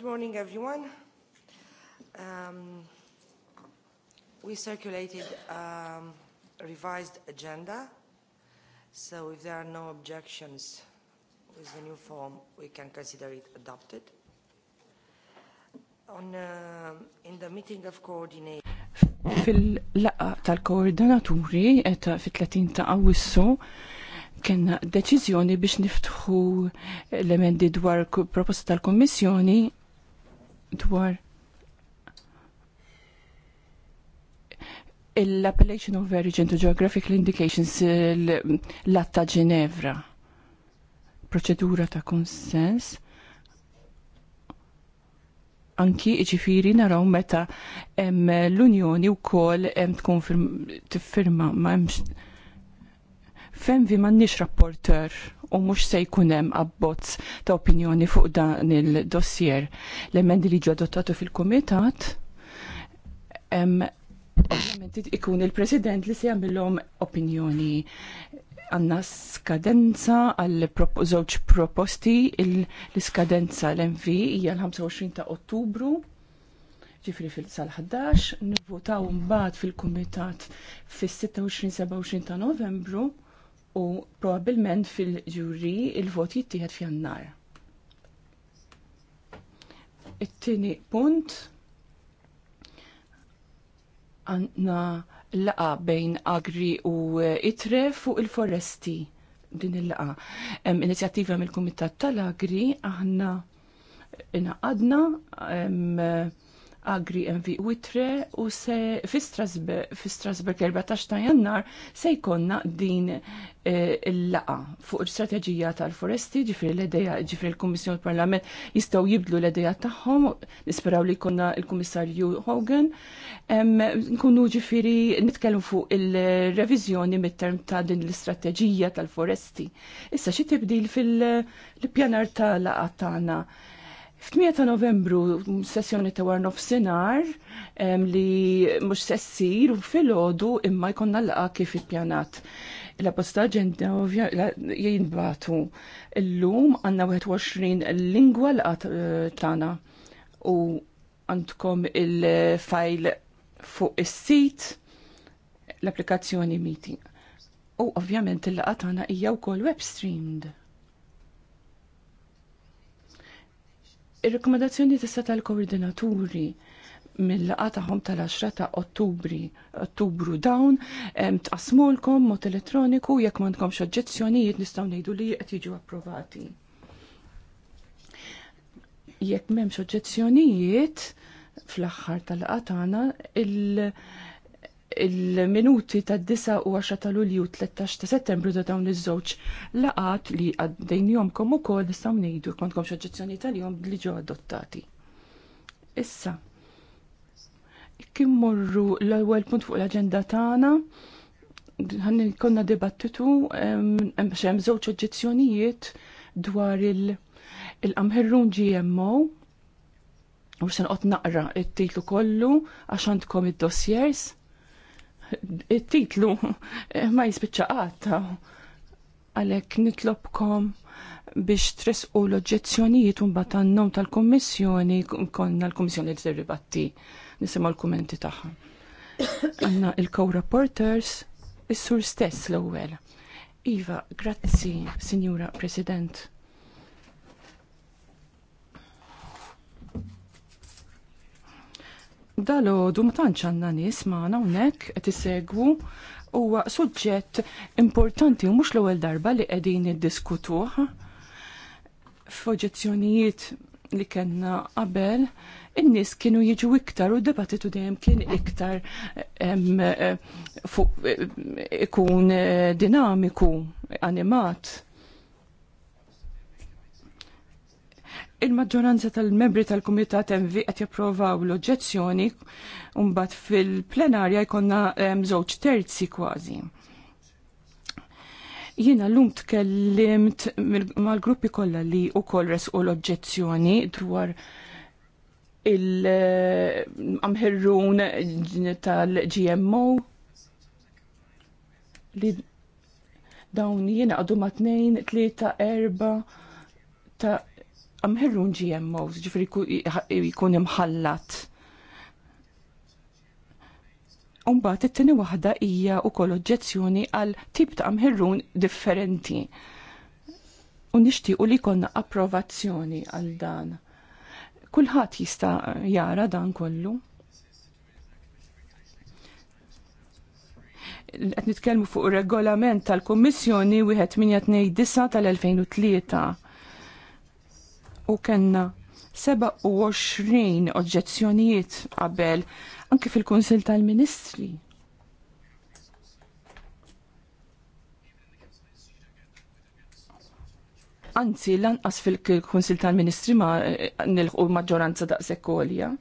Good morning, everyone. Um, we circulated a um, revised agenda, so if there are no objections with the new form, we can consider it adopted. On, uh, in the meeting of coordinators, fil laqqa tal-koordinaturi fit-30 ta' awissu kena deċizjoni biex niftħu l-emendi dwar proposta tal-Kommissjoni dwar l-appellation of origin to geographical indications l-atta Ginevra. Proċedura ta' konsens. Anki ġifiri naraw meta l-Unjoni u kol tkun tiffirma ma' femvi ma' nix rapporter u mhux se jkun hemm abbozz ta' opinjoni fuq dan il-dossier. L-emendi li ġo adottatu fil-kumitat ovvjament ikun il-President li se jagħmilhom opinjoni għanna skadenza għal żewġ proposti l-skadenza l-MV hija l-25 ta' Ottubru ġifri fil-sal-11, nivvotaw mbagħad fil-Kumitat fis-26-27 ta' Novembru u probabilment fil-ġuri il-vot jittieħed f'jannar. It-tieni punt għandna laqa bejn Agri u Itre fuq il-foresti din il-laqa. Inizjattiva mill-Kumitat tal-Agri aħna inaqadna Agri MV Witre u se fi Strasberg, fi Strasbourg 14 ta' jannar se jkonna din eh, il-laqa fuq il-strategija tal-foresti ġifri l-edeja ġifri l komissjon parlament jistaw jibdlu l-edeja tagħhom nisperaw li konna il-Kummissarju Hogan nkunu ġifiri nitkellmu fuq il-revizjoni mit-term ta' din l-istrateġija tal-foresti issa xi tibdil fil-pjanar tal-laqa tagħna F'8 ta' novembru sessjoni ta' warnof sinar li mux sessir u fil-ħodu imma jkonna laqa kif il-pjanat. La posta ġenda jinbatu l-lum għanna 21 lingwa laqa eh, tana u għandkom il-fajl fuq is-sit l-applikazzjoni meeting. U ovvjament il-laqa tana hija wkoll web streamed Ir-rekomendazzjoni tista' tal-koordinaturi mill-laqa tagħhom tal-10 ta' Ottubri, Ottubru dawn tqasmulkom mod elettroniku jekk m'għandkomx oġġezzjonijiet nistgħu ngħidu li qed jiġu approvati. Jekk m'hemmx oġġezzjonijiet fl-aħħar tal-laqa tagħna il- il-minuti ta' 9 u 10 ta' Lulju 13 ta' Settembru ta' dawn iż-żewġ laqat li għaddejnjomkom ukoll nistgħu ngħidu kontkom x'oġġezzjoni tal-jom li ġew adottati. Issa, kim morru l-ewwel punt fuq l-aġenda tagħna, ħanni konna dibattitu hemm żewġ oġġezzjonijiet dwar il-qamħerrun GMO u se noqgħod naqra t titlu kollu għax għandkom id-dossiers it-titlu eh, ma jispiċċa għatta. Għalek nitlobkom biex tresqu l-oġġezzjonijiet un għannom tal-Kommissjoni, konna l-Kommissjoni li t-ribatti, nisema l-kommenti taħħa. Għanna il-co-reporters, il-sur stess l-ewel. Iva, grazzi, Signora President. dalo ma tantx għandna nies magħna hawnhekk qed isegwu huwa suġġett importanti u mhux l-ewwel darba li qegħdin iddiskutuh f'oġezzjonijiet li kellna qabel in-nies kienu jiġu iktar u d-debattitu dejjem kien iktar eh, eh, ikun eh, dinamiku, animat il-maġġoranza tal-membri tal-Kumitat MV qed japprovaw l-oġġezzjoni mbagħad fil-plenarja jkollna żewġ terzi kważi. Jiena lum tkellimt mal-gruppi kollha li wkoll resqu l-oġġezzjoni dwar il-amħirrun tal-GMO li dawn jiena għadu ma' tnejn, tlieta, erba' ta' mħirrun GMOs, ġifri jkun imħallat. Umbat, it-tini wahda hija u kol oġġezzjoni għal tip ta' mħirrun differenti. U nixtiequ li konna approvazzjoni għal dan. Kulħadd jista' jara dan kollu. Qed nitkellmu fuq regolament tal-Kummissjoni wieħed 1829 tal-2003 u kenna 27 oġġezzjonijiet qabel anke fil-Kunsil tal-Ministri. Anzi, lanqas fil-Kunsil tal-Ministri ma eh, nilħu maġġoranza daqshekk għolja.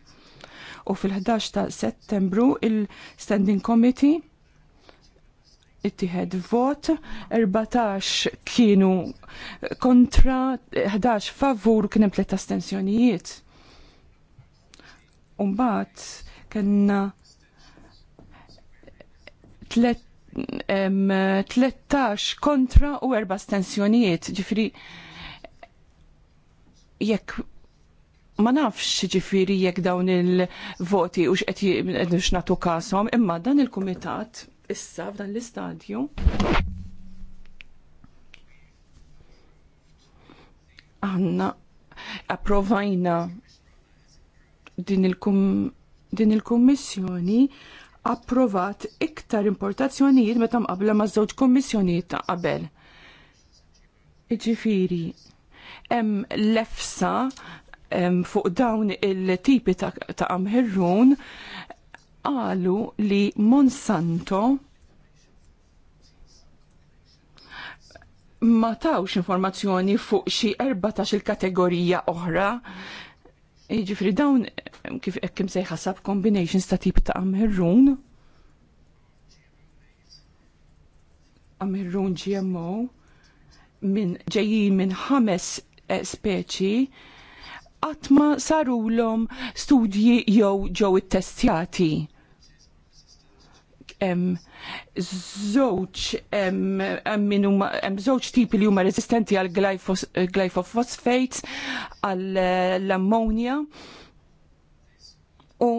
U fil-11 ta' Settembru il-Standing Committee ittieħed vot, 14 kienu kontra, 11 favur kien hemm tliet astensjonijiet. Umbagħad kellna tlet 13 kontra u 4 astensjonijiet. Ġifri jekk ma nafx ġifiri jekk dawn il-voti u x'qed nagħtu kasom, imma dan il-kumitat issa f'dan l-istadju għanna approvajna din il-kummissjoni il approvat iktar importazzjonijiet meta mqabla ma' żewġ kommissjonijiet ta' qabel. Iġifiri, hemm lefsa fuq dawn il-tipi ta' amherrun qalu li Monsanto ma tawx informazzjoni fuq xi 14 il-kategorija oħra Ġifri dawn kif kim sejħa sub combinations ta' tip ta' amirrun. Amirrun GMO minn ġejjin minn ħames eh, speċi għatma sarulom studji jew ġew it-testjati. Zoċ, hemm zoċ tipi li huma resistenti għal glyphosphate, għal eh, l-ammonia u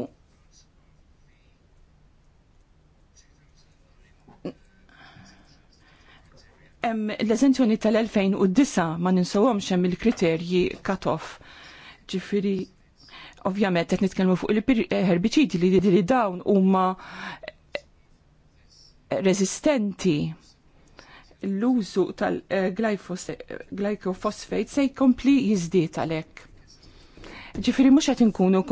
l-eżenzjoni tal-2009 ma ninsawhomx hemm il-kriterji cut-off Ġifiri, ovvjament, qed nitkellmu fuq il-herbiċidi eh, li li dawn huma resistenti l-użu tal glyfosfejt se jkompli jizdiet għalhekk. Ġifiri mhux qed inkunu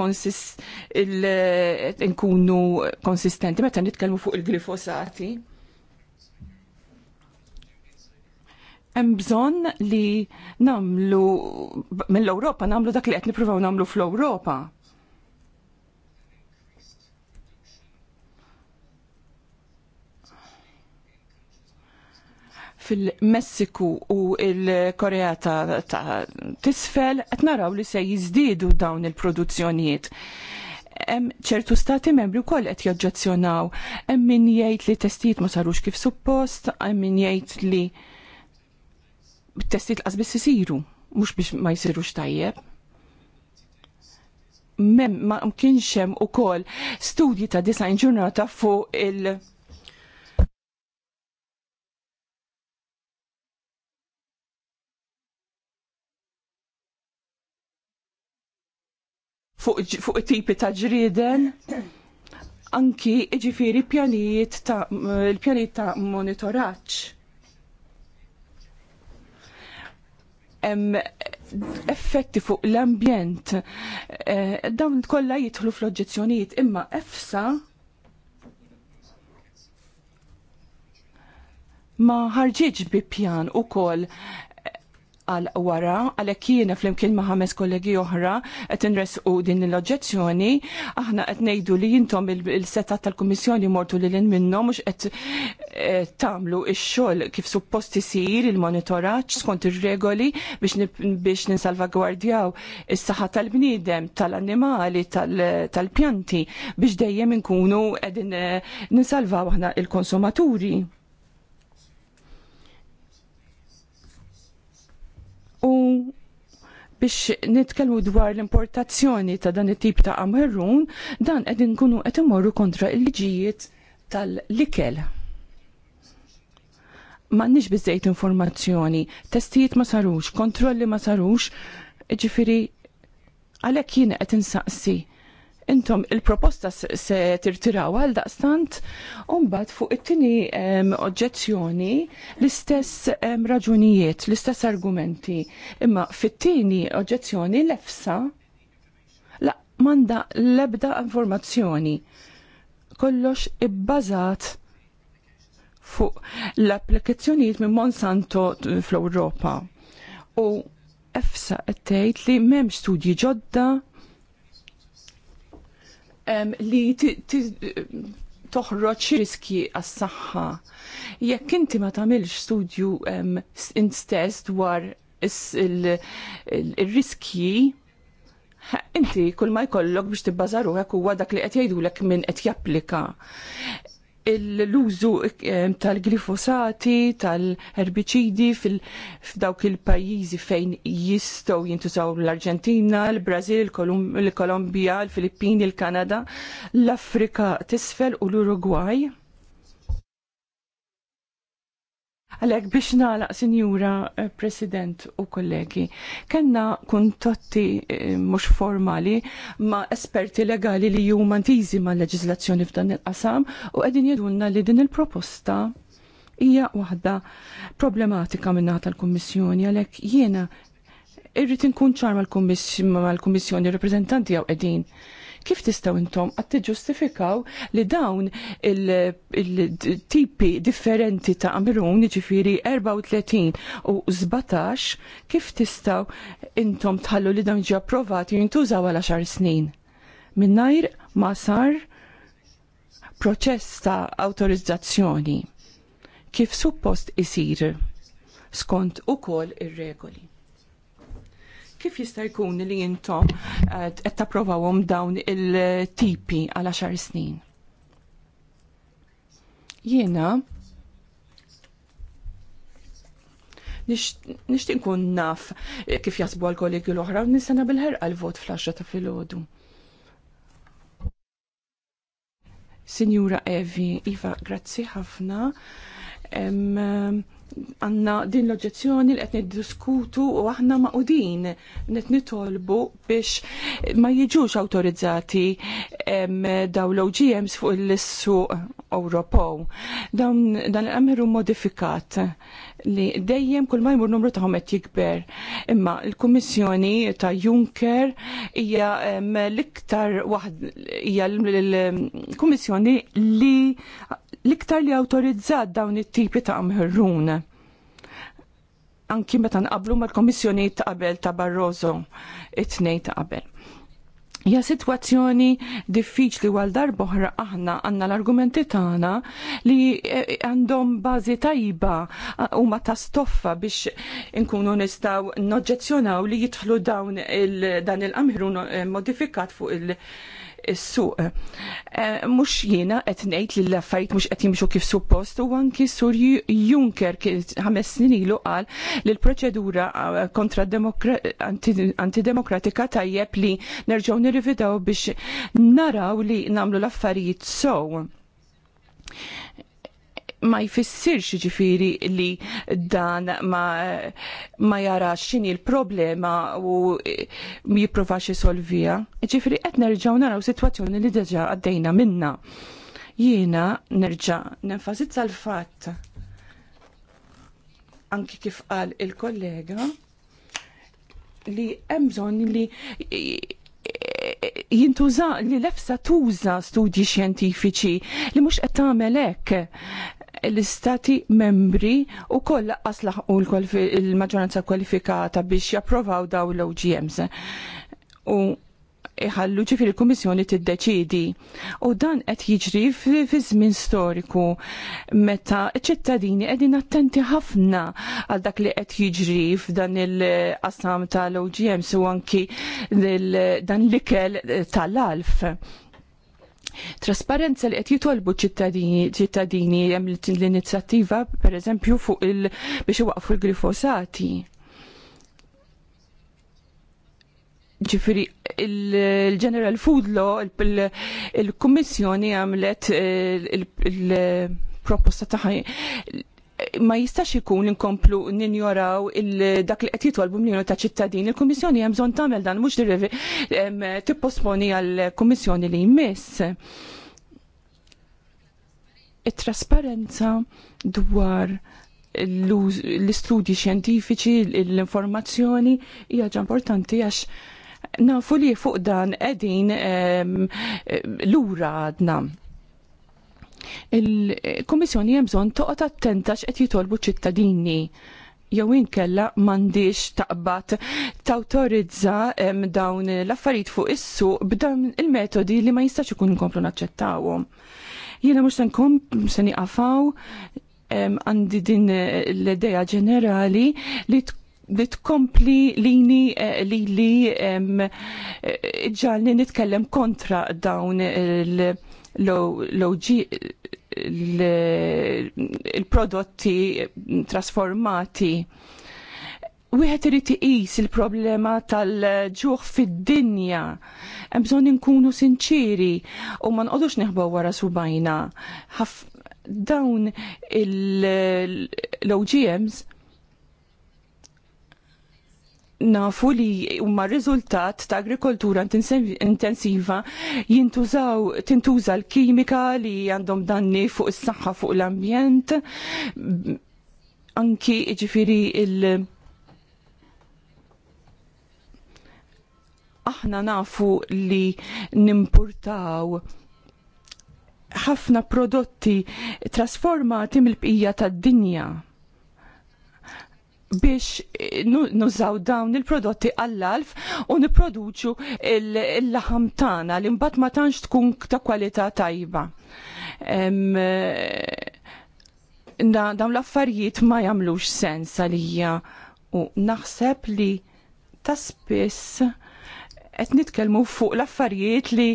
konsistenti meta nitkellmu fuq il-glifosati. il glifosati hemm bżonn li nagħmlu mill-Ewropa nagħmlu dak li qed nippruvaw nagħmlu fl-Ewropa. fil-Messiku u il-Korea ta', ta tisfel qed naraw li se jiżdiedu dawn il-produzzjonijiet ċertu stati membri wkoll qed jaġġazzjonaw. Hemm min jgħid li testijiet ma sarux kif suppost, hemm min jgħid li testit biss isiru, mhux biex ma jsirux tajjeb. Mem ma kienx hemm ukoll studji ta' design ġurnata fuq il- fuq it tipi ta' ġrieden anki ġifiri pjanijiet ta' pjanijiet ta' monitoraċ effetti fuq l-ambjent eh, dawn kollha jidħlu fl-oġġezzjonijiet imma efsa ma ħarġiġ bi pjan u kol għal wara għalhekk fl flimkien ma' ħames kollegi oħra qed inresqu din l-oġġezzjoni, aħna qed ngħidu li jintom il-setat tal-Kummissjoni mortu lil minnhom mhux qed eh, tagħmlu x-xogħol kif suppost isir il-monitoraġġ skont ir-regoli biex ninsalvagwardjaw is-saħħa tal-bniedem, tal-annimali, tal-pjanti biex dejjem inkunu qegħdin eh, ninsalvaw aħna il-konsumaturi. u biex nitkellmu dwar l-importazzjoni ta' dan it-tip ta' amerrun, dan qed inkunu qed imorru kontra l-liġijiet tal-likel. M'għandniex biżejt informazzjoni, testijiet ma sarux, kontrolli ma sarux, ġifiri għalhekk jien qed insaqsi intom il-proposta se tirtiraw għal daqstant umbat fuq it-tini oġġezzjoni l-istess raġunijiet, l-istess argumenti. Imma fit-tini oġġezzjoni l-efsa la manda l-ebda informazzjoni. Kollox ibbażat fuq l-applikazzjonijiet minn Monsanto fl-Ewropa. U EFSA qed tgħid li m'hemmx studji ġodda li toħroġ riski għas-saħħa. Jekk inti ma tagħmilx studju instess dwar il-riski inti kull ma jkollok biex tibbażaru hekk huwa dak li qed jgħidulek min qed japplika l-użu ehm, tal-glifosati, tal herbicidi f'dawk il-pajjiżi fejn jistgħu jintużaw l-Arġentina, l-Brażil, l kolombia l-Filippini, l-Kanada, l-Afrika t'isfel u l-Urugwaj Għalek biex nalaq, Sinjura eh, President u kollegi, kena kuntatti eh, mux formali ma esperti legali li juma antizi ma leġizlazzjoni f'dan il-qasam u għedin jadunna li din il-proposta hija waħda problematika minna tal-Kommissjoni għalek jiena irrit inkun ċar mal-Kommissjoni, reprezentanti għaw għedin. Kif tistaw intom għat tiġġustifikaw li dawn il-tipi differenti ta' amrun, ġifiri 34 u 17, kif tistaw intom tħallu li dawn ġa approvati jintużaw għal 10 snin? Minnajr ma sar proċess ta' autorizzazzjoni kif suppost isir skont ukoll ir-regoli. Kif jista' jkun li intom eh, qed tapprovawhom dawn il-tipi għal għaxar snin? Jiena nixtieq nkun naf kif jasbu għal kollegi l-oħra u bil-ħerqa l-vot fl-10 ta' filgħodu. Sinjura Evi, Iva, grazzi ħafna għanna din l-oġezzjoni li qed niddiskutu u aħna maqudin qed nitolbu biex ma jiġux awtorizzati daw l-OGMs fuq il issu Ewropew. Dan l modifikat li dejjem kull ma jmur numru taħom għet jikber. Imma l-Kummissjoni ta' Juncker hija l-iktar waħd hija l-Kummissjoni li l-iktar li awtorizzat dawn it-tipi ta' mħirrun. Anki meta nqablu mal-Kommissjoni ta' qabel ta' Barroso, it nej ta' qabel Ja situazzjoni diffiċli għal darboħra aħna għanna l-argumenti tagħna li eh, għandhom bażi tajba eh, u ma ta' stoffa biex inkunu nistaw noġġezzjonaw li jidħlu dawn il, dan il-qamħru eh, modifikat fuq il- is-suq. Eh, mhux jiena qed ngħid li l-affarijiet mhux qed jimxu kif suppost u anki Sur Juncker ħames snin ilu qal li l-proċedura eh, kontra antidemokratika tajjeb li nerġgħu nirrividaw biex naraw li nagħmlu l-affarijiet sow ma jfissirx ġifiri li dan ma, ma jara xini l-problema u jiprofax jisolvija. Ġifiri qed nerġaw naraw situazzjoni li deġa għaddejna minna. Jiena nerġa' nenfasizza l-fatt anki kif qal il-kollega li hemm bżonn li jintuża li lefsa tuża studji xjentifiċi li mhux qed tagħmel hekk l-istati membri u koll aslaħ u l-maġġoranza kwalifikata biex japprovaw daw l-OGMs. U iħallu ġifir il-Komissjoni t-deċidi. U dan qed jiġri fi żmien storiku meta ċittadini qegħdin attenti ħafna għal dak li qed jiġri f'dan il-qasam tal-OGM u anki dan l-ikel tal-alf trasparenza li qed jitolbu ċittadini hemm l-inizjattiva pereżempju fuq il biex iwaqfu l-glifosati. ġifiri il-General Food Law, il-Kommissjoni għamlet eh, il-proposta taħħi ma jistax ikun inkomplu ninjoraw dak li qed jitolbu minnu ta' ċittadin. Il-Kummissjoni hemm bżonn tagħmel dan mhux tipposponi għall-Kummissjoni li jmiss. It-trasparenza dwar l-istudji xjentifiċi, l-informazzjoni hija ġa importanti għax nafu li fuq dan qegħdin lura għadna Il-Kummissjoni hemm bżonn toqgħod attenta x'qed jitolbu ċittadini jew inkella m'għandix taqbad tawtorizza dawn l-affarijiet fuq is-suq b'dawn il-metodi li ma jistax ikun inkomplu naċċettawhom. Jiena mhux se nkom se niqafaw għandi din l-idea ġenerali li li tkompli lini eh, li li eh, ġalni nitkellem kontra dawn il- il-prodotti trasformati. Wieħed irid iqis il-problema tal-ġuħ fid-dinja. Hemm bżonn inkunu sinċiri u ma nqogħdux neħbaw wara subajna. Dawn l-OGMs nafu li huma riżultat ta' agrikoltura intensiva jintużaw tintuża l-kimika li għandhom danni fuq is-saħħa fuq l-ambjent anki ġifiri il- aħna nafu li nimpurtaw ħafna prodotti trasformati mill-bqija tad-dinja biex eh, nużaw dawn il-prodotti għall-alf u niproduċu il-laħam tagħna li mbagħad ma tantx tkun ta' kwalità tajba. Eh, dawn l-affarijiet ma jagħmlux sens għalija u naħseb li ta' spiss qed nitkellmu fuq l-affarijiet li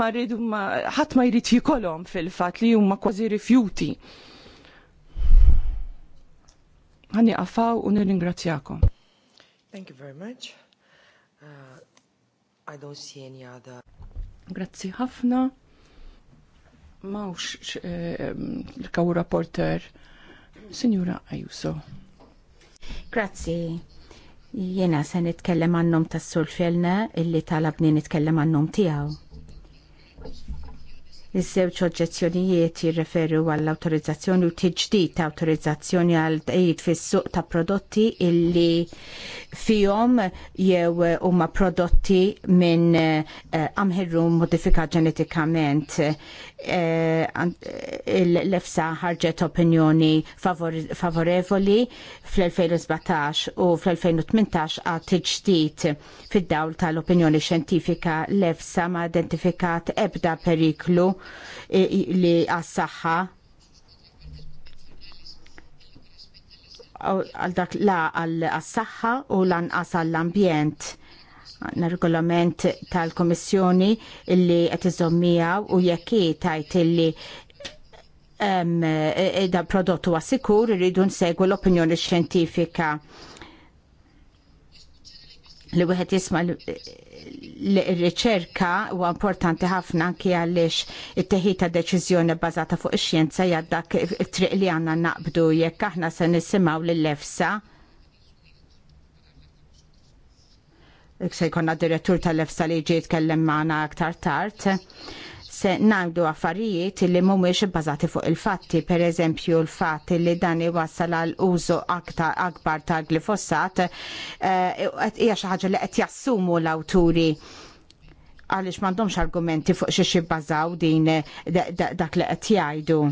ma rridu ħadd ma jrid jikolhom fil-fatt li huma kważi rifjuti ħani għafaw u nir-ingrazzjakom. Thank you very much. Uh, I don't see any other. Grazzi ħafna. Mawx eh, l kawu rapporter, Signora Ayuso. Grazzi. Jena se nitkellem għannom tas-sulfelna illi talabni nitkellem għannom tijaw Iż-żewġ oġġezzjonijiet jirreferu għall awtorizzazzjoni u tiġdid ta' awtorizzazzjoni għal tqejjid fis-suq ta' prodotti illi fihom jew huma prodotti minn eh, amħirru modifikat ġenetikament Eh, l-EFSA ħarġet opinjoni favorevoli fl-2017 u fl-2018 għat ġdid fid-dawl tal-opinjoni xjentifika l-EFSA ma identifikat ebda periklu eh, li għas-saħħa għal dak la għal saħħa u lanqas għall ambjent għanna regolament tal-Komissjoni illi qed iżommija u jekk tajt illi um, da prodott huwa sikur irridu nsegwu l-opinjoni xjentifika li wieħed jisma' l-riċerka huwa importanti ħafna anki għaliex it-teħid ta' deċiżjoni bbażata fuq ix-xjenza hija it-triq li għandna naqbdu jekk aħna se nisimgħu lill-EFSA se jkonna direttur tal-EFSA li ġiet kellem maħna aktar tard se najdu affarijiet li mhumiex bazati fuq il-fatti, per eżempju l-fatt li dan wassal għal użu aktar akbar ta' glifosat eh, hija xi ħaġa li qed jassumu l-awturi għaliex m'għandhomx argumenti fuq xi xibbażaw din dak li qed jgħidu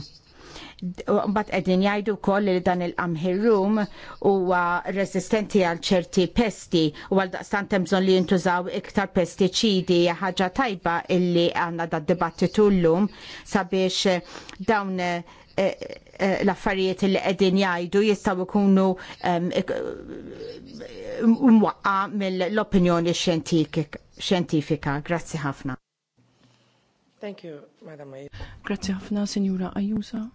mbagħad qegħdin jajdu wkoll li dan il amħirrum u huwa resistenti għal ċerti pesti u għal daqstan temżon bżonn li jintużaw iktar pestiċidi ħaġa tajba illi għandna da dibattitu llum sabiex eh, dawn eh, eh, l-affarijiet li qegħdin jajdu jistgħu jkunu mwaqqa mill-opinjoni xjentifika. Grazzi ħafna. Thank you, Madam Mayor. Grazzi ħafna, Sinjura Ayusa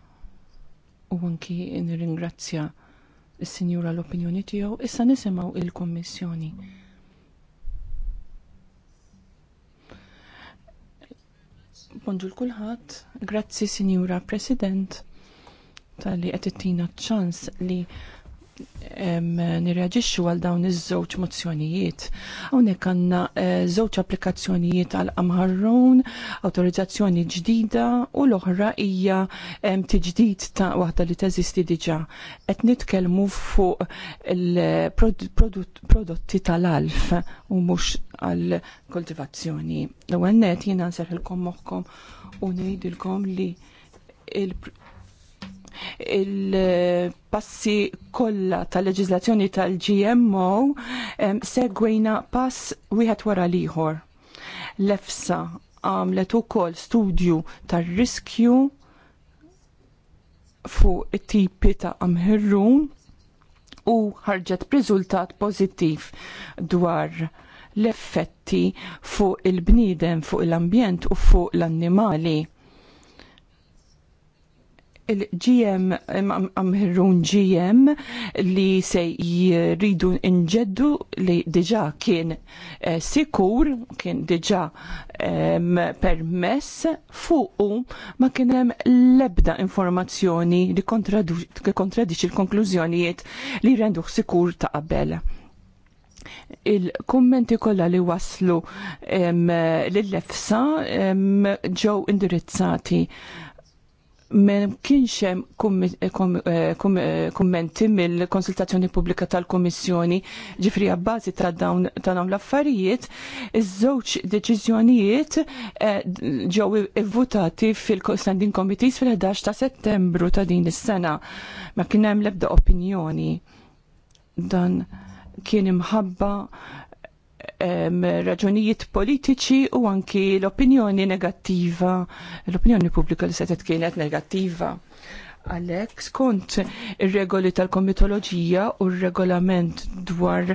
u anki nirringrazzja s sinjura l-opinjoni tiegħu issa nisimgħu il-Kommissjoni. Bonġu l-kulħadd, grazzi Sinjura President tal-li qed ittina ċans li nirreġixxu għal dawn iż-żewġ mozzjonijiet. Hawnhekk għandna eh, żewġ applikazzjonijiet għal Amharrun, awtorizzazzjoni ġdida u l-oħra hija tiġdid ta' waħda li teżisti diġà. Qed nitkellmu fuq il-prodotti tal-alf u mhux għal kultivazzjoni. L-ewwel net jiena nserħilkom moħħkom u ngħidilkom li il-passi kollha tal-leġiżlazzjoni tal-GMO segwejna pass wieħed wara l-ieħor. għamlet um, għamlet ukoll studju tar-riskju fuq it-tipi ta' amħirrun u ħarġet riżultat pożittiv dwar l-effetti fuq il-bniedem, fuq l-ambjent u fuq l-annimali il-GM amħirrun GM li se jridu inġeddu li diġa kien eh, sikur, kien diġa eh, permess fuqu ma kienem lebda informazzjoni li kontradiċ il-konklużjonijiet li rendu sikur ta' qabel il-kummenti kollha li waslu lill-lefsa ġew indirizzati men kienx hemm eh, eh, eh, kummenti mill-konsultazzjoni pubblika tal-Kummissjoni ġifri għabbazi ta' dawn ta' dawn l-affarijiet, iż-żewġ deċiżjonijiet ġew votati fil-Standing Committees fil-11 ta' Settembru ta' din is-sena. Ma kien hemm l-ebda opinjoni dan kien imħabba raġunijiet politiċi u anki l-opinjoni negattiva, l-opinjoni pubblika li setet kienet negattiva. Alex, skont ir-regoli tal komitologija u r-regolament dwar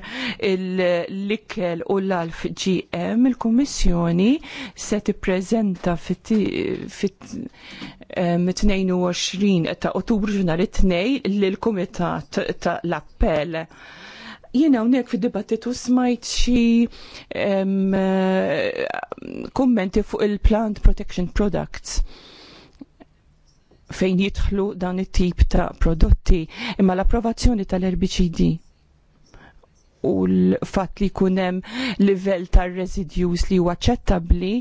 l-ikel u l-alf GM, il komissjoni se tippreżenta fit-22 ta' Ottubru it 2 lill kumitat tal-Appell. Ta jena hawnhekk fid-dibattitu smajt xi eh, kummenti fuq il-Plant Protection Products fejn jidħlu dan it-tip ta' prodotti imma l-approvazzjoni tal-erbicidi u l-fat li kunem livell ta' residues li huwa ċettabli,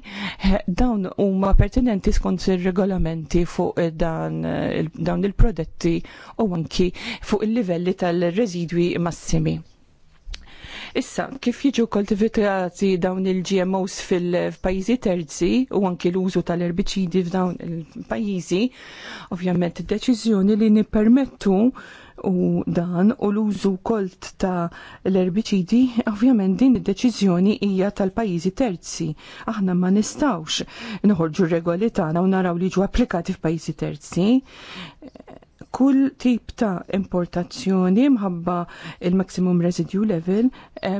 dawn huma pertinenti skont ir-regolamenti fuq dan eh, dawn il-prodotti u anki fuq il-livelli tal-residwi massimi Issa, kif jiġu koltivitati dawn il-GMOs fil-pajizi terzi u anki l-użu tal-erbicidi f'dawn il-pajizi, ovvjament id-deċiżjoni li nipermettu u dan u l-użu kolt ta' l-erbicidi, ovvjament din id-deċiżjoni hija tal-pajjiżi terzi. Aħna ma nistawx nħorġu regoli tagħna u naraw li ġu applikati f'pajjiżi terzi kull tip ta' importazzjoni mħabba il-maximum residue level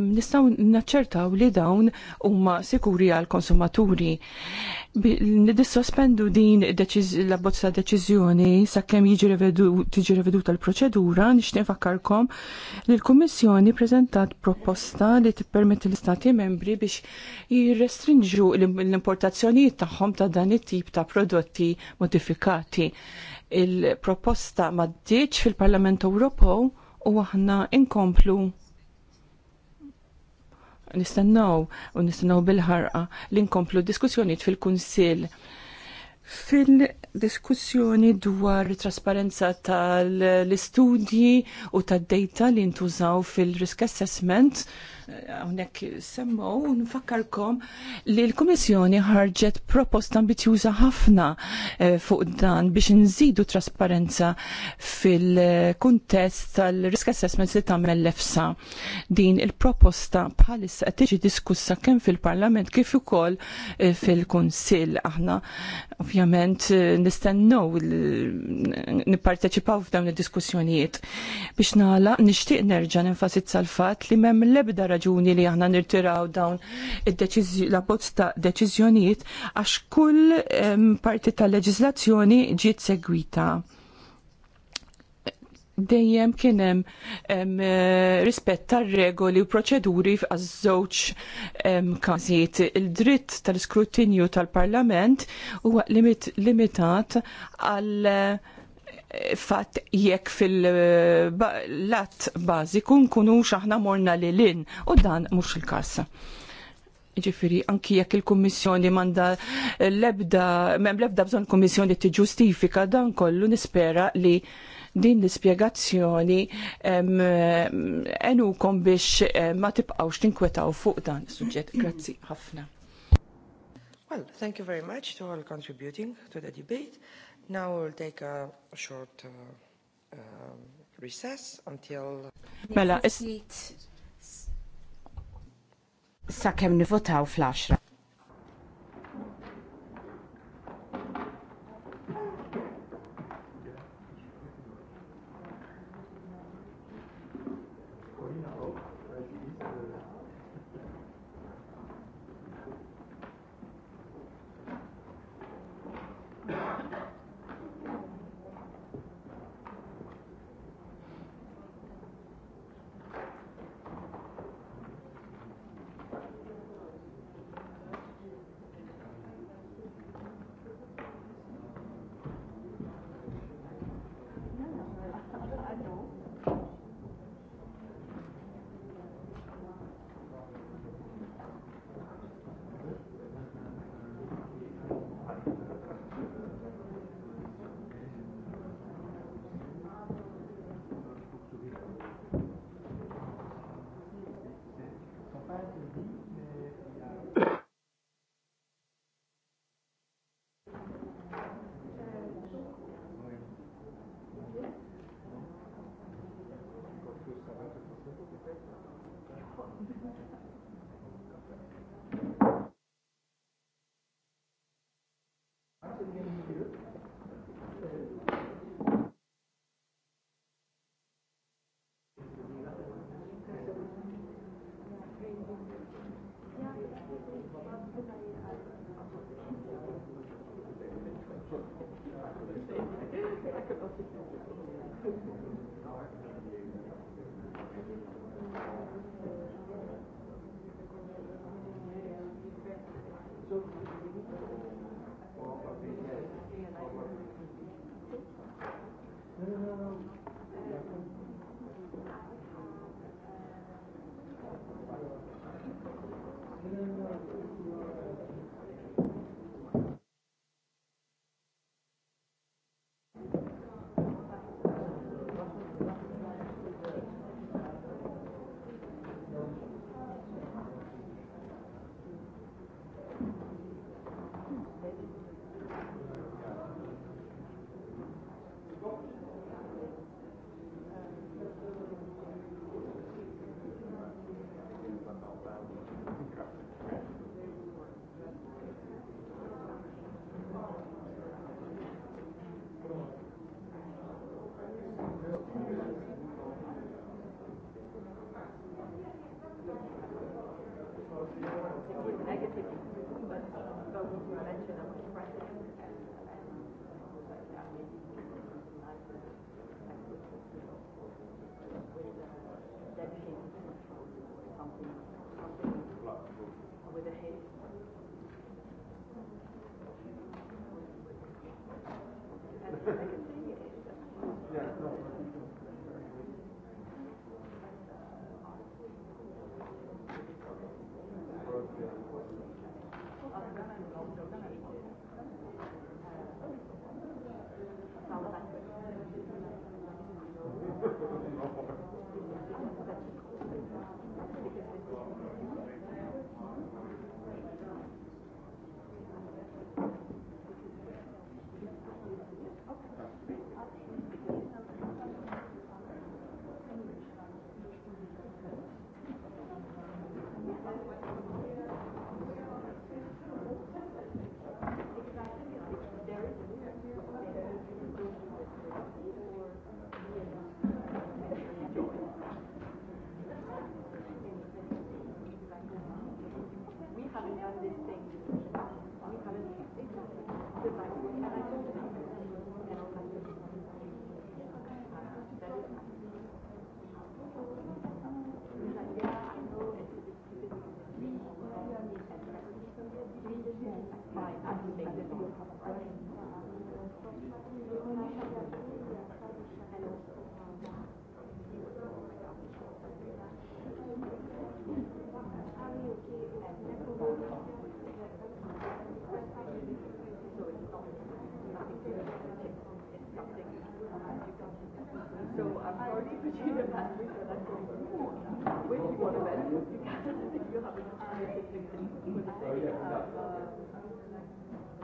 nistaw naċċertaw li dawn huma sikuri għal konsumaturi. Nidissospendu din la bozza deċiżjoni sakemm jiġi reveduta l-proċedura nixtieq fakkarkom li l-Kummissjoni preżentat proposta li tippermetti l-Istati membri biex jirrestrinġu l-importazzjonijiet tagħhom ta' dan it-tip ta' prodotti modifikati il-proposta maddiċ fil-Parlament Ewropew u aħna inkomplu nistennaw u nistennaw bil-ħarqa li nkomplu diskussjoniet fil-Kunsill fil-diskussjoni dwar trasparenza tal-istudji u tad-data li ntużaw fil-risk assessment għonek semmu, nfakkarkom li l-Komissjoni ħarġet proposta ambizjuża ħafna eh, fuq dan biex nżidu trasparenza fil-kuntest tal-risk assessments li tagħmel l-EFSA. Din il-proposta bħalissa qed tiġi diskussa kemm fil-Parlament kif ukoll eh, fil-Kunsill aħna ovvjament eh, nistennew nipparteċipaw f'dawn id-diskussjonijiet. Biex nagħlaq nixtieq nerġa' nenfasizza l-fatt li m'hemm l-ebda raġuni li aħna nirtiraw dawn la bozz ta' deċiżjonijiet għax kull parti tal leġizlazzjoni ġiet segwita dejjem kien hemm rispett tar-regoli u proċeduri għaż-żewġ każijiet. Il-dritt tal-iskrutinju tal-Parlament huwa limitat għal fatt jekk fil-lat bażiku nkunu aħna morna li lin u dan mhux il-każ. Ġifiri, anki jekk il-Kummissjoni manda l-ebda, mem l-ebda bżon Kummissjoni ġustifika dan kollu nispera li din l-ispjegazzjoni enukom biex ma tibqawx tinkwetaw fuq dan suġġett. Grazzi ħafna. Well, thank you very much to all contributing to the debate. Now we'll take a short uh, um, recess until... Mela, is... Sa kem nivotaw flashra.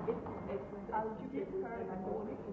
It's, it's, I'll give her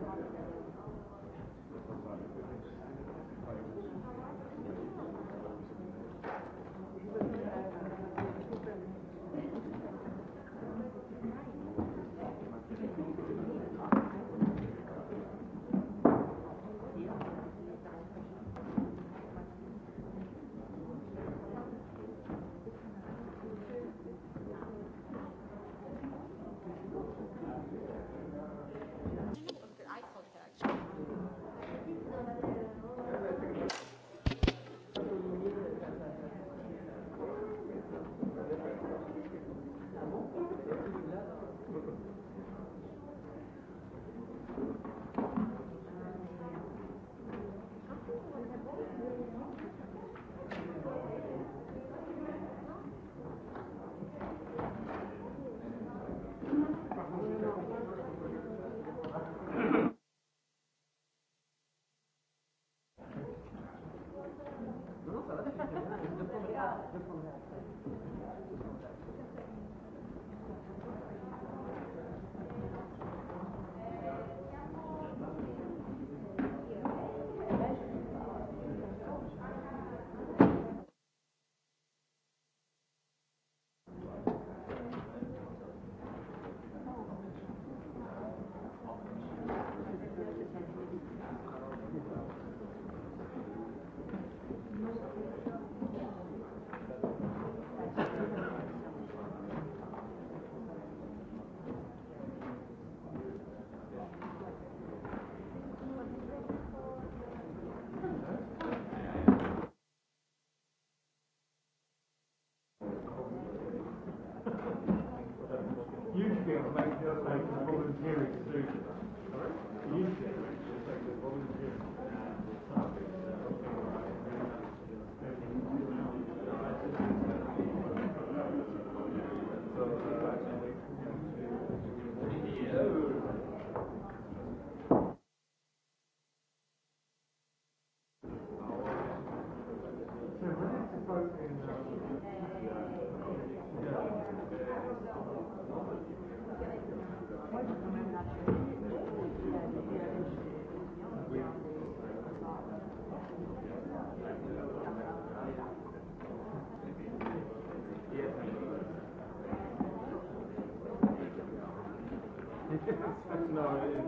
Thank you. No,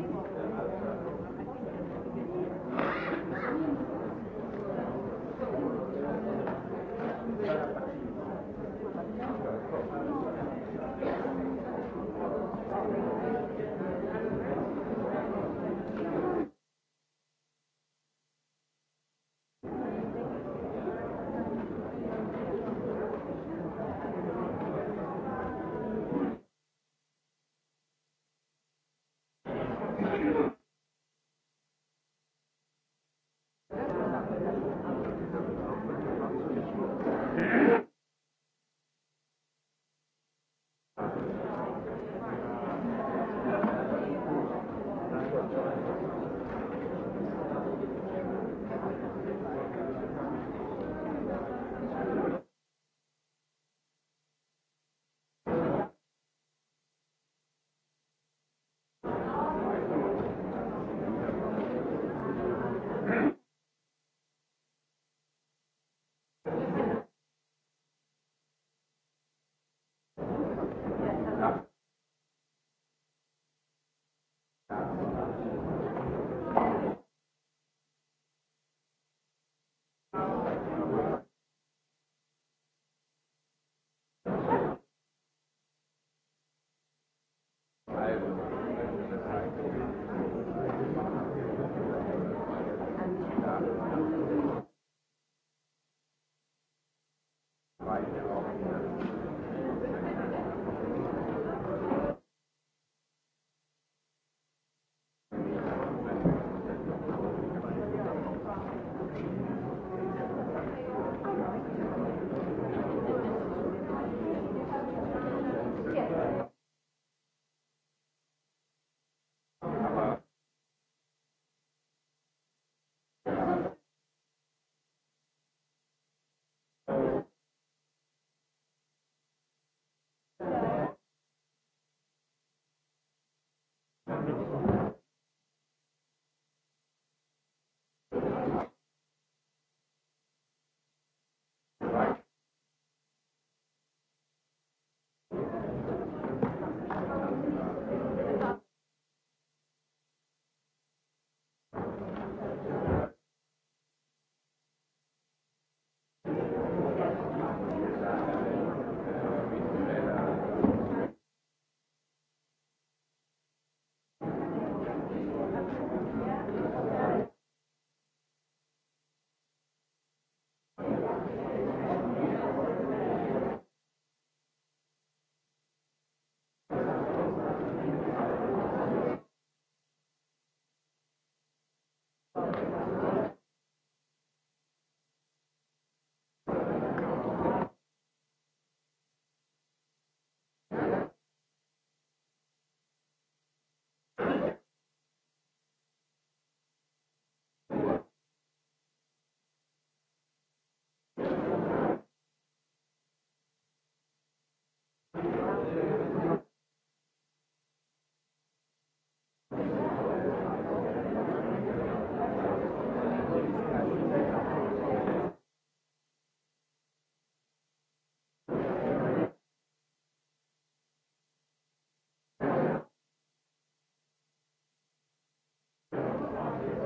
Thank you.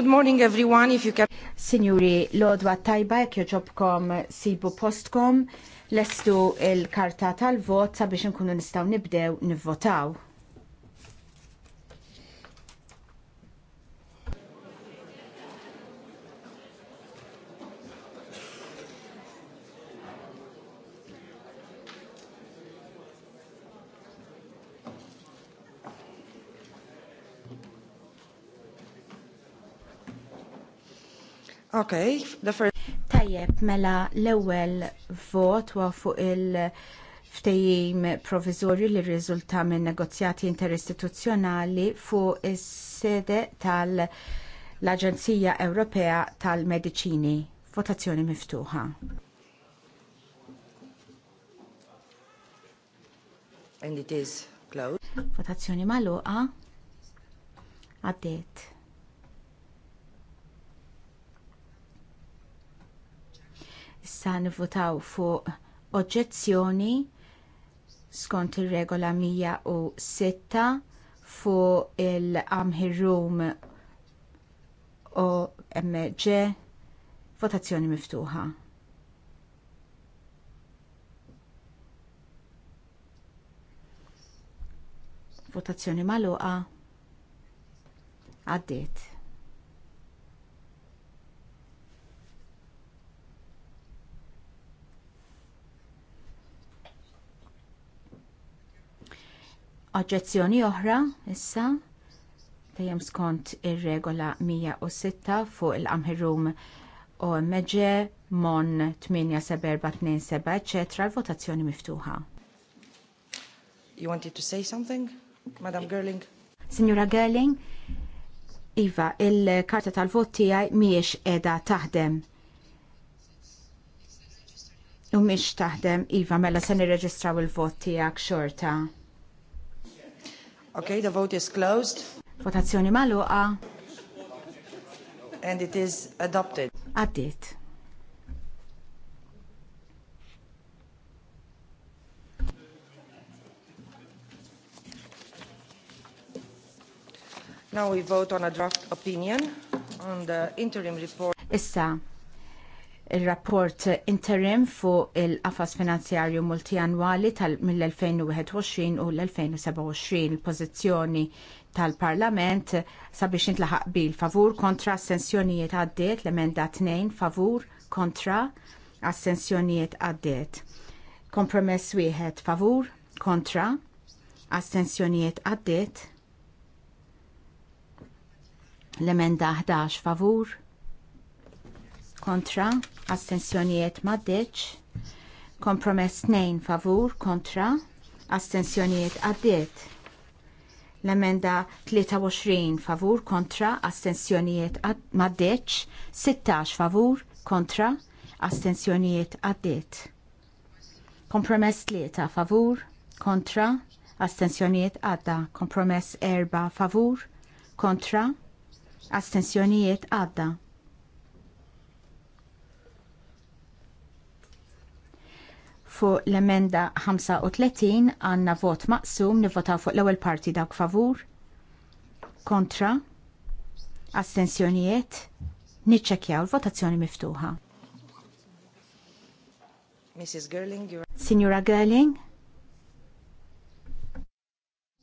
Good morning everyone, if you can... Signori, lodwa tajba jek joġobkom sibu postkom, lestu il-karta tal-vot sabiex nkunu nistaw nibdew nivvotaw. Okay, the first... Tajjeb, mela l-ewwel vot wa fuq il- ftejim proviżorju li rriżulta minn negozjati interistituzzjonali fuq is-sede tal-Aġenzija Ewropea tal-Mediċini. Votazzjoni miftuħa. And it is closed. Votazzjoni magħluqa. Għaddiet. Issa nivvotaw fuq oġġezzjoni skont ir regola 106 fuq il-Amhirum OMG votazzjoni miftuħa. Votazzjoni magħluqa għaddiet. Oġġezzjoni oħra issa dejjem skont ir-regola 106 fuq il amherum u meġe mon 8727 etc. l-votazzjoni miftuħa. You wanted to say something, Madam Gerling? Signora Gerling, Iva, il-karta tal-vot tiegħi mhijiex edha taħdem. U miex taħdem, Iva, mela se nirreġistraw il-vot tiegħek xorta. Okay, the vote is closed. Votazzjoni maluqa. And it is adopted. Addit. Now we vote on a draft opinion on the interim report. Issa, il-rapport interim fuq il-qafas finanzjarju multianwali mill-2021 u l-2027 il-pozizjoni tal-Parlament sabiex intlaħaq bil favur kontra assenzjonijiet għaddiet l-emenda 2 favur kontra assenzjonijiet għaddiet. Kompromess wieħed favur kontra assenzjonijiet għaddiet l-emenda 11 favur kontra Astenzjonijiet maddeċ, kompromess 2 favur kontra, astensjonijiet għaddiet. L-emenda 23 favur kontra, astensjonijiet maddeċ, 16 favur kontra, astensjonijiet għaddiet. Kompromess 3 favur kontra, astensjonijiet għadda, kompromess 4 favur kontra, astensjonijiet għadda. Fuq l-emenda 35 għanna vot maqsum nivvotaw fuq l-ewwel parti dawk favur, kontra, astensjonijiet, niċċekjaw l-votazzjoni miftuħa. Mrs. Gerling, you're... Signora Gerling,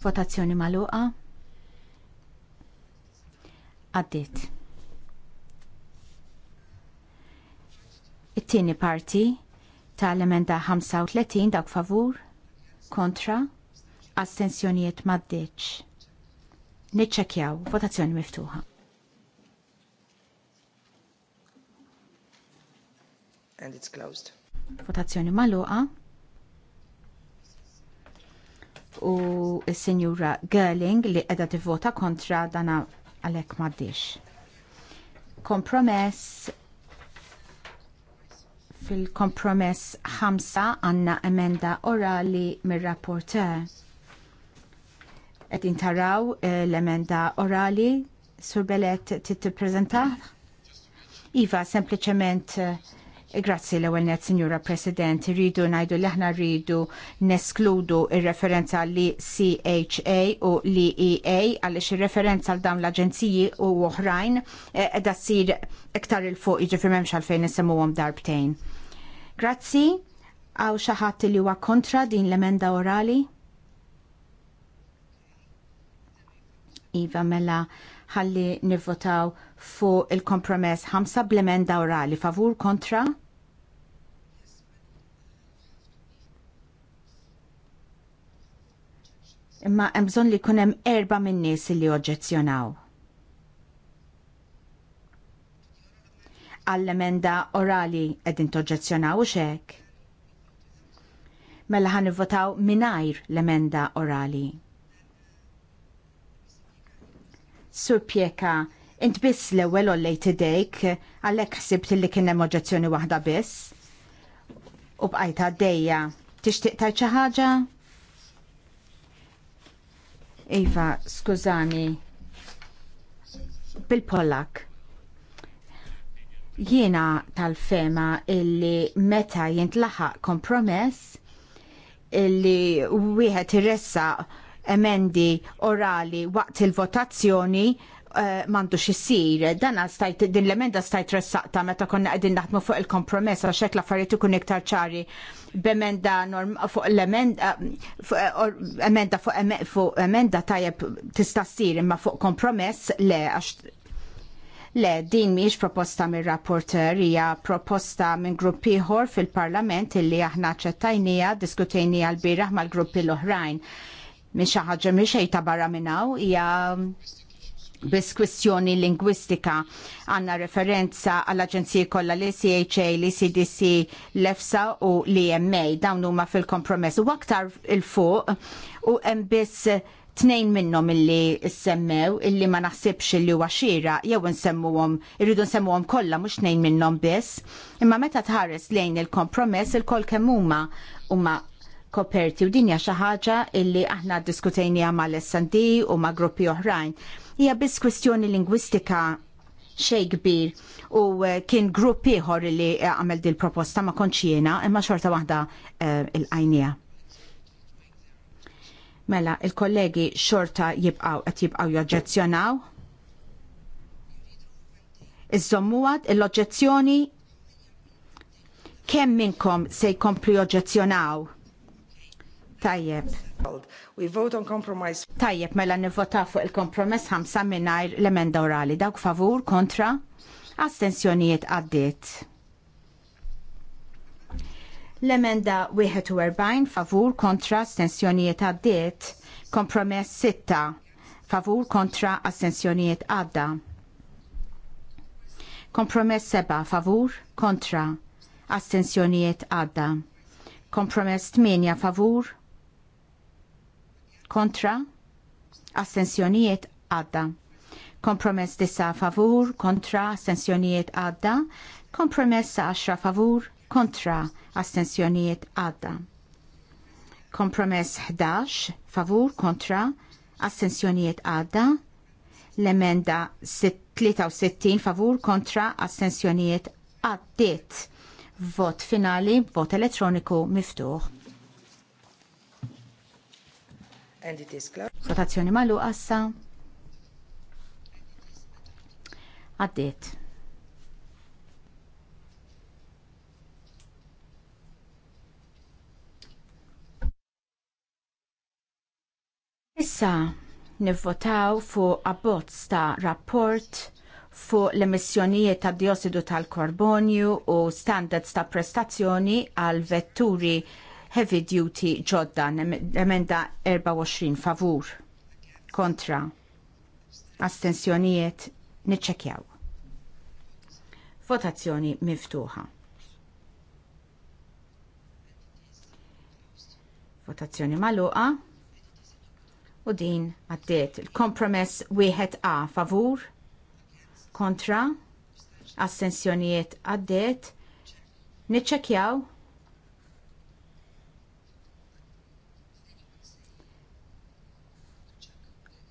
votazzjoni maluqa, għaddit. It-tieni parti, tal-emenda 35 dak favur kontra astensjonijiet maddeċ. Niċċekjaw votazzjoni miftuħa. And it's closed. Votazzjoni maluqa. U s-Sinjura Gerling li edha tivvota kontra dana għalek maddix. Kompromess Fil-kompromess 5 għanna emenda orali mir-rapporter. Qegħdin taraw eh, l-emenda orali sur belet t-prezenta? Iva, sempliciment eh, Grazzi l ewwel Signora President, rridu ngħidu li aħna rridu neskludu il referenza li CHA u li EA għaliex ir-referenza għal dawn l-aġenziji u oħrajn qiegħda eh, ssir iktar il-fuq jiġifier m'hemmx għalfejn għom darbtejn. Grazzi, għaw xaħat li huwa kontra din l-emenda orali. Iva mela ħalli nivvotaw fuq il-kompromess ħamsa bl-emenda orali favur kontra. Imma hemm bżonn li jkun hemm erba' minn nies li oġġezzjonaw. għall-emenda orali edin toġġezzjonaw xek? Mela ħan votaw minajr l-emenda orali. Sur Pjeka, int biss l ewwel ollejt id-dejk għallek ħsibt li kien hemm oġġezzjoni waħda biss. U bqajta dejja, tixtieq tajt xi ħaġa? Iva, skużani. Bil-Pollak. Jiena tal-fema illi meta jintlaħaq kompromess illi wieħed irressa emendi orali waqt il-votazzjoni mandu eh, m'għandux Dana stajt, din l-emenda stajt ressaqta meta konna qegħdin naħdmu fuq il-kompromess għal xekk l-affarijiet ikun iktar ċari b'emenda fuq l-emenda fuq eh, emenda fuq emenda tajjeb tista' ssir imma fuq kompromess le għax Le, din miex proposta mir rapporter hija proposta minn grupp ieħor fil-Parlament illi aħna ċettajnija diskutejnija l-bieraħ mal-gruppi l-oħrajn. Minn xi ħaġa minn xejn ta' barra minnaw hija bis kwistjoni lingwistika għanna referenza għall-Aġenziji kollha l-ACHA, l ecdc l-EFSA u l-EMA dawn huma fil-kompromess u aktar il-fuq u hemm biss tnejn minnhom illi semmew illi ma naħsibx illi huwa xira jew nsemmuhom irridu nsemmuhom kollha mhux tnejn minnhom biss. Imma meta tħares lejn il-kompromess il-kol kemm huma huma koperti u dinja xi ħaġa illi aħna ddiskutejniha mal-SND u ma' gruppi oħrajn. Hija biss kwistjoni lingwistika xej kbir u eh, kien grupp ieħor li eh, għamel dil proposta ma kontx jiena imma xorta waħda uh, il-għajnija. Mela, il-kollegi xorta jibqaw qed jibqaw joġġezzjonaw. Iż-żommuwat l-oġġezzjoni kemm minnkom se jkomplu joġġezzjonaw? Tajjeb. We vote on compromise. Tajjeb, mela nivvota fuq il-kompromess ħamsa mingħajr l-emenda orali. Dawk favur, kontra? Astensjonijiet għaddiet. L-emenda 41 favur kontra astensjonijiet għaddiet. Kompromess 6 favur kontra astensjonijiet għadda. Kompromess 7 favur kontra astensjonijiet għadda. Kompromess 8 favur kontra astensjonijiet għadda kompromess disa favur, kontra, astensjonijiet għadda, kompromess 10 favur, kontra astensjonijiet għadda. Kompromess 11 favur kontra astensjonijiet għadda. L-emenda 63 favur kontra astensjonijiet għaddit. Vot finali, vot elettroniku miftuħ. Votazzjoni malu għassa. Għaddit. Issa nivvotaw fuq abbozz ta' rapport fuq l-emissjonijiet ta' diossidu tal-karbonju u standards ta' prestazzjoni għal vetturi heavy duty ġodda emenda 24 favur kontra astensjonijiet niċċekjaw. Votazzjoni miftuħa. Votazzjoni maluqa u din għaddiet. Il-kompromess wieħed A favur kontra assenzjonijiet għaddiet. Niċċekjaw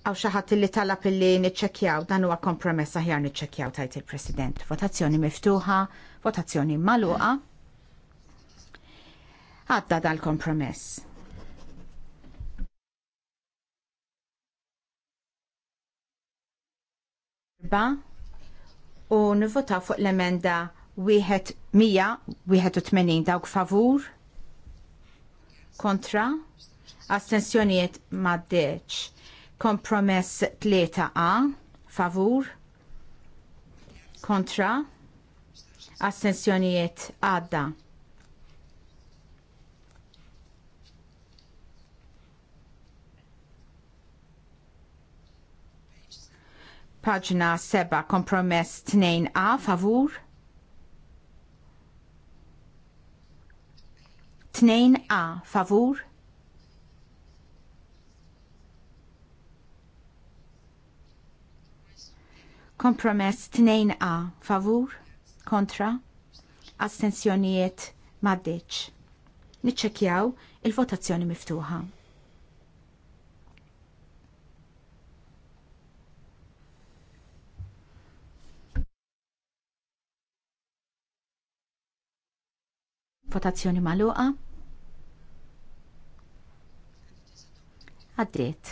għaw xaħat li talab li niċċekjaw, dan huwa kompromess aħjar niċċekjaw tajt il-President. Votazzjoni miftuħa, votazzjoni maluqa. Għadda dal-kompromess. erba' u nivvotaw fuq l-emenda 181 dawk favur kontra astensjonijiet maddeċ. Kompromess 3A favur kontra astensjonijiet għadda. Paġna 7 kompromess 2A favur. 2A favur. Kompromess 2A favur kontra astensjonijiet maddeċ. Niċċekjaw il-votazzjoni miftuħa. Votazzjoni maluqa. Għaddiet.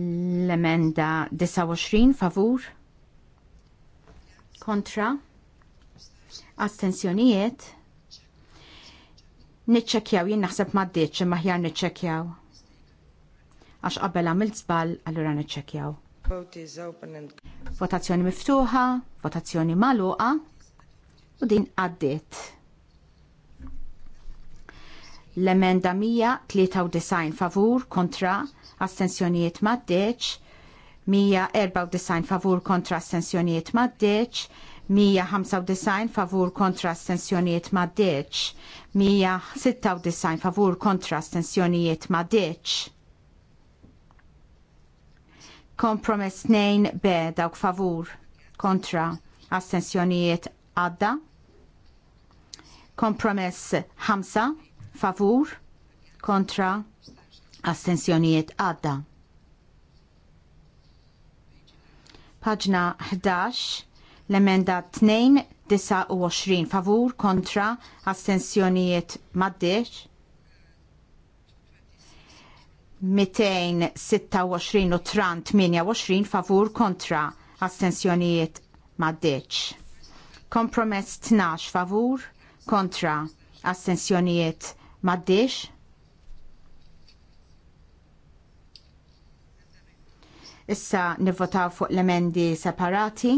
L-emenda 29 favur. Kontra. Astensjonijiet. Nitċekjaw, jien naħseb ma maħjar imma Għax qabel għamil żball allura nitċekjaw. Votazzjoni miftuħa, votazzjoni maluqa u din għaddiet. L-emenda 193 favur kontra astensjonijiet maddeċ, 194 favur kontra astensjonijiet maddeċ, 195 favur kontra astensjonijiet maddeċ, 196 favur kontra astensjonijiet maddeċ. Kompromess nejn B dawk favur kontra astensjonijiet għadda. Kompromess ħamsa, favur kontra astensjonijiet għadda. Paġna 11 l-emenda 2 29 favur kontra astensjonijiet maddeċ. 226 u 328 28 favur kontra astensjonijiet maddeċ. Kompromess 12 favur kontra astensjonijiet maddeċ. Issa nivvotaw fuq l-emendi separati.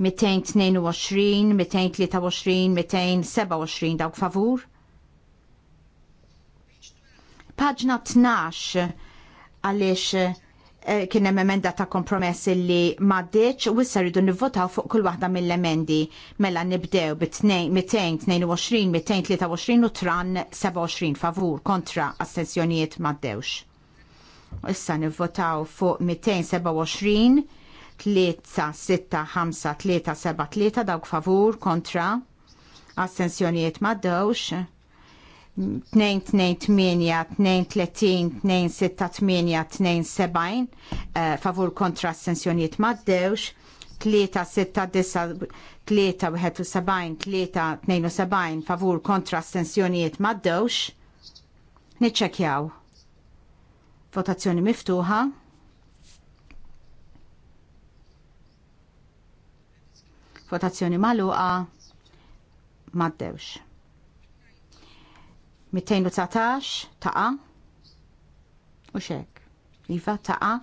222, 223, 227 dawk favur Paġna 12 għaliex eh, kien hemm emenda ta' kompromess li m'għaddiċ u issa rridu nivvotaw fuq kull waħda mill-emendi mela nibdew bi 222, 223 u tran 27 favur kontra assenzjonijiet m'għaddewx. Issa nivvotaw fuq 227 3-6-5-3-7-3 dawk favur kontra astensjonijiet maddewx 228-236-278 eh, favur kontra assenzjoniet maddewx 3-6-3-1-3-2-7 favur kontra assenzjoniet maddewx niċċekjaw votazzjoni miftuħa votazzjoni maluqa maddewx 219 taqa u xek. Iva taqa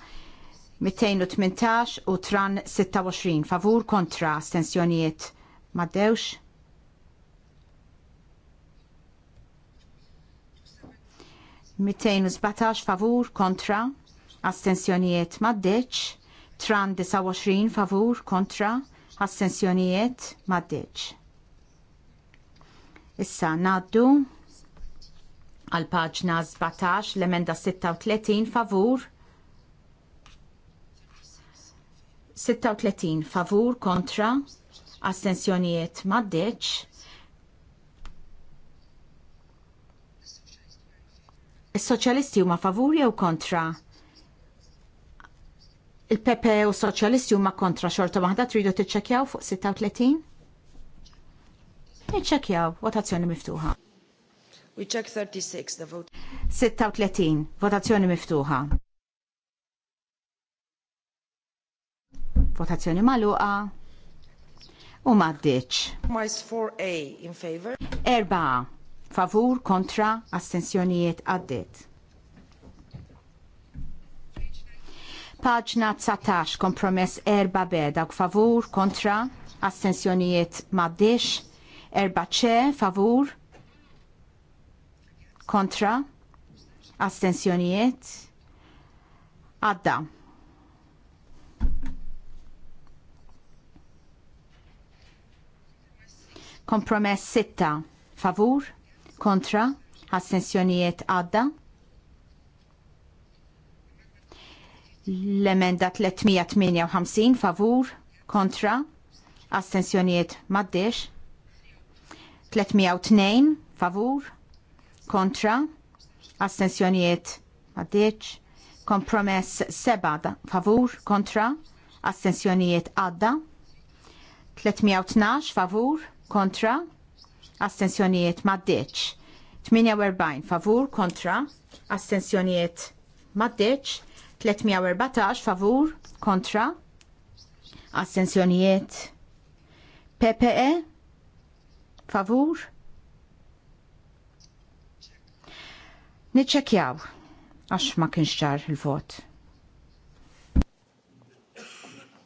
218 u tran 26 favur kontra astensjonijiet maddewx. Mittejn u zbatax favur kontra astensjonijiet maddeċ. Tran 29 favur kontra astensjonijiet maddeċ. Issa naddu għal paġna 17 l-emenda 36 favur 36 favur kontra astensjonijiet maddeċ Is-soċjalisti huma favur jew kontra? Il-Pepe u soċjalisti huma kontra xorta waħda tridu tiċċekjaw fuq 36? Niċċekjaw, votazzjoni miftuħa. We check 36, the vote. 36, votazzjoni miftuħa. Votazzjoni maluqa. U maddiċ. Mice 4A in favor. Erba. Favur, kontra, astensjonijiet għaddit. Paġna 19, kompromess 4 B, dawk favur, kontra, astensjonijiet maddiċ. Erba ċe, favur, kontra, astensjonijiet, għadda. Kompromess sitta. favur, kontra, astensjonijiet għadda. L-emenda 358 favur, kontra, astensjonijiet maddex. 302 favur, kontra, astensjonijiet għaddiċ, kompromess seba favur, kontra, astensjonijiet għadda, 312 favur, kontra, astensjonijiet maddeċ. 48 favur, kontra, astensjonijiet maddeċ. 314 favur, kontra, astensjonijiet PPE, favur, Niċċekjaw għax ma kienx ċar il-vot.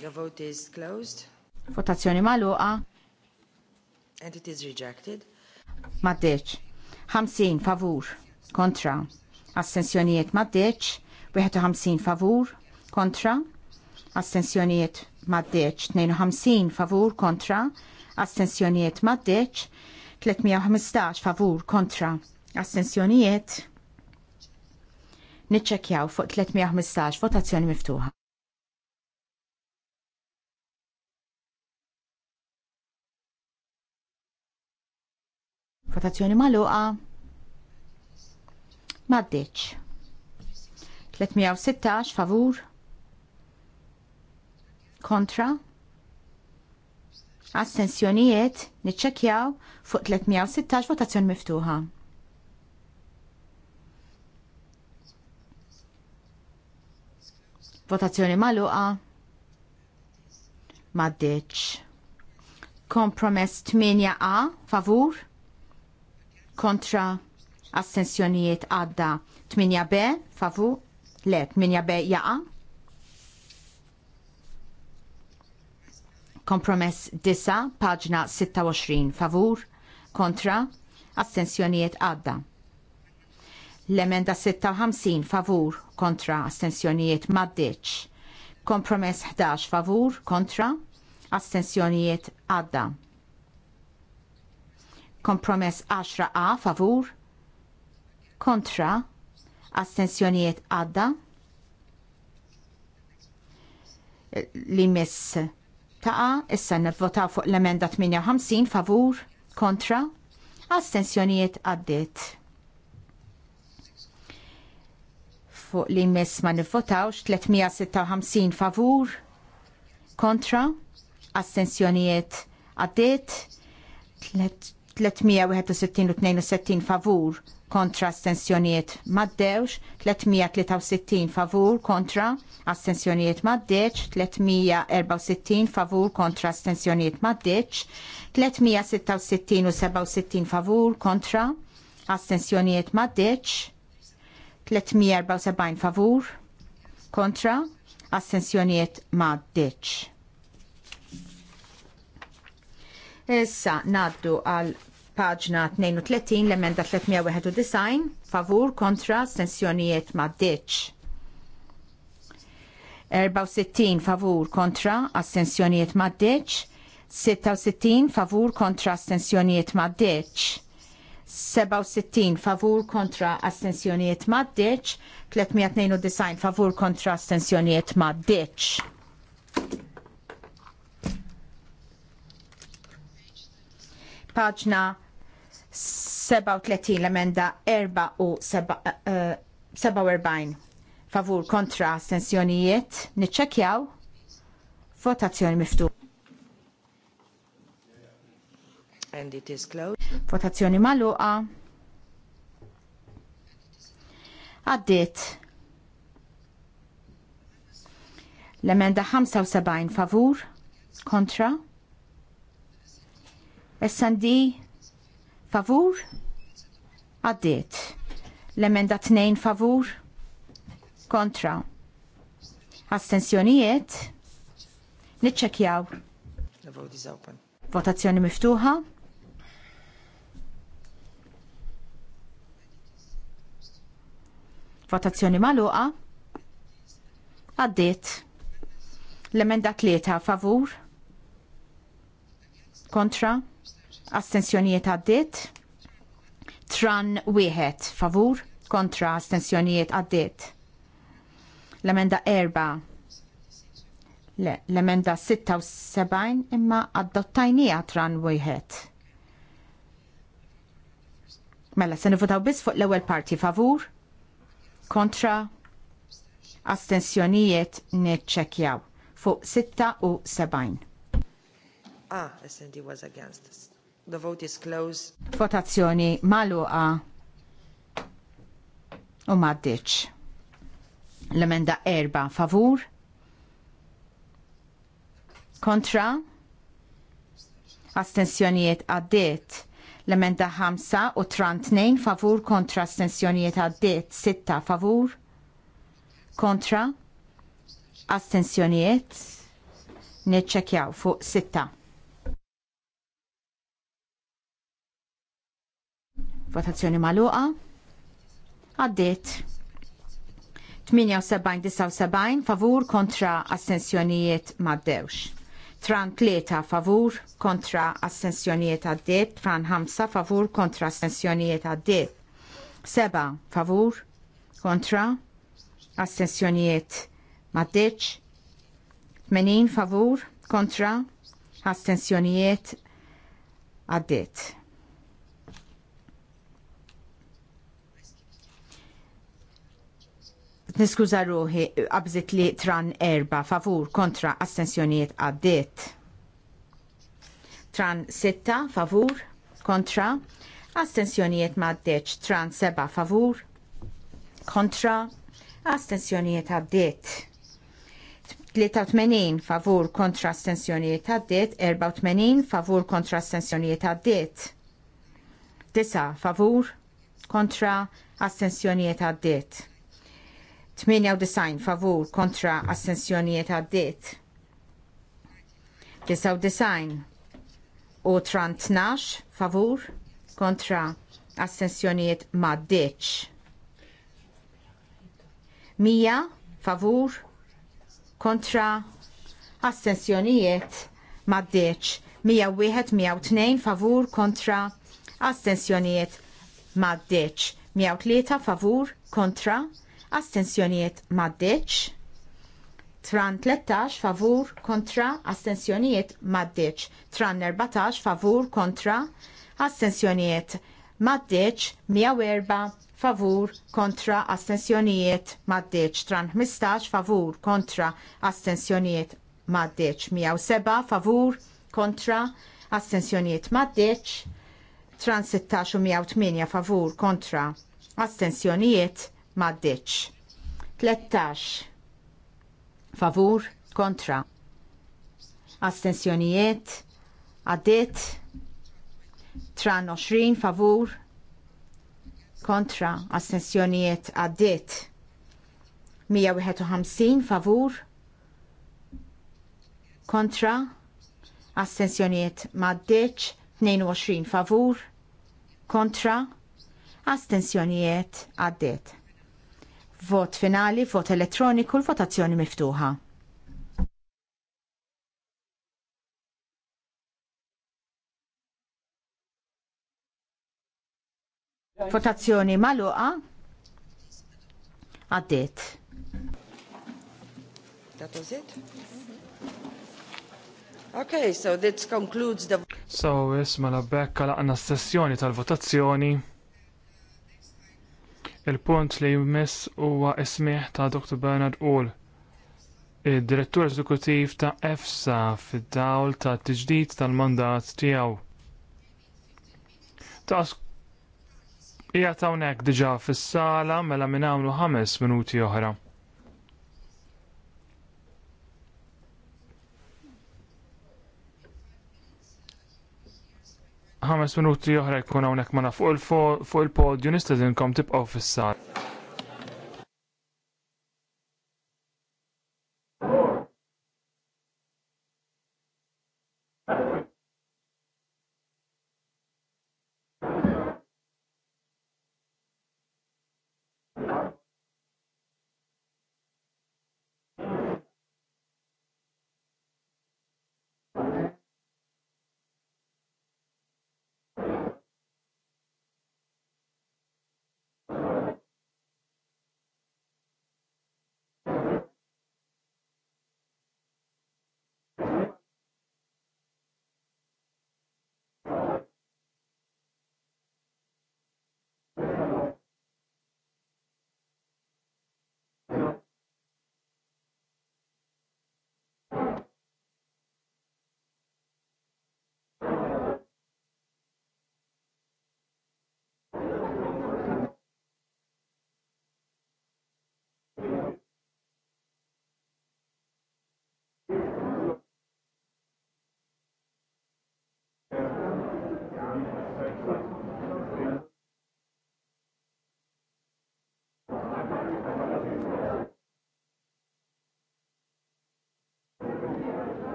The vote is closed. Votazzjoni maluqa. And it is rejected. Maddeċ. 50 favur kontra. Astensjonijiet maddeċ. 51 favur kontra. Astensjonijiet maddeċ. 52 favur kontra. Astensjonijiet maddeċ. 315 favur kontra. Astensjonijiet Niċċekkjaw fuq 315 votazzjoni miftuħa. Votazzjoni maluqa. Maddiċ. 316 favur. Kontra. Astensjonijiet niċċekkjaw fuq 316 votazzjoni miftuħa. Votazzjoni maluqa. Maddeċ. Kompromess 8A, favur. Kontra assenzjonijiet għadda 8B, favur. Le, 8B jaqa. Kompromess 9, paġna 26, favur. Kontra assenzjonijiet għadda. L-emenda 56 favur kontra astensjonijiet maddeċ. Kompromess 11 favur kontra astensjonijiet għadda. Kompromess 10 a favur kontra astensjonijiet għadda. Li miss taqa issa nivvotaw fuq l-emenda 58 favur kontra astensjonijiet għaddit. fuq li mis ma nifotawx 356 favur kontra astensjonijiet għaddiet 361 u favur kontra astensjonijiet maddewx, 363 favur kontra astensjonijiet maddeċ, 364 favur kontra astensjonijiet maddeċ, 366 u 67 favur kontra astensjonijiet maddeċ, 374 favur kontra ma maddiċ. Issa naddu għal paġna 32 l-emenda 391 favur kontra ma maddiċ. 64 favur kontra ma maddiċ, 66 favur kontra astensjonijiet maddeċ, 67 favur kontra astensjonijiet deċ, 392 favur kontra astensjonijiet maddeċ. Paġna 37 l-emenda 4 u 47 eh, eh, favur kontra astensjonijiet. Niċċekjaw. Votazzjoni miftuħa. And it is closed. Votazzjoni maluqa. Għaddit. L-emenda 75 favur kontra. S&D favur Għaddit. L-emenda 2 favur kontra. Astensjonijiet niċċekjaw. Votazzjoni miftuħa. Votazzjoni maluqa. Għaddiet. L-emenda tlieta favur. Kontra. Astensjonijiet għaddiet. Tran wieħed favur. Kontra astensjonijiet għaddiet. L-emenda erba' l-emenda 76 imma għaddottajnija tran wieħed. Mela, se nifutaw biss fuq l-ewwel parti favur, kontra astensjonijiet neċċekjaw fuq 76. Ah, SND was against. Us. The vote is closed. Votazzjoni maluqa u maddiċ. L-emenda erba favur. Kontra. Astensjonijiet għaddiet L-emenda 5 u tran 2 favur kontra astensjonijiet għaddiet 6 favur kontra astensjonijiet neċċekjaw fuq 6. Votazzjoni maluqa għaddiet 78-79 favur kontra astensjonijiet maddewx. Tran tleta favur kontra astensjonijiet għaddiet, Tran ħamsa favur kontra astensjonijiet għaddiet. Seba favur kontra astensjonijiet maddeċ, Menin favur kontra astensjonijiet għaddiet. Niskuża ruħi, għabżit li tran erba favur kontra astensjonijiet għaddit. Tran sitta favur kontra astensjonijiet maddeċ. Tran seba favur kontra astensjonijiet għaddit. 83 favur kontra astensjonijiet għaddit. 84 favur kontra astensjonijiet għaddiet. 9 favur kontra astensjonijiet għaddit. 98 favur kontra assenzjonijiet għaddit. 99 u tran favur kontra assenzjonijiet maddeċ. 100 favur kontra assenzjonijiet maddeċ. 101, 102 favur kontra astensjonijiet maddeċ. 103 favur kontra astensjonijiet maddeċ. Tran 13 favur kontra astensjonijiet maddeċ. Tran 14 favur kontra astensjonijiet maddeċ 104 favur kontra astensjonijiet maddeċ. Tran 15 favur kontra astensjonijiet maddeċ. 107 favur kontra astensjonijiet maddeċ. Tran 16 u 108 favur kontra astensjonijiet maddiċ. 13 favur kontra astensjonijiet għaddit tran 20 favur kontra astensjonijiet għaddit 151 favur kontra astensjonijiet maddiċ 22 favur kontra astensjonijiet għaddit Vot finali, vot elettroniku, l-votazzjoni miftuħa. Votazzjoni maluqa. Għaddit. That was it? Okay, so this concludes the... So, isma la bekka laqna s-sessjoni tal-votazzjoni. Il-punt li jmiss huwa ismiħ ta' Dr. Bernard Ull, id-direttur eżekutiv ta' EFSA fid-dawl ta' tiġdid tal-mandat tiegħu. Ta' hija hawnhekk diġà fis-sala mela minn hawn ħames minuti oħra. ħames minuti oħra jkun hawnhekk ma' fuq il-podju nistedinkom tibqgħu fis-sar.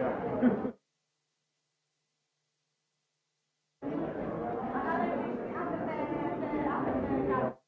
Thank you.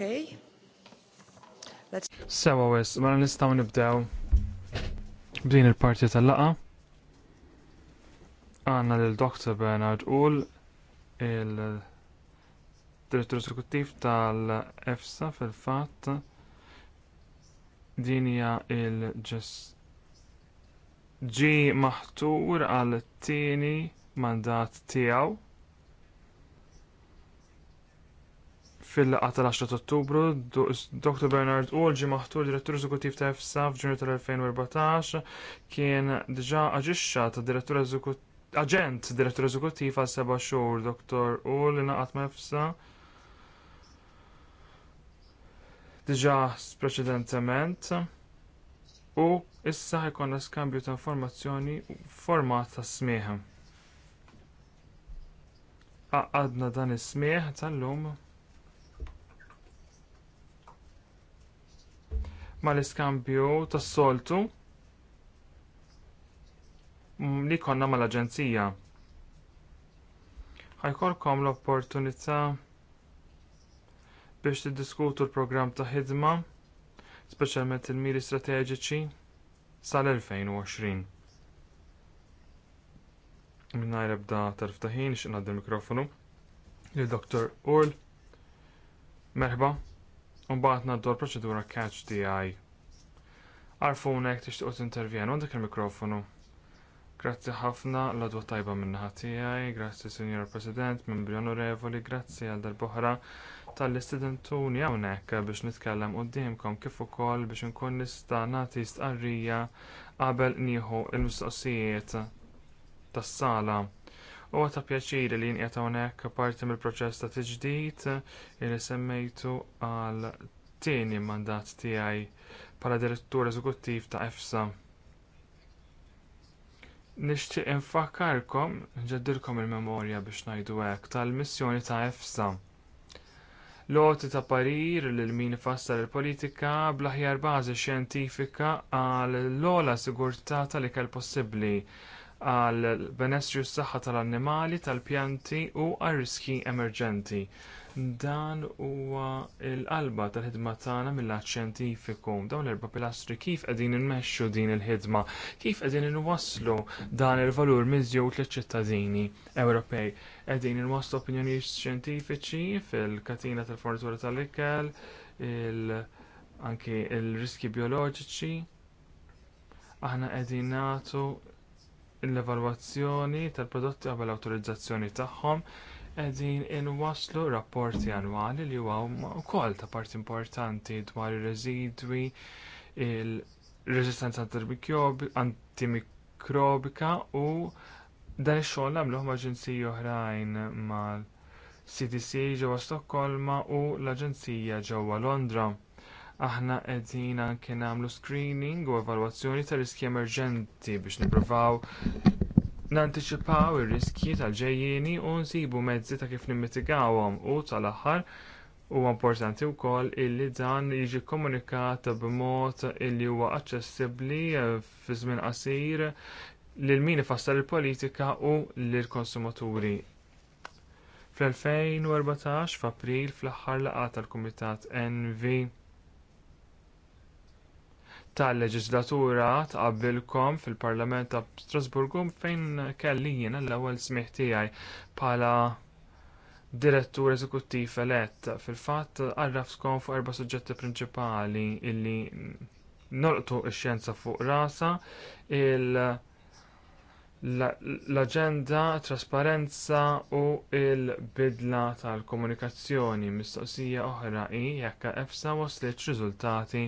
Okay. Let's... Sewa wis, ma mela nistaw nibdew b'din il-parti tal-laqa. Għanna l-Dr. Bernard Ull, il-Direttur Eżekuttiv tal-EFSA fil-fat din hija il-ġi maħtur għal tieni mandat tiegħu fil-laqgħa tal-10 ta' Ottubru, Dr. Bernard Olġi maħtur direttur eżekutiv ta' FSAF ġunju tal-2014 kien diġà aġisċa ta' direttur aġent direttur eżekutiv għal seba' xhur, Dr. li ingħaqad ma' FSA. Diġà preċedentement u issa l skambju ta' informazzjoni format ta' smieħ. Għadna dan is-smieħ tal-lum mal-iskambju tas-soltu mm, li konna mal-Aġenzija. Ħajkolkom l-opportunità biex tiddiskutu l-programm ta' ħidma, speċjalment il-miri strateġiċi sal-2020. Minnajr ebda tarftaħin xinna d mikrofonu il-Dr. Url. Merħba. Mbagħad naddu l-proċedura catch DI. Arfunek tixtiequ intervjenu għandek il-mikrofonu. Grazzi ħafna l adwa tajba min-naħa tiegħi, grazzi senjor President, membri onorevoli, grazzi għal darbohra tal-istudentuni hawnhekk biex nitkellem d-dimkom kif ukoll biex inkun nista' nagħti stqarrija qabel nieħu l mistoqsijiet tas-sala. U ta' pjaċiri li jinqiet hawnhekk parti mill-proċess ta' tiġdid li semmejtu għal tieni mandat tiegħi bħala direttur eżekuttiv ta' EFSA. Nixtieq infakkarkom ġeddilkom il-memorja biex ngħidu hekk tal-missjoni ta' EFSA. Loti ta' parir li l min ifassar il-politika bl-aħjar bażi xjentifika għal l-ola sigurtà tal-ikel possibbli għal benessri s saħħa tal-annimali, tal-pjanti u għal riski emerġenti. Dan huwa l-qalba tal-ħidma tagħna mill-lat xjentifiku. Dawn l-erba' pilastri kif qegħdin inmexxu din il-ħidma, kif qegħdin inwasslu dan il-valur miżjud liċ-ċittadini Ewropej. Qegħdin inwasslu opinjonijiet xjentifiċi fil-katina tal-fornitura tal-ikel, anki il-riski bioloġiċi. Aħna qegħdin nagħtu l-evalwazzjoni tal-prodotti qabel awtorizzazzjoni tagħhom qegħdin inwasslu rapporti annwali li huwa wkoll ta' parti importanti dwar ir-residwi il-reżistenza antimikrobika u dan ix-xogħol nagħmluh ma' aġenziji oħrajn mal-CDC ġewwa Stokkolma u l-Aġenzija ġewwa Londra. Aħna qegħdin anke nagħmlu screening u evalwazzjoni ta' riski emerġenti biex nippruvaw nanticipaw ir-riskji tal-ġejjieni u nsibu mezzi ta' kif nimmitigawhom u tal-aħħar huwa importanti wkoll illi dan jiġi komunikat b'mod illi huwa aċċessibbli eh, fi żmien qasir lil min ifassar il-politika u lill konsumaturi. Fl-2014 f'April fl-aħħar laqgħa tal-Kumitat NV tal-leġislatura tqabbilkom fil-Parlament ta' Strasburgu fejn kelli jiena l-ewwel smih tiegħi bħala direttur eżekuttiv elett. Fil-fatt għarrafskom fuq erba' suġġetti prinċipali illi nolqtu x-xjenza fuq rasa il- l-aġenda, trasparenza u l bidla tal-komunikazzjoni mistoqsija oħra hi jekk EFSA waslet riżultati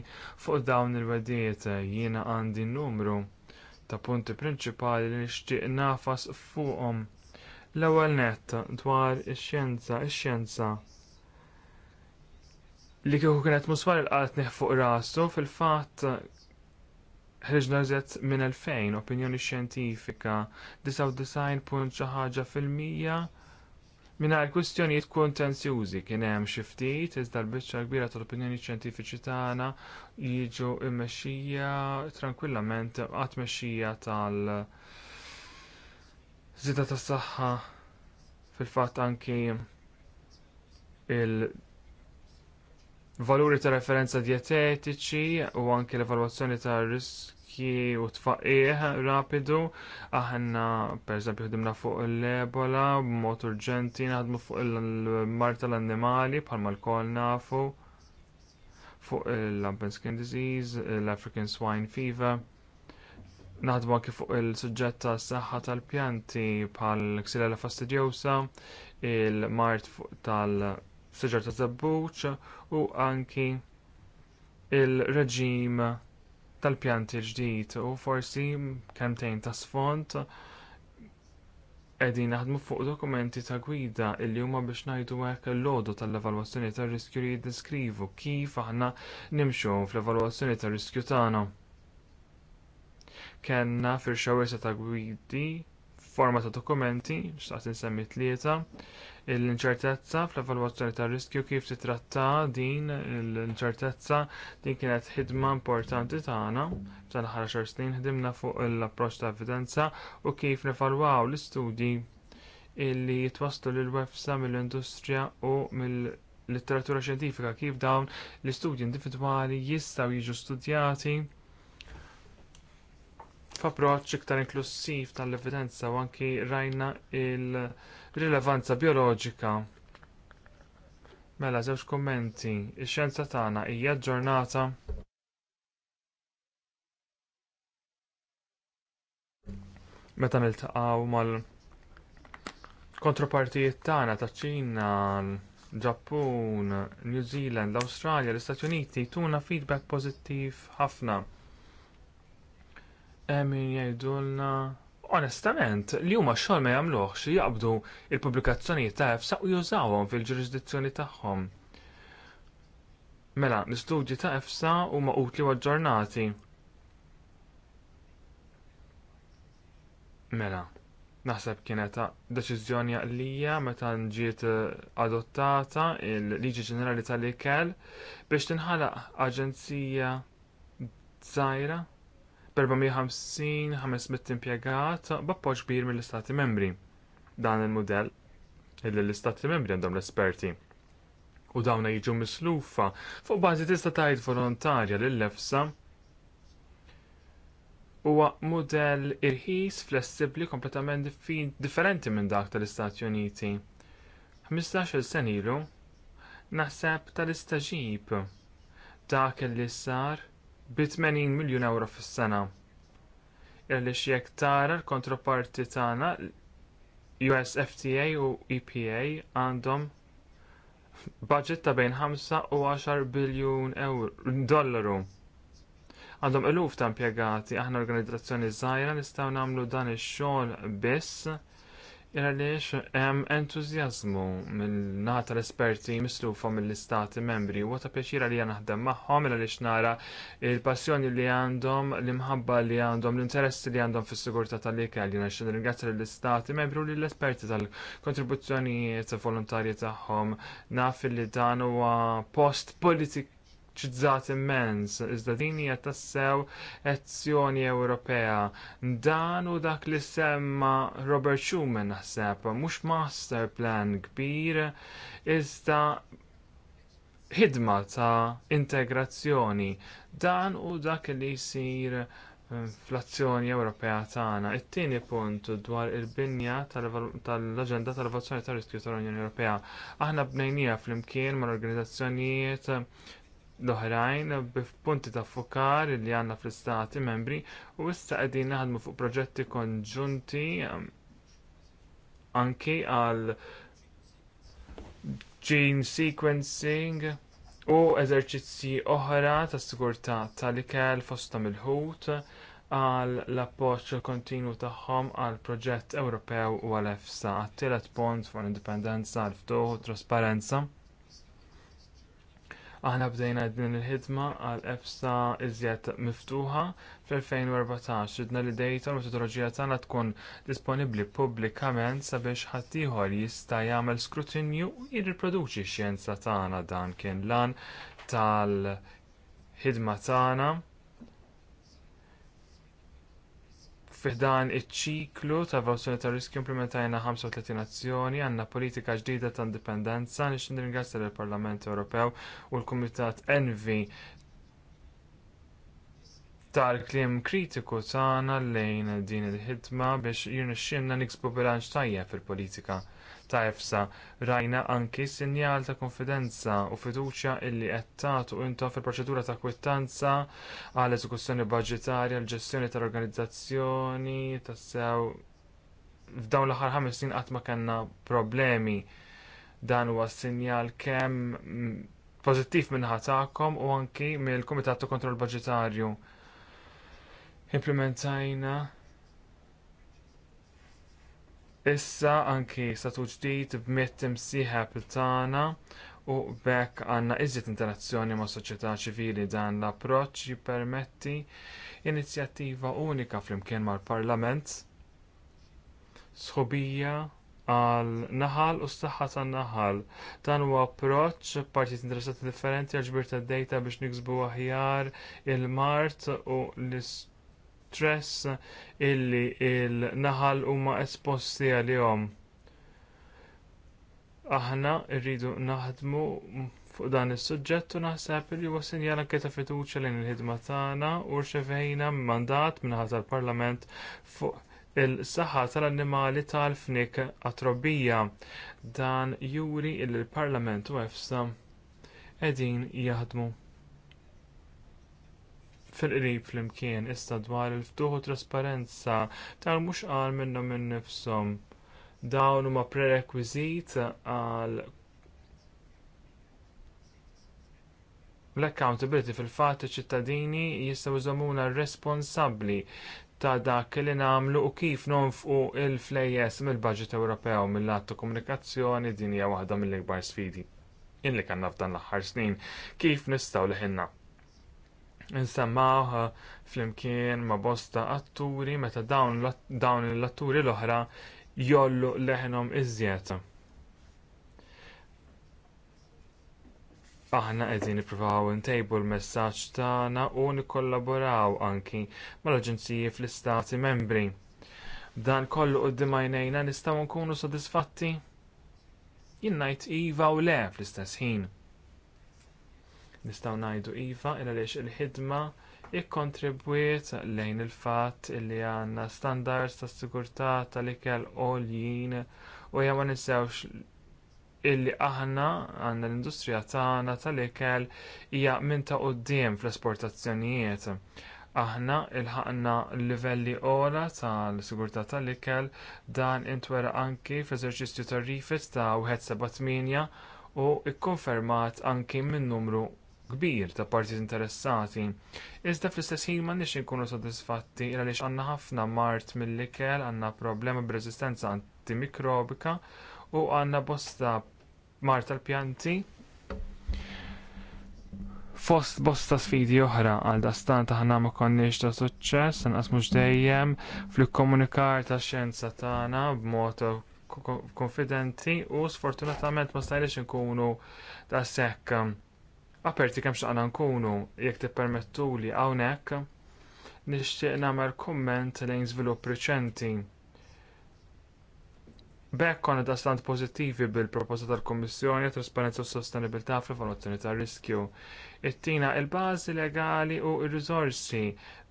fuq dawn il-wedijiet jiena għandi numru ta' punti prinċipali li nixtieq nafas fuqhom. L-ewwel nett dwar ix-xjenza, ix-xjenza li kieku kienet muswar il fuq rasu fil-fatt ħriġna żed minn 2000 opinjoni xjentifika 99.ħaġa fil-mija mingħajr kwistjonijiet kontenzjużi kien hemm xi ftit iżda l-biċċa kbira tal-opinjoni xjentifiċi tagħna jiġu mmexxija tranquillament qatt mexxija tal- Zida tas saħħa fil-fatt anki il- valuri ta' referenza dietetiċi u anke l-evalwazzjoni ta' riski u tfaqih rapidu. Aħna pereżempju ħdimna fuq l-ebola, b'mod urġenti naħdmu fuq il-mar tal-annimali bħalma l-kol nafu fuq il-Lampen Skin Disease, l-African Swine Fever. Naħdmu anke fuq il-suġġett tas saħħa tal-pjanti bħal ksilela fastidjosa, il-mart tal- siġar ta' zabbuċ u anki il-reġim tal-pjanti ġdid u forsi kemtejn ta' sfond qegħdin naħdmu fuq dokumenti ta' gwida illi huma biex ngħidu hekk l-lodu tal-evalwazzjoni tar-riskju li jiddeskrivu kif aħna nimxu fl-evalwazzjoni tar-riskju tagħna. Kenna firxa wiesa ta' gwidi forma ta' dokumenti, xtaqt insemmi tlieta, l-inċertezza fl-evalwazzjoni tar riskju kif titratta din l-inċertezza din kienet ħidma importanti tagħna tal-aħħar xar snin ħdimna fuq l-approċċ ta' evidenza u kif nevalwaw l-istudji illi jitwasslu lil wefsa mill-industrija u mill litteratura xjentifika kif dawn l-istudji individwali jistgħu jiġu studjati f'approċċ iktar inklusiv tal-evidenza u anki rajna il- rilevanza bioloġika. Mela, żewġ kummenti. Ix-xjenza tagħna hija ġġornata meta niltaqgħu mal-kontropartijiet tagħna taċ-Ċina, ġappun, New Zealand, l-Awstralja, l-Istati Uniti tuna feedback pożittiv ħafna. Emin jgħidulna onestament, li huma xogħol ma jagħmluhx jaqbdu il-pubblikazzjonijiet ta' EFSA u jużawhom fil-ġurisdizzjoni tagħhom. Mela, l-istudji ta' EFSA huma utli u aġġornati. Mela, naħseb kienet deċiżjoni għalija meta ġiet eh, adottata il-Liġi Ġenerali tal-Ikel biex tinħalaq aġenzija żgħira b-450-500 impjegat b'appoġġ kbir mill-Istati membri. Dan il mudell illi l-Istati membri għandhom l-esperti. U dawna jiġu mislufa fuq bażi tista' tgħid volontarja lill-lefsa huwa mudell irħis flessibbli kompletament differenti minn dak tal-Istati Uniti. 15-il sen ilu naħseb tal-istaġib dak li sar bi 80 miljun euro fis-sena. Għaliex jekk tara l-kontroparti tagħna USFTA u EPA e għandhom budget ta' bejn 5 u 10 biljun dollaru. Għandhom eluf ta' impjegati, aħna organizzazzjoni żgħira nistgħu nagħmlu dan ix-xogħol biss għaliex hemm entużjażmu mill-nata l esperti mislufa mill-istati membri u ta' pjaċira li naħdem magħhom għaliex nara il-passjoni li għandhom, l-imħabba li għandhom, l-interessi li għandhom fis-sigurtà tal-ikel li nixxin ringrazzja lill-istati membri u lill-esperti tal-kontribuzzjonijiet volontarji tagħhom naf li dan huwa post politik ċizzat immens, iżda din hija tassew azzjoni Ewropea. Dan u dak li semma Robert Schumann naħseb, mhux master plan kbir, iżda ħidma ta' integrazzjoni. Dan u dak li jsir eh, fl-azzjoni Ewropea tagħna. It-tieni punt dwar il-binja tal-aġenda tal-evaluazzjoni tar riskju tal-Unjoni Ewropea. Aħna bnejnija flimkien mal-organizzazzjonijiet l-oħrajn bil-punti ta' fukar li għandna fl-istati membri u issa qegħdin naħdmu fuq proġetti konġunti um, anki għal gene sequencing u eżerċizzi oħra ta' sigurtà tal-ikel fosthom il-ħut għal l-appoċ kontinu tagħhom għal proġett Ewropew u għal EFSA għat-tielet pont fuq l-indipendenza għal ftuħ u trasparenza. Aħna bdejna din il-ħidma għal EFSA iżjed miftuħa fl-2014 ridna li dejta l-metodoloġija tagħna tkun disponibbli pubblikament sabiex ħaddieħor jista' jagħmel skrutinju jirriproduċi x-xjenza tagħna dan kien lan tal-ħidma tagħna F'dan iċ-ċiklu ta' evalwazzjoni ta' riski implementajna 35 azzjoni għandna politika ġdida ta' indipendenza nix nirringrazzja lill parlament Ewropew u l-Kumitat Envi tal-kliem kritiku tagħna lejn din il-ħidma biex jirnexxielna niksbu bilanċ tajjeb fil-politika ta' EFSA rajna anki sinjal ta' konfidenza u fiduċja illi qed tagħtu intom fil-proċedura ta' kwittanza għal eżekuzzjoni budgetarja l ġestjoni tal-organizzazzjoni tas-sew f'dawn l-aħħar ħames snin qatt ma kellna problemi dan huwa sinjal kemm pożittiv minnaħa tagħkom u anki mill-Kumitat ta' Kontroll Budgetarju. Implementajna Issa anki statut ġdid b'mitt imsieħeb tagħna u bekk għandna iżjed interazzjoni mas soċjetà ċivili dan l-approċċ jippermetti inizjattiva unika flimkien mal-Parlament sħubija għal naħal u s-saħħa tan-naħal. Dan huwa approċċ partit interessati differenti għal ġbir tad-dejta biex niksbu aħjar il-mart u l-istorja stress illi il-naħal huma esposti għalihom. Aħna rridu naħdmu fuq dan is-suġġett u naħseb li huwa sinjala anke ta' fiduċja lejn il-ħidma tagħna u rċevejna mandat minħata tal-Parlament fuq il-saħħa tal-annimali tal-fnik għat-trobbija. Dan juri il-Parlament u EFSA qegħdin jaħdmu fil-qrib flimkien issa dwar il-ftuħ u trasparenza tal mhux qal minnhom minn Dawn huma prerekwiżit għal l-accountability fil-fatt ċittadini jistgħu jżommuna responsabbli ta' dak li nagħmlu u kif nonfqu il flejjes mill-Baġit Ewropew mill-att ta' komunikazzjoni din hija waħda mill-ikbar sfidi. Inli kanna f'dan l-aħħar snin kif nistgħu liħinna. Nsemmawha eh, flimkien ma' bosta atturi meta dawn l-atturi l-oħra jollu leħnom iżjed. Aħna qegħdin nippruvaw intejbu l-messaġġ tagħna u nikkollaboraw anki mal-aġenziji fl-istati membri. Dan kollu qudiem għajnejna nistgħu nkunu sodisfatti? Jien ngħid iva u le fl-istess ħin. Nistgħu ngħidu iva il għaliex il-ħidma ikkontribwiet lejn il-fatt li għandna standards ta' sigurtà tal-ikel għoljin u hija ma ninsewx illi aħna għandna l-industrija tagħna tal-ikel hija minn ta' quddiem fl-esportazzjonijiet. Aħna ilħaqna livelli ola tal-sigurtà tal-ikel dan intwera anki fl-eżerċizzju tar-rifit ta' 178 u kkonfermat anki minn numru kbir ta' partijiet interessati. Iżda fl-istess ħin m'għandniex inkunu sodisfatti għaliex għandna ħafna mart mill-ikel, għandna problema b'reżistenza antimikrobika u għandna bosta mart tal-pjanti fost bosta sfidi oħra għal dastan taħna ma konniex ta' suċċess, inqas mhux dejjem fl-komunikar ta' xjenza tagħna b'mod konfidenti u sfortunatament ma stajniex inkunu ta' sekk aperti kemm għana nkunu jekk tippermettuli hawnhekk nixtieq nagħmel kumment lejn żvilupp riċenti. B'hekk konna da stand pożittivi bil-proposta tal-Kommissjoni trasparenza u sostenibilità fl-evoluzzjoni tar-riskju. Ittina il-bażi legali u r rizorsi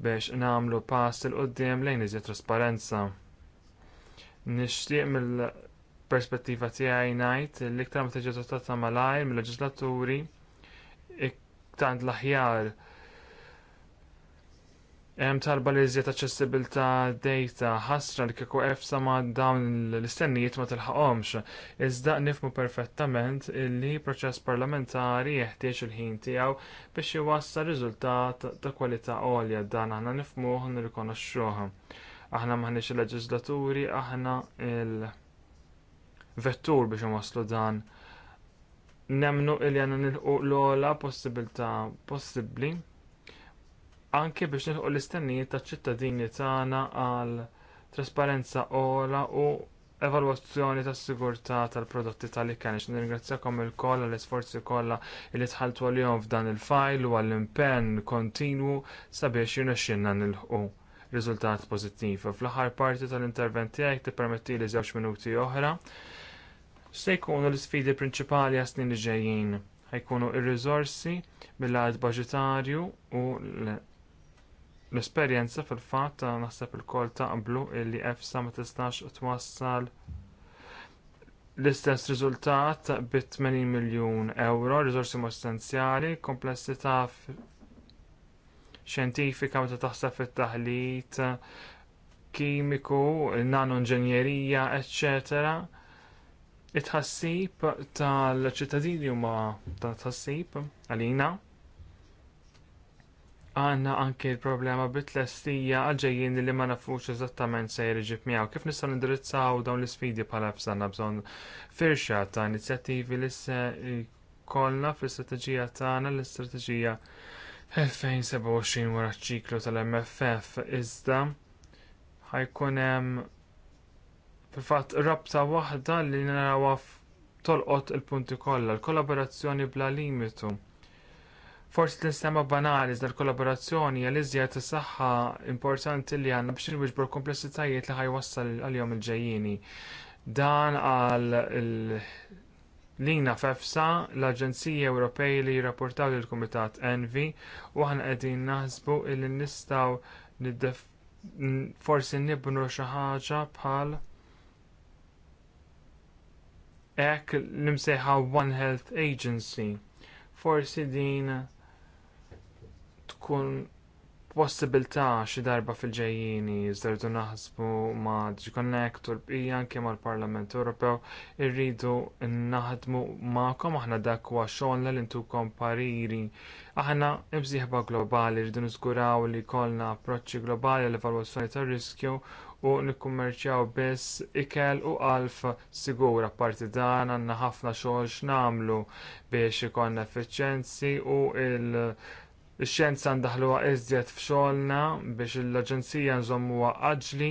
biex nagħmlu pass il qoddim lejn iżjed trasparenza. Nixtieq mill-perspettiva tiegħi ngħid li iktar ma tiġi malajr mill-leġislaturi tant l-aħjar. Hemm talba li iżjed aċċessibilità data ħasra li kieku efsa ma dawn l-istennijiet ma tilħaqhomx. Iżda nifmu perfettament li proċess parlamentari jeħtieġ il-ħin tiegħu biex iwassal riżultat ta' kwalità għolja dan aħna nifmuh nirrikonoxxuh. Aħna maħniex il-leġislaturi, aħna il-vettur biex iwasslu dan nemnu il għanna nilħu l-ola possibilta possibli anke biex nilħu l-istennijiet ta' ċittadini tagħna għal trasparenza ola u evalwazzjoni tas sigurtà tal-prodotti tal-ikkan. Nirringrazzjakom il-koll għall-isforzi kollha li tħaltu għalihom f'dan il-fajl u għall-impenn kontinwu sabiex jirnexxinna nilħu riżultat pożittiv. Fl-aħħar parti tal-intervent tiegħek tippermetti li żewġ minuti oħra se jkunu l-isfidi prinċipali għas snin ġejjin. Ħajkunu ir rizorsi mill-għad budgetarju u l-esperjenza fil-fatt naħseb il-kol taqblu illi EFSA ma tistax twassal l-istess riżultat bi 80 miljun euro, riżorsi essenzjali, komplessità xjentifika meta taħseb it taħlit kimiku, nano-inġenjerija, eccetera it-ħassib tal-ċittadini huma ta' tħassib għalina. Għanna anke l-problema bit-lestija għalġejjin li ma nafux eżattament se jirġib miaw. Kif nistgħu nindirizzaw dawn l-isfidi bħala f'sanna bżonn firxa ta' inizjattivi li se kollna fl-istrateġija tagħna l-istrateġija 2027 wara ċ ċiklu tal-MFF iżda ħajkunem hemm fil-fatt rabta waħda li naraw tolqot il-punti kollha, l-kollaborazzjoni bla limitu. Forsi t-nistema banali dal kollaborazzjoni għal iżjed is saxħa importanti li għandna biex inwiġbu komplessitajiet li ħajwassal għal-jom il-ġejjini. Dan għal lina fefsa l aġenzija Ewropej li jirrapportaw lill kumitat Envi u aħna qegħdin naħsbu li nistgħu forsi nibnu xi ħaġa bħal Ek l One Health Agency. Forsi din tkun possibilità xi darba fil-ġejjini iżdardu naħsbu ma' Connect u l-bqija anke mal-Parlament Ewropew irridu naħdmu magħkom aħna dak huwa xogħolna li ntukom pariri. Aħna imsieħba globali rridu niżguraw li jkollna approċċi globali għall evalwazzjoni tar-riskju u nikkummerċjaw biss ikel u alf sigur apparti dan għandna ħafna xogħol nagħmlu biex ikonna effiċjenzi u l xjenza ndaħluha iżjed f'xogħolna biex l-aġenzija nżommuha aġli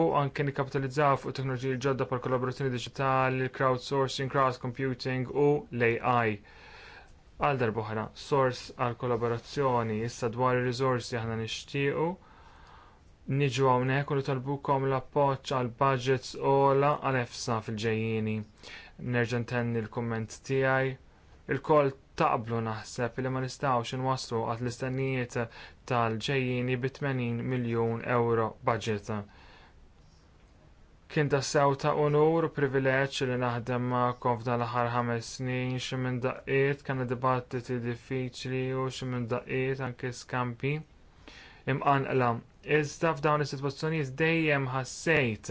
u anke nikkapitalizzaw fuq teknoloġiji ġodda bħal kollaborazzjoni diġitali, crowdsourcing, crowd computing u l-AI. Għal darbohra, sors għal kollaborazzjoni issa dwar ir-riżorsi aħna nixtiequ niġu hawnhekk u talbukom l-appoġġ għal budgets ola għal efsa fil ġejjini Nerġa' ntenni l-kumment tiegħi. Il-koll taqblu naħseb li ma nistgħux inwasslu għat l-istennijiet tal ġejjini bi 80 miljun euro budget. Kien ta' sew ta' unur privileġġ li naħdem ma' f'dan l-aħħar ħames snin xi minn daqqiet kien dibattiti diffiċli u xi minn daqqiet anke skampi imqanqla Iżda f'dawn is-sitwazzjonijiet dejjem ħassejt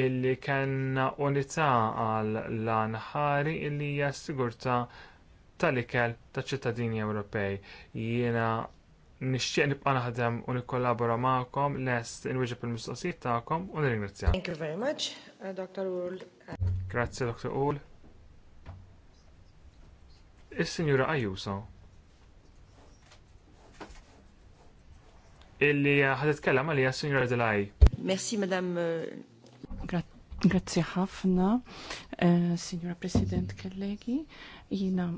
illi kellna unità għal lan ħari illi hija s-sigurtà tal-ikel taċ ċittadini Ewropej. Jiena nixtieq nibqa' naħdem u nikkollabora magħkom lest inwieġeb il-mistoqsijiet tagħkom u nirringrazzja. Thank you very much, uh, Dr. Ul. Grazzi, Dr. Uhl. Is-Sinjura Ajuso. illi ħadet ħatitkellem għalija Signora Delaj. Merci, Madame. Euh, Gra Grazie ħafna, uh, Signora President, Kellegi. Jina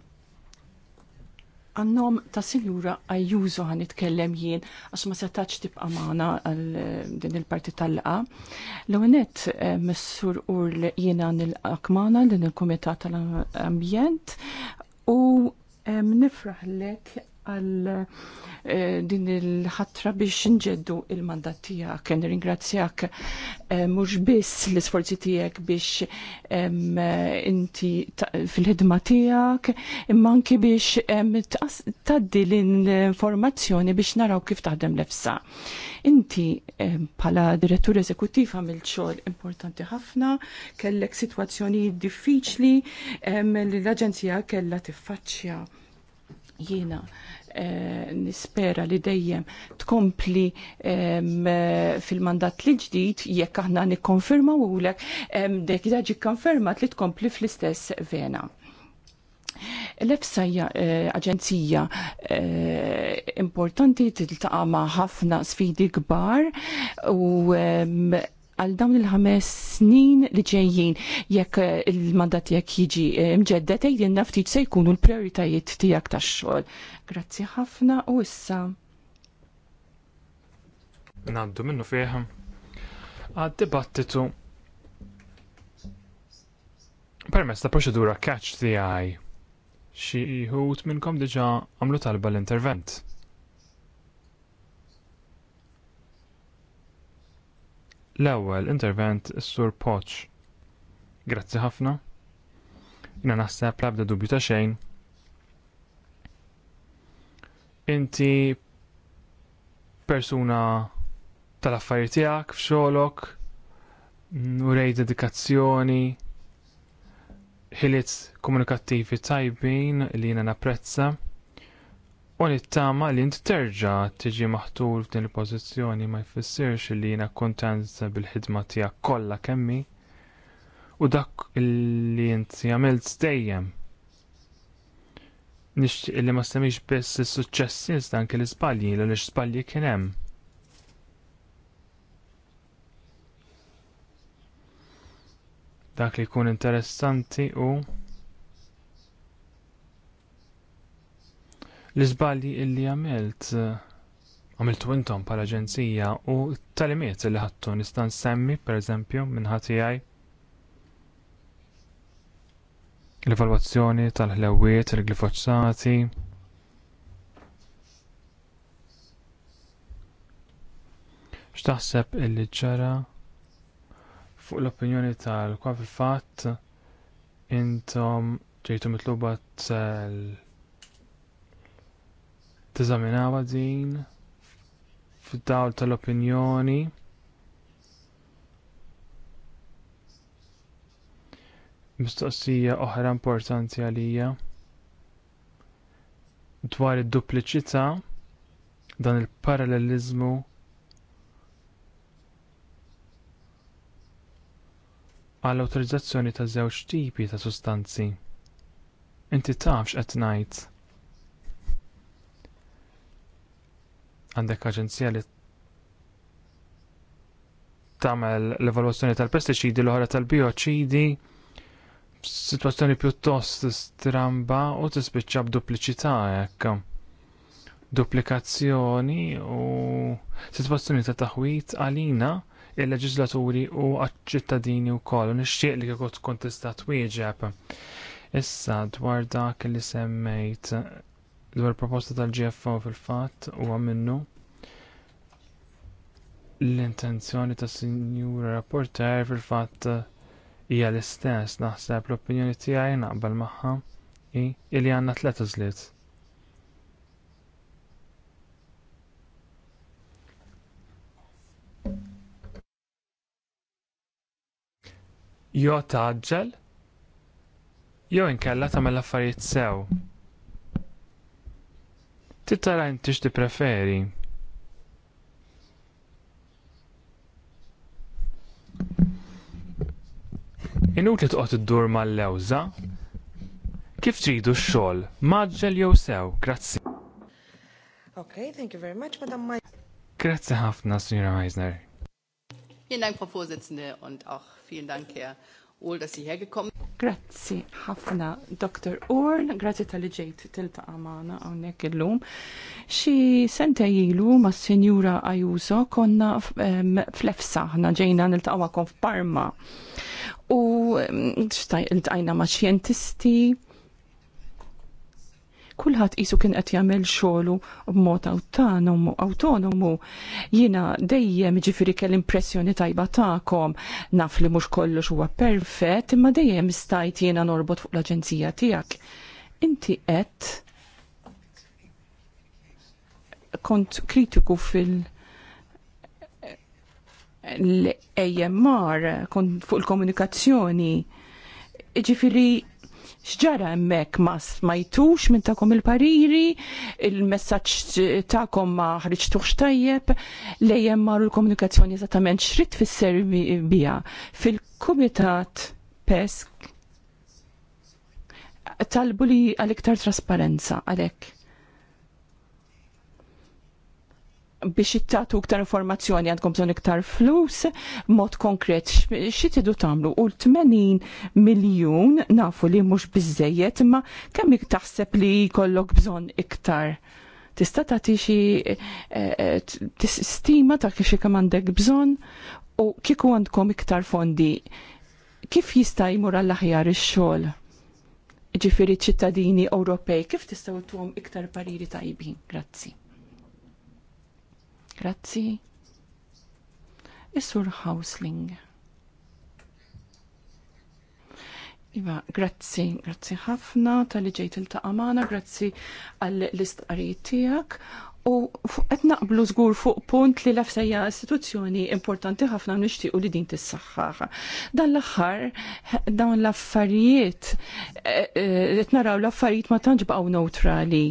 għannom ta' sinjura għajjużu għan itkellem jien, għax ma setax tibqa maħna għal eh, din il-parti tal-qa. L-għonet, eh, messur url jiena nil-akmana din il-Komitat tal-Ambjent u nifraħlek għal eh, din il-ħatra biex nġeddu il-mandat tijak. Ken eh, mux biss l-sforzi tijak biex eh, inti fil-ħidma tijak, manki biex taddi l-informazzjoni biex naraw kif taħdem l-efsa. Inti pala direttur eżekutiv għamil xogħol importanti ħafna, kellek situazzjoni diffiċli li l-Aġenzija kella tiffaċċja jiena eh, nispera li dejjem tkompli fil-mandat li ġdid jekk aħna nikkonfermaw ulek dek ġi konfermat li tkompli fl-istess vena. L-EFSA hija eh, aġenzija eh, importanti tiltaqa' ma' ħafna sfidi kbar u għal dawn il-ħames snin li ġejjin jekk il-mandat jekk jiġi eh, mġeddet jgħidin ftit se jkunu l-prioritajiet tiegħek tax-xogħol. Grazzi ħafna u issa. Naddu minnu fih għad-dibattitu permess ta' proċedura catch the eye. Xi jħut minnkom diġa għamlu talba l-intervent. L-ewwel intervent is-Sur Poċ. Grazzi ħafna. Jina naħseb l-ebda dubju ta' xejn. Inti persuna tal-affarijiet tiegħek f'xogħolok, u rejt dedikazzjoni, ħiliet komunikattivi tajbin li jiena napprezza. U li t-tama li int terġa tiġi maħtur f'din il-pożizzjoni ma jfissirx li jiena kuntent bil-ħidma tiegħek kollha kemmi. U dak li int jagħmilt dejjem. Nixtieq li ma semmix biss is suċċess iżda anke l-iżbalji l iżbalji kien hemm. Dak li jkun interessanti u l-iżbalji illi għamilt għamiltu intom pal aġenzija u t-talimiet illi ħattu nista' nsemmi pereżempju minn ħatijaj l-evalwazzjoni tal-ħlewiet, il glifoċsati x'taħseb illi ġara fuq l-opinjoni tal kwafi fatt intom ġejtu mitluba tal teżaminawa din fid-dawl tal-opinjoni mistoqsija oħra importanti għalija dwar id-dupliċità dan il parallelizmu għall awtorizzazzjoni ta' żewġ tipi ta' sustanzi. Inti tafx qed ngħid għandek aġenzija li tagħmel l-evalwazzjoni tal pesticidi l-oħra tal-bioċidi situazzjoni pjuttost stramba u tispiċċa b'dupliċità hekk. Duplikazzjoni u situazzjoni ta' taħwit għalina il-leġislaturi u għal-ċittadini wkoll u nixtieq li kieku tkun wieġeb. twieġeb. Issa dwar dak li semmejt dwar proposta tal-GFO fil-fatt huwa minnu l-intenzjoni tas sinjura rapporter fil-fatt hija l-istess naħseb l-opinjoni tiegħi naqbel magħha ili għandna tliet iżliet. Jo taġġel jew inkella tagħmel affarijiet sew titara intix ti preferi. Inutli li tqot id-dur mal-lewza, kif tridu x xogħol maġġel jew sew, grazzi. Okay, thank you very much, Madam Mai. Grazzi ħafna, Signora Meisner. Vielen Dank, Frau Vorsitzende, und auch vielen Dank, Herr Uhl, dass Grazzi ħafna, Dr. Urn, grazzi tal ġejt ġejt għamana għonek hawnhekk illum. Xi sente ilu ma' Sinjura Ajuso konna flefsa ħna ġejna niltaqgħu f'Parma. U il-tajna ma' xjentisti, kulħadd qisu kien qed jagħmel xogħlu b'mod autonomu, autonomu. Jiena dejjem ġifieri kell impressjoni tajba tagħkom, naf li mhux kollox huwa perfett, imma dejjem stajt jiena norbot fuq l-aġenzija tiegħek. Inti qed kont kritiku fil- l-AMR fuq il-komunikazzjoni ġifiri xġara emmek ma smajtux minn takom il-pariri, il-messagġ takom ma ħriġtux tajjeb, lejjem marru l-komunikazzjoni eżattament xrit fis-serbija fil-Kumitat Pesk talbu li għal-iktar trasparenza għalek biex ittatu iktar informazzjoni għandkom bżonn iktar flus mod konkret xi tidu tagħmlu u l-80 miljun nafu li mhux bizzejiet, imma kemm taħseb li jkollok bżonn iktar. Tista' tagħti xi stima eh, eh, ta' kif kemm għandek bżonn u kieku għandkom iktar fondi kif jista' jmur għall-aħjar ix-xogħol? Ġifieri ċittadini Ewropej, kif tistgħu tuhom iktar pariri tajbin? Grazzi. Grazzi. Is-Sur Hausling. Iva, grazzi, grazzi ħafna tal-li ġejt il-taqamana, grazzi għall-istqarijiet tiegħek. U qed naqblu żgur fuq punt li lafsejja istituzzjoni importanti ħafna nixtiequ li din tissaħħaħ. Dan l-aħħar dawn l-affarijiet eh, eh, qed naraw l-affarijiet ma tantx baqgħu neutrali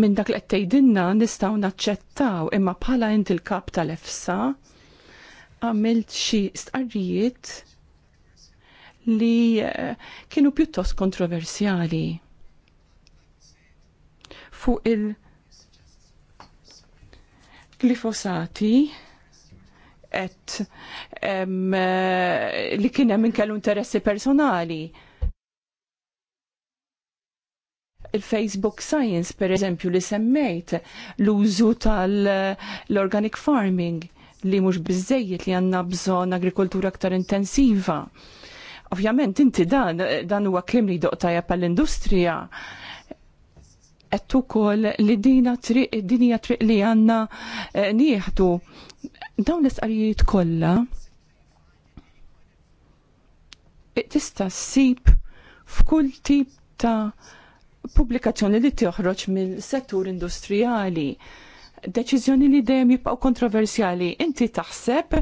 minn dak li qed tgħidilna nistgħu naċċettaw imma bħala int il-kap tal-efsa għamilt xi stqarrijiet li eh, kienu pjuttost kontroversjali fuq il- glifosati et eh, li kien hemm inkellu interessi personali il-Facebook Science, per eżempju, li semmejt l-użu tal-organic farming li mhux biżejjed li għandna bżonn agrikoltura aktar intensiva. Ovvjament inti dan, dan huwa kemm li doqtajja pal-industrija, qed ukoll li dina triq dinja triq li għandna eh, nieħdu dawn l-istqarijiet kollha tista' ssib f'kull tip ta' pubblikazzjoni li toħroġ mill-settur industrijali deċiżjoni li dejjem jibqgħu kontroversjali. Inti taħseb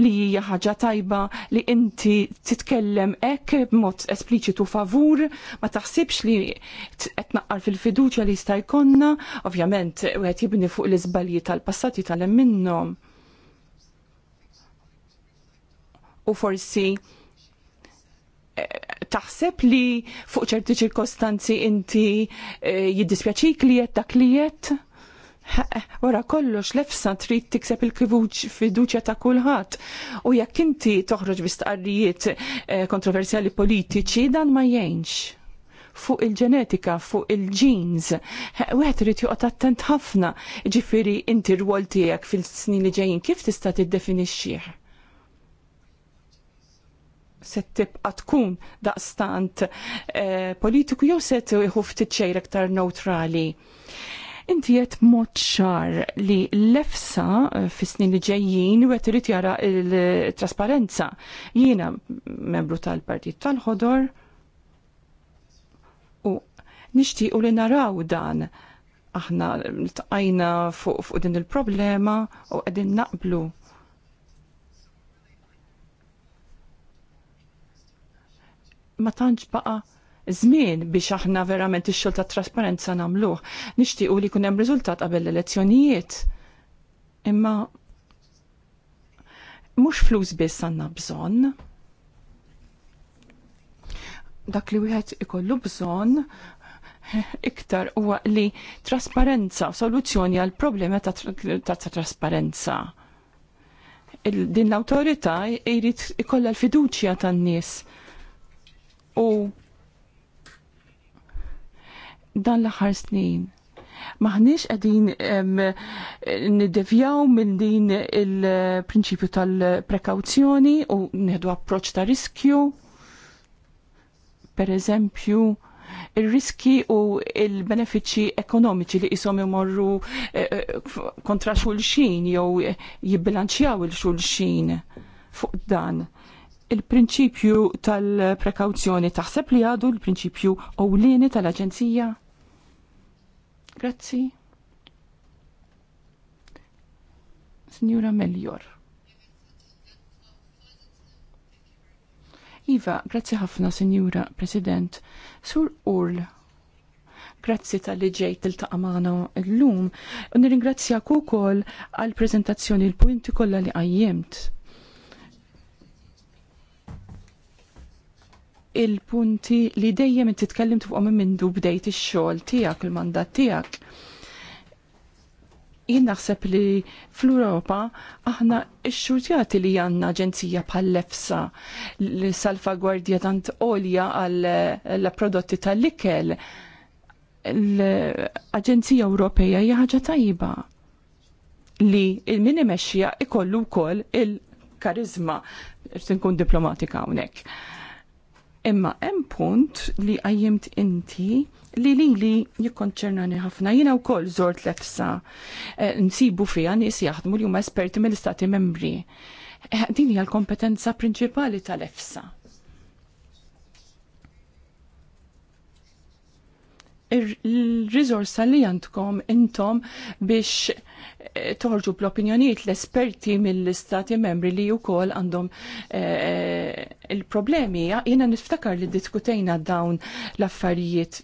li hija ħaġa tajba li inti titkellem hekk b'mod espliċitu favur, ma taħsibx li qed naqqar fil-fiduċja li jista' jkollna, ovvjament wieħed jibni fuq l-iżbalji tal-passati tal-hemm minnhom. U forsi taħseb li fuq ċerti ċirkostanzi inti eh, jiddispjaċik li jett dak li jett? Eh, wara kollox lefsa trid tikseb il-kivuċ fiduċja ta' kulħadd. U jekk inti toħroġ bi stqarrijiet eh, kontroversjali politiċi dan ma jgħinx fuq il-ġenetika, fuq il-ġins. Wieħed irid joqgħod attent ħafna. Ġifieri inti rwol tiegħek fil-snin li ġejjin kif tista' tiddefinixxih? se tibqa tkun daqstant eh, politiku jew se tieħu ftit xejn aktar neutrali. Inti qed mod ċar li l-efsa eh, fis-snin li ġejjin u irid jara l-trasparenza. Jiena membru tal-Partit tal-Ħodor u nixtiequ li naraw dan aħna tqajna fuq, fuq din il-problema u qegħdin naqblu ma tantx baqa' żmien biex aħna verament ix-xogħol ta' trasparenza nagħmluh. Nixtiequ li jkun hemm riżultat qabel l-elezzjonijiet. Imma mhux flus biss għandna bżonn. Dak li wieħed ikollu bżonn iktar huwa li trasparenza, soluzzjoni għal problema ta', ta trasparenza. Il din l-autorità jrid ikollha l-fiduċja tan-nies U dan l-aħħar snin maħniex għedin nidevjaw minn din il-prinċipju tal-prekawzjoni u neħdu approċ ta' riskju. Per eżempju, il-riski u il-benefiċi ekonomiċi li jisom imorru eh, eh, kontra xulxin jew jibbilanċjaw il-xulxin fuq dan il-prinċipju tal-prekawzjoni taħseb li għadu l-prinċipju ewlieni tal-Aġenzija? Grazzi. Signora Melior. Iva, grazzi ħafna, Signora President. Sur Url, grazzi tal-li ġejt il-taqamana l-lum. Nirringrazzjak u kol għal-prezentazzjoni l-punti kolla li għajjemt il-punti li dejjem titkellem tfuqhom minn du bdejt ix-xogħol tiegħek il-mandat tiegħek. Jien naħseb li fl-Europa aħna x-xurjati li għanna ġenzija bħal-lefsa li salfagwardja tant olja għal-prodotti tal-likel l-Aġenzija Ewropeja hija ħaġa tajba li il-min imexxija ikollu wkoll il-karizma irrid nkun diplomatika hawnhekk Imma hemm punt li għajjimt inti li li li jikkonċernani ħafna. Jina u koll zort l-efsa eh, nsibu fija nis jaħdmu li huma esperti mill-istati membri. Eh, din hija l-kompetenza prinċipali tal-efsa. il-rizorsa li jantkom intom biex eh, toħorġu bl-opinjoniet l-esperti mill-istati membri li u kol għandhom eh, il-problemi. Jena niftakar li diskutejna dawn l-affarijiet.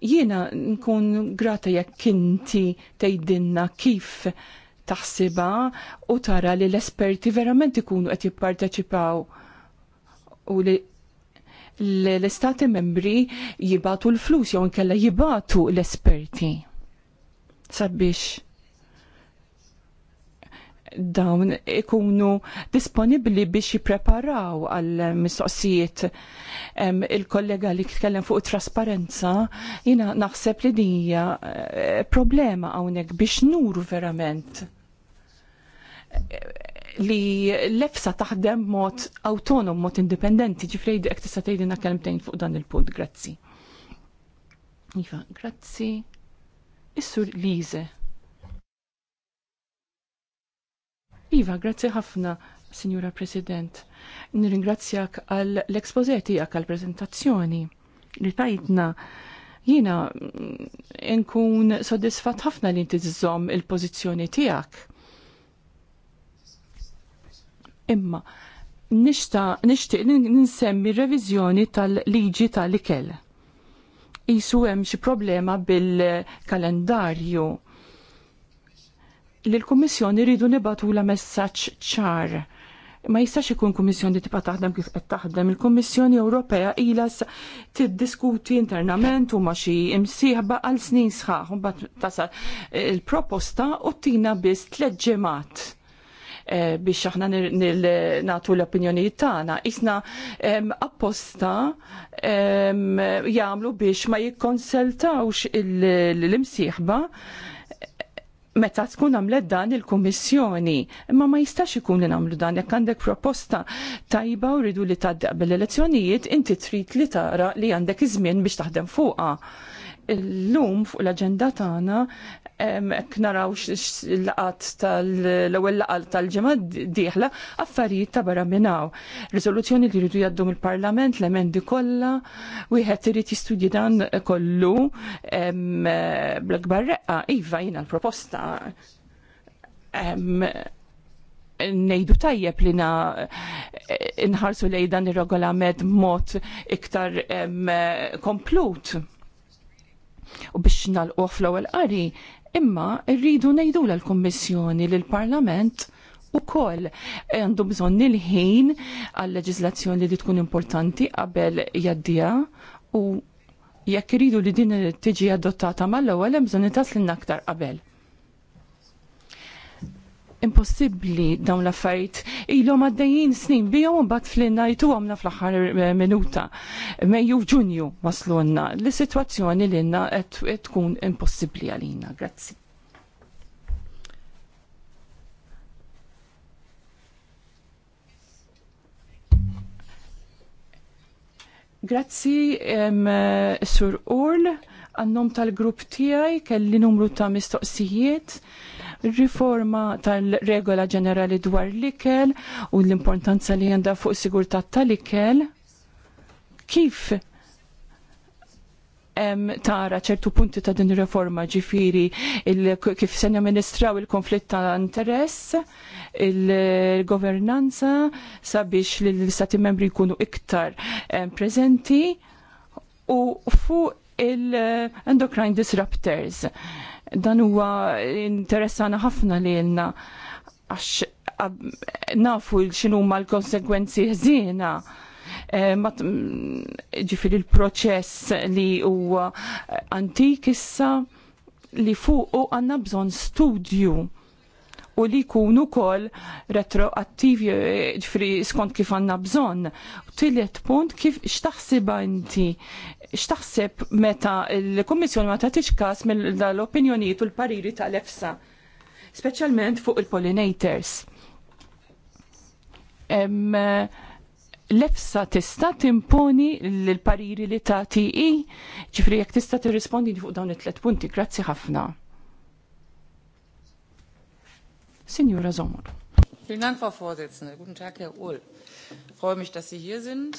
Jena nkun grata jekk inti tejdinna kif taħsiba u tara li l-esperti verament ikunu qed jipparteċipaw u li l-istati membri jibatu l-flus jew nkella jibatu l-esperti. Sabiex dawn ikunu disponibli biex jipreparaw għal mistoqsijiet il-kollega li tkellem fuq trasparenza jina naħseb li dinja eh, problema hawnhekk biex nuru verament li l-efsa taħdem mod autonom, mod indipendenti, ġifrej dik tista' tgħidilna kelmtejn fuq dan il-punt, grazzi. Iva, grazzi. Is-sur Lize. Iva, grazzi ħafna, Signora President. Nirringrazzjak għal l-ekspoże tiegħek għal prezentazzjoni li tajtna jiena mm, nkun sodisfat ħafna li inti il-pożizzjoni tiegħek Imma nixtieq ninsemmi reviżjoni tal-liġi tal-ikel. Isu hemm xi problema bil-kalendarju li l-Kummissjoni rridu la messaġġ ċar. Ma jistax ikun kummissjoni tibqa' taħdem kif qed taħdem. Il-Kummissjoni Ewropea ilha tiddiskuti internament u ma xi imsieħba għal snin sħaħ u mbagħad tasal il-proposta u tina biss tliet ġimgħat Eh, biex aħna nagħtu l-opinjonijiet tagħna. Isna apposta jagħmlu biex ma jikkonseltawx l-imsieħba meta tkun għamlet dan il-Kummissjoni, imma ma jistax ikun li nagħmlu dan jekk għandek proposta tajba u ridu li taddaq bil-elezzjonijiet, inti trid li tara li għandek iż-żmien biex taħdem fuqha l-lum fuq l-agenda tagħna hekk naraw l-laqat tal-ewwel laqat tal-ġimgħa dieħla affarijiet ta' barra minnaw. Riżoluzzjoni li jridu jgħaddum il parlament l-emendi kollha, wieħed irid jistudji dan kollu bl-akbar reqqa iva jiena l-proposta nejdu tajjeb li na eh, inħarsu lejdan ir-regolament mod iktar komplut u biex nalqu fl-ewwel qari, imma rridu ngħidu l-Kummissjoni l parlament u koll għandu bżonn il-ħin għal-leġislazzjoni li tkun importanti qabel jaddija u jekk iridu li din tiġi adottata mal-ewwel hemm bżonn itaslinna aktar qabel impossibbli dawn l-affarijiet ilhom għaddejjin snin bihom bat fl-innajtu għamna fl-aħħar eh, minuta. Mejju Ġunju waslunna li sitwazzjoni li għandna qed tkun impossibbli għalina. Grazzi. Grazzi, eh, Sur Url, għannom tal-grupp tijaj, kelli numru ta' mistoqsijiet riforma tal-regola ġenerali dwar l-ikel u l-importanza li għandha fuq sigurtà tal-ikel. Kif tara ċertu punti ta' din reforma ġifiri il, kif se amministraw il-konflitt ta' interess, il-governanza sabiex li l-istati membri jkunu iktar prezenti u fuq il-endocrine disruptors Dan huwa interessana ħafna li jenna għax nafu xinu ma l-konsekwenzi ħzina eh, mm, ġifir il-proċess li huwa antik issa li fuqu għanna bżon studju u li kunu kol retroattivi eh, ġifri skont kif għanna bżon. U tillet punt kif xtaħsiba inti xtaħseb meta l-Kommissjoni ma tagħtix każ mill-opinjonijiet u l-pariri tal-EFSA, speċjalment fuq il-pollinators. L-EFSA tista' timponi l-pariri li tagħti i, ġifri jekk tista' tirrispondi fuq dawn it-tlet punti, grazzi ħafna. Signora Zomor. Vielen Dank, Frau Vorsitzende. Guten Tag, Herr Uhl. Ich freue mich, dass Sie hier sind.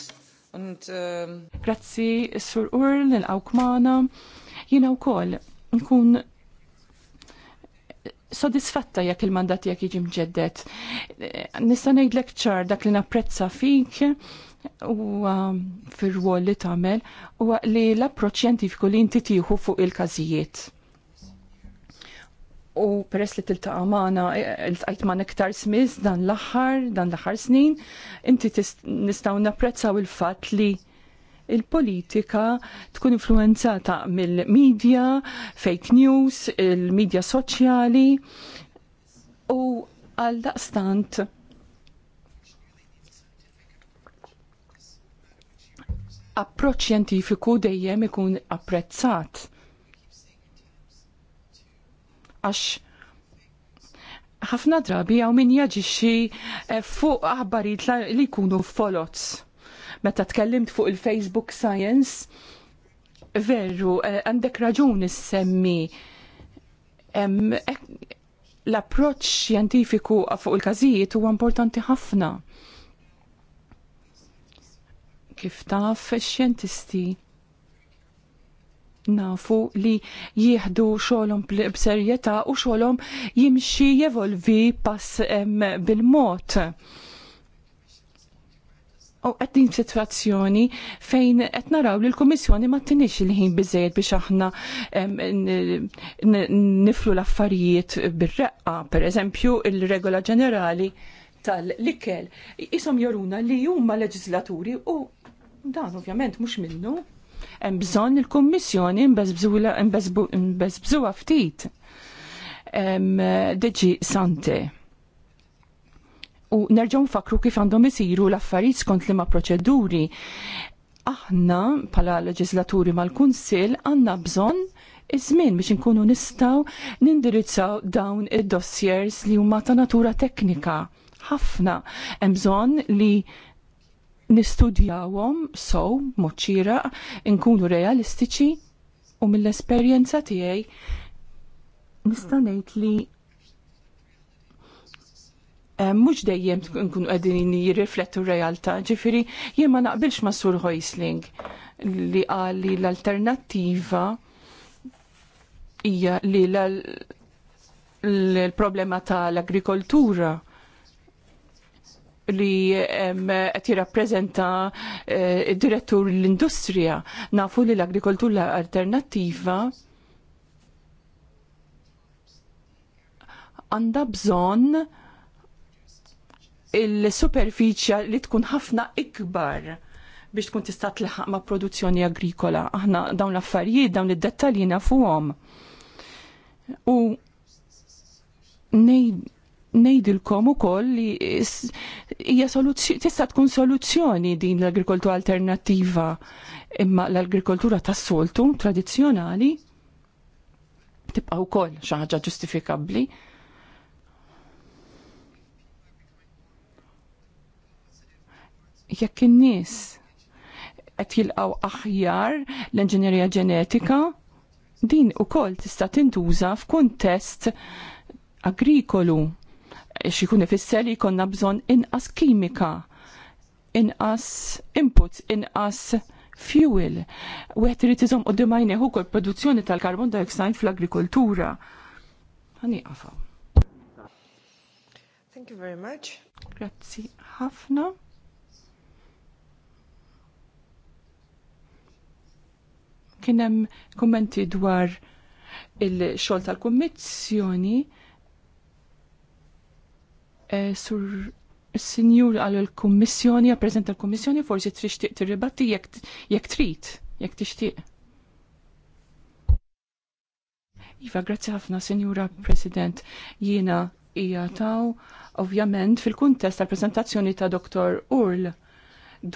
Und, ähm, Grazzi, Sur Url, l aukmana jina u koll, nkun sodisfatta jekk il-mandat jekk jiġi mġeddet. Nista' ngħidlek ċar dak li napprezza fik u um, fir-rwol li tagħmel huwa li l-approċċ xjentifiku li inti tieħu fuq il-każijiet u peress li tiltaqa' magħna e, e, iltqajt ma' Nektar Smith dan l-aħħar, dan l-aħħar snin, inti nistgħu napprezzaw il-fatt li il-politika tkun influenzata mill-medja, fake news, il-medja soċjali u għal daqstant approċċ xjentifiku dejjem ikun apprezzat għax ħafna drabi għaw min jaġixi eh, fuq aħbarijiet li jkunu folots. Meta tkellimt fuq il-Facebook Science, veru, eh, għandek raġun semmi l-approċ xjentifiku fuq il-każijiet huwa importanti ħafna. Kif taf xjentisti nafu li jieħdu xolom b'serjetà u xolom jimxi jevolvi pass bil-mod. U għeddin situazzjoni fejn qed naraw li l-Kummissjoni ma tinix il-ħin biżejjed biex aħna niflu l-affarijiet bir-reqqa, pereżempju il-regola ġenerali tal-likel. Isom joruna li huma leġislaturi u dan ovvjament mhux minnu. Hemm bżonn il-Kummissjoni mbeżbżuha ftit. Deġi Sante. U nerġgħu nfakru kif għandhom isiru l-affarijiet skont liema proċeduri. Aħna bħala leġislaturi mal-Kunsill għandna bżonn iż-żmien biex inkunu nistgħu nindirizzaw dawn id-dossiers li huma ta' natura teknika ħafna. Hemm bżonn li nistudjawhom sow mod xieraq, inkunu realistiċi u mill-esperjenza tiegħi nista' ngħid li mhux dejjem nkun qegħdin jirriflettu r-realtà, ġifieri jien ma naqbilx ma' Sur Hoisling li qal li l alternattiva hija li l-problema tal-agrikoltura li qed jirrappreżenta eh, direttur l-industrija. Nafu li l-agrikoltura alternattiva għandha bżonn il-superfiċja li tkun ħafna ikbar biex tkun tista' tlaħaq ma' produzzjoni agrikola. Aħna dawn l-affarijiet, dawn id-dettalji nafuhom. U nej nejdilkom u koll li hija tista' tkun soluzzjoni din l-agrikoltura alternativa imma l-agrikoltura tas-soltu tradizzjonali tibqa' wkoll xi ħaġa ġustifikabbli. Jekk in-nies qed jilqgħu aħjar l-inġinerija ġenetika, din ukoll tista' tintuża f'kuntest agrikolu xikuni ifisser li jkollna bżonn inqas kimika, inqas inputs, inqas fuel. Wieħed irid iżomm u hu kol produzzjoni tal karbon dioxide fl-agrikoltura. Għani għafaw. Thank you very much. Grazzi ħafna. Kien hemm kummenti dwar il-xogħol tal-kummissjoni Eh, sur sinjur għal il-kommissjoni, għal-prezent il-kommissjoni, forsi trixtiq tirribatti jekk trid, jekk tixtieq. Iva, grazzi ħafna, Sinjura President. Jiena hija taw, ovvjament, fil-kuntest tal-prezentazzjoni ta' Dr. Url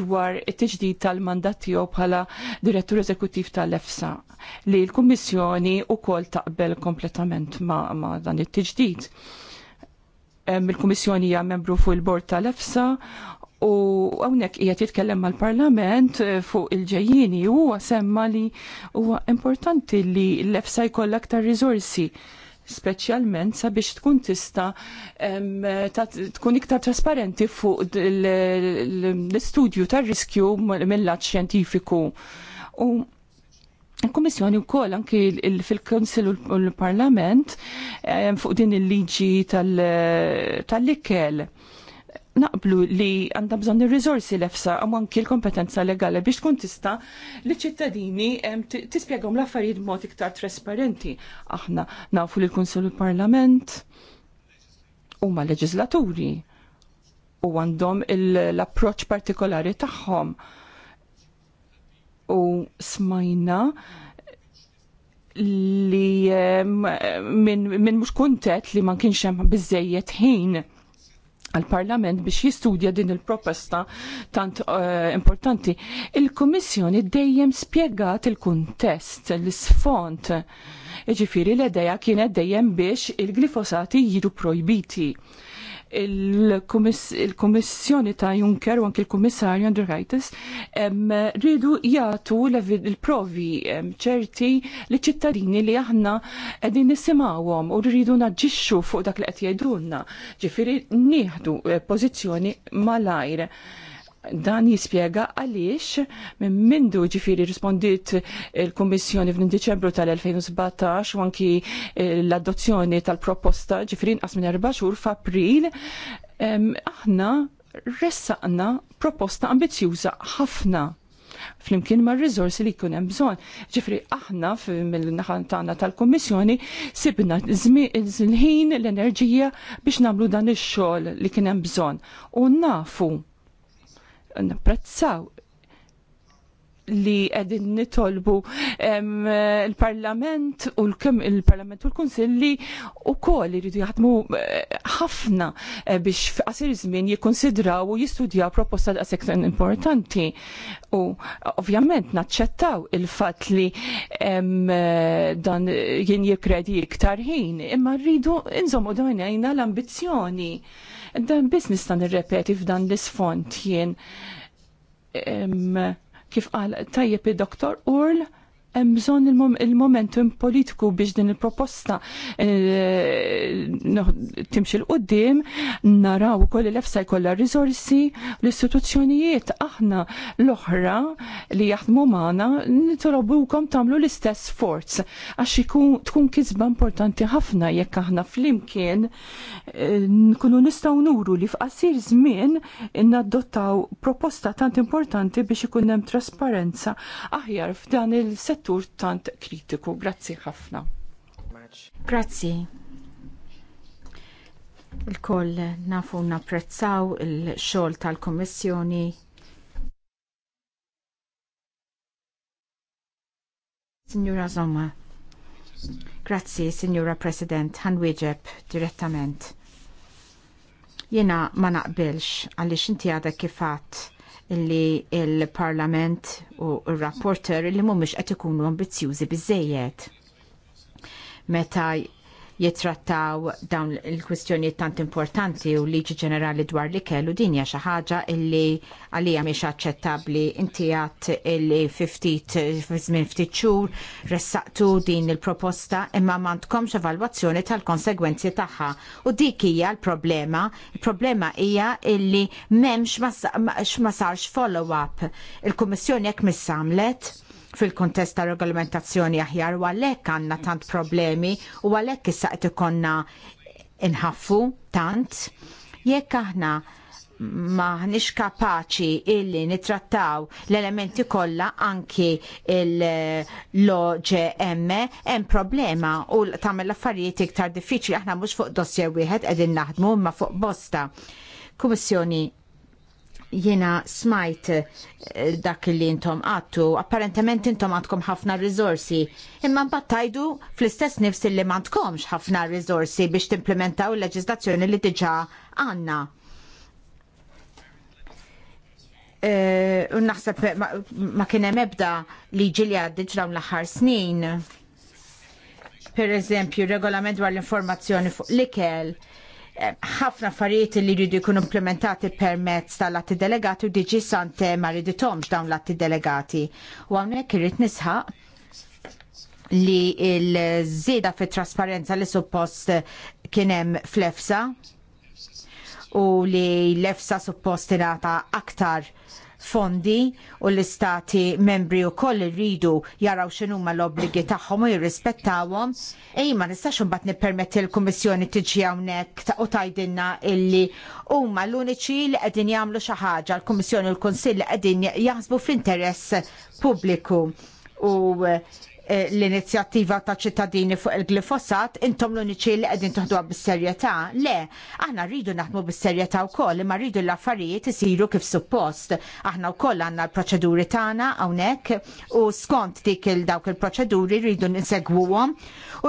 dwar it-tiġdid tal-mandat tiegħu bħala direttur eżekuttiv tal-EFSA li l-Kummissjoni wkoll taqbel kompletament ma', ma dan it-tiġdid il-Kummissjoni hija membru fuq il-Bord tal-EFSA u hawnhekk qiegħed jitkellem mal-Parlament eh, fuq il-ġejjini u huwa semma li huwa importanti li l-EFSA jkollha aktar riżorsi speċjalment sabiex tkun tista tkun iktar trasparenti fuq l-istudju tar riskju mill-lat xjentifiku. U Il-Kommissjoni u koll anki fil-Konsil u l-Parlament ehm, fuq din il-liġi tal-ikel naqblu li għandha bżonn ir-riżorsi l-efsa għam anki l-kompetenza legali biex tkun tista li ċittadini ehm, tispjegawm l-affarijiet mod iktar trasparenti. Aħna nafu li l-Kunsill u l-Parlament huma leġislaturi u għandhom l-approċċ partikolari tagħhom u smajna li minn min mux kuntet li ma kienx hemm biżejjed ħin għal-Parlament biex jistudja din il-proposta tant uh, importanti. Il-Komissjoni dejjem spiegat il-kuntest, l-sfont, ġifiri l-edeja kienet dejjem biex il-glifosati jidu projbiti il-Kummissjoni ta' Juncker u anki l-Kummissarju Andrukaitis rridu jagħtu l-provi ċerti li ċittadini li aħna qegħdin nisimgħuhom u rridu naġġixxu fuq dak li qed jgħidulna. Ġifieri nieħdu eh, pożizzjoni malajr dan jispjega għaliex minn mindu ġifiri rispondit il-Kommissjoni f'n Diċembru tal-2017 u anki eh, l-adozzjoni tal-proposta ġifiri nqas minn erba' xhur f'April aħna ressaqna proposta ambizjuża ħafna flimkien ma' rizorsi li jkun hemm bżonn. Ġifri aħna mill-naħan tagħna tal-Kummissjoni sibna l-ħin l-enerġija biex nagħmlu dan ix-xogħol li kien hemm bżonn. U nafu napprezzaw li għedin nitolbu il-parlament u il-parlament u l-konsil li u koll jridu jaħdmu eh, ħafna eh, biex f'qasir żmien jikkonsidraw u jistudjaw proposta ta' sektan importanti. U ovvjament naċċettaw il-fatt li eh, dan jien jikredi iktar ħin, imma rridu inżommu dajnejna l-ambizzjoni Dan biss tan nirrepeti f'dan l-isfont jien kif qal tajjeb id-doktor Url hemm bżonn il-momentum politiku biex din il-proposta eh, timxi l qudiem naraw ukoll il efsa jkollha riżorsi l-istituzzjonijiet aħna l-oħra li jaħdmu magħna nitolobukom tagħmlu l-istess forz għax tkun kisba importanti ħafna jekk aħna flimkien eh, nkunu nistgħu nuru li f'qasir żmien naddottaw proposta tant importanti biex ikun hemm trasparenza aħjar f'dan il-settur settur tant kritiku. Grazzi ħafna. Grazzi. Il-koll nafu napprezzaw il-xol tal-Kommissjoni Signora Zoma. Grazzi, Signora President, ħan wieġeb direttament. Jena ma naqbilx għaliex inti għadha kifat li il-Parlament u il-rapporter li mhumiex qed ikunu ambizzjużi biżejjed. Meta jitrattaw dawn il-kwistjonijiet tant importanti u liġi ġenerali dwar li kellu din hija xi ħaġa illi għalija mhix aċċettabbli inti għat illi fiftit żmien ftit xhur ressaqtu din il-proposta imma m'għandkomx evalwazzjoni tal-konsegwenzi tagħha u dik hija l-problema. Il-problema hija illi m'hemmx ma sarx follow-up. Il-Kummissjoni jekk missamlet fil-kontest ta' regolamentazzjoni aħjar u għalhekk għandna tant problemi u għalhekk issa qed ikonna inħaffu tant jekk aħna ħniex kapaċi illi nitrattaw l-elementi kollha anki l ogm hemm problema u tagħmel l-affarijiet iktar diffiċli aħna mhux fuq dossier wieħed qegħdin naħdmu imma fuq bosta. Kummissjoni Jiena smajt eh, dak li intom għattu, apparentement intom għandkom ħafna rizorsi, imma battajdu fl-istess nifs li mandkomx ħafna rizorsi biex timplementaw il leġizdazzjoni li diġa għanna. Eh, Unnaħseb ma kienem ebda li ġilja għaddit dawn l-ħar snin. Per eżempju, regolament dwar l-informazzjoni fuq l-ikel, ħafna affarijiet li jridu jkunu implementati permezz tal-atti delegati u diġi sante ma rriditomx dawn l-atti delegati. U hawnhekk irrid nisħaq li l-żieda fit trasparenza li suppost kien hemm fl-EFSA u li l-EFSA suppost ingħata aktar fondi u l-istati membri u koll rridu jaraw x'inhuma l-obbligi tagħhom u jirrispettawhom. Ej ma nistax imbagħad nippermetti l-Kummissjoni tiġi hawnhekk u tajdinna illi huma l-uniċi li qegħdin jagħmlu xi ħaġa l-Kummissjoni u l-Kunsill qegħdin jaħsbu fl-interess pubbliku u Eh, l-inizjattiva ta' ċittadini fuq il-glifosat intom l-uniċi li qegħdin toħduha bis-serjetà. Le, aħna rridu naħdmu bis-serjetà wkoll imma rridu l-affarijiet isiru kif suppost. Aħna wkoll għandna l-proċeduri tagħna hawnhekk u skont dik il-dawk il-proċeduri rridu nsegwuhom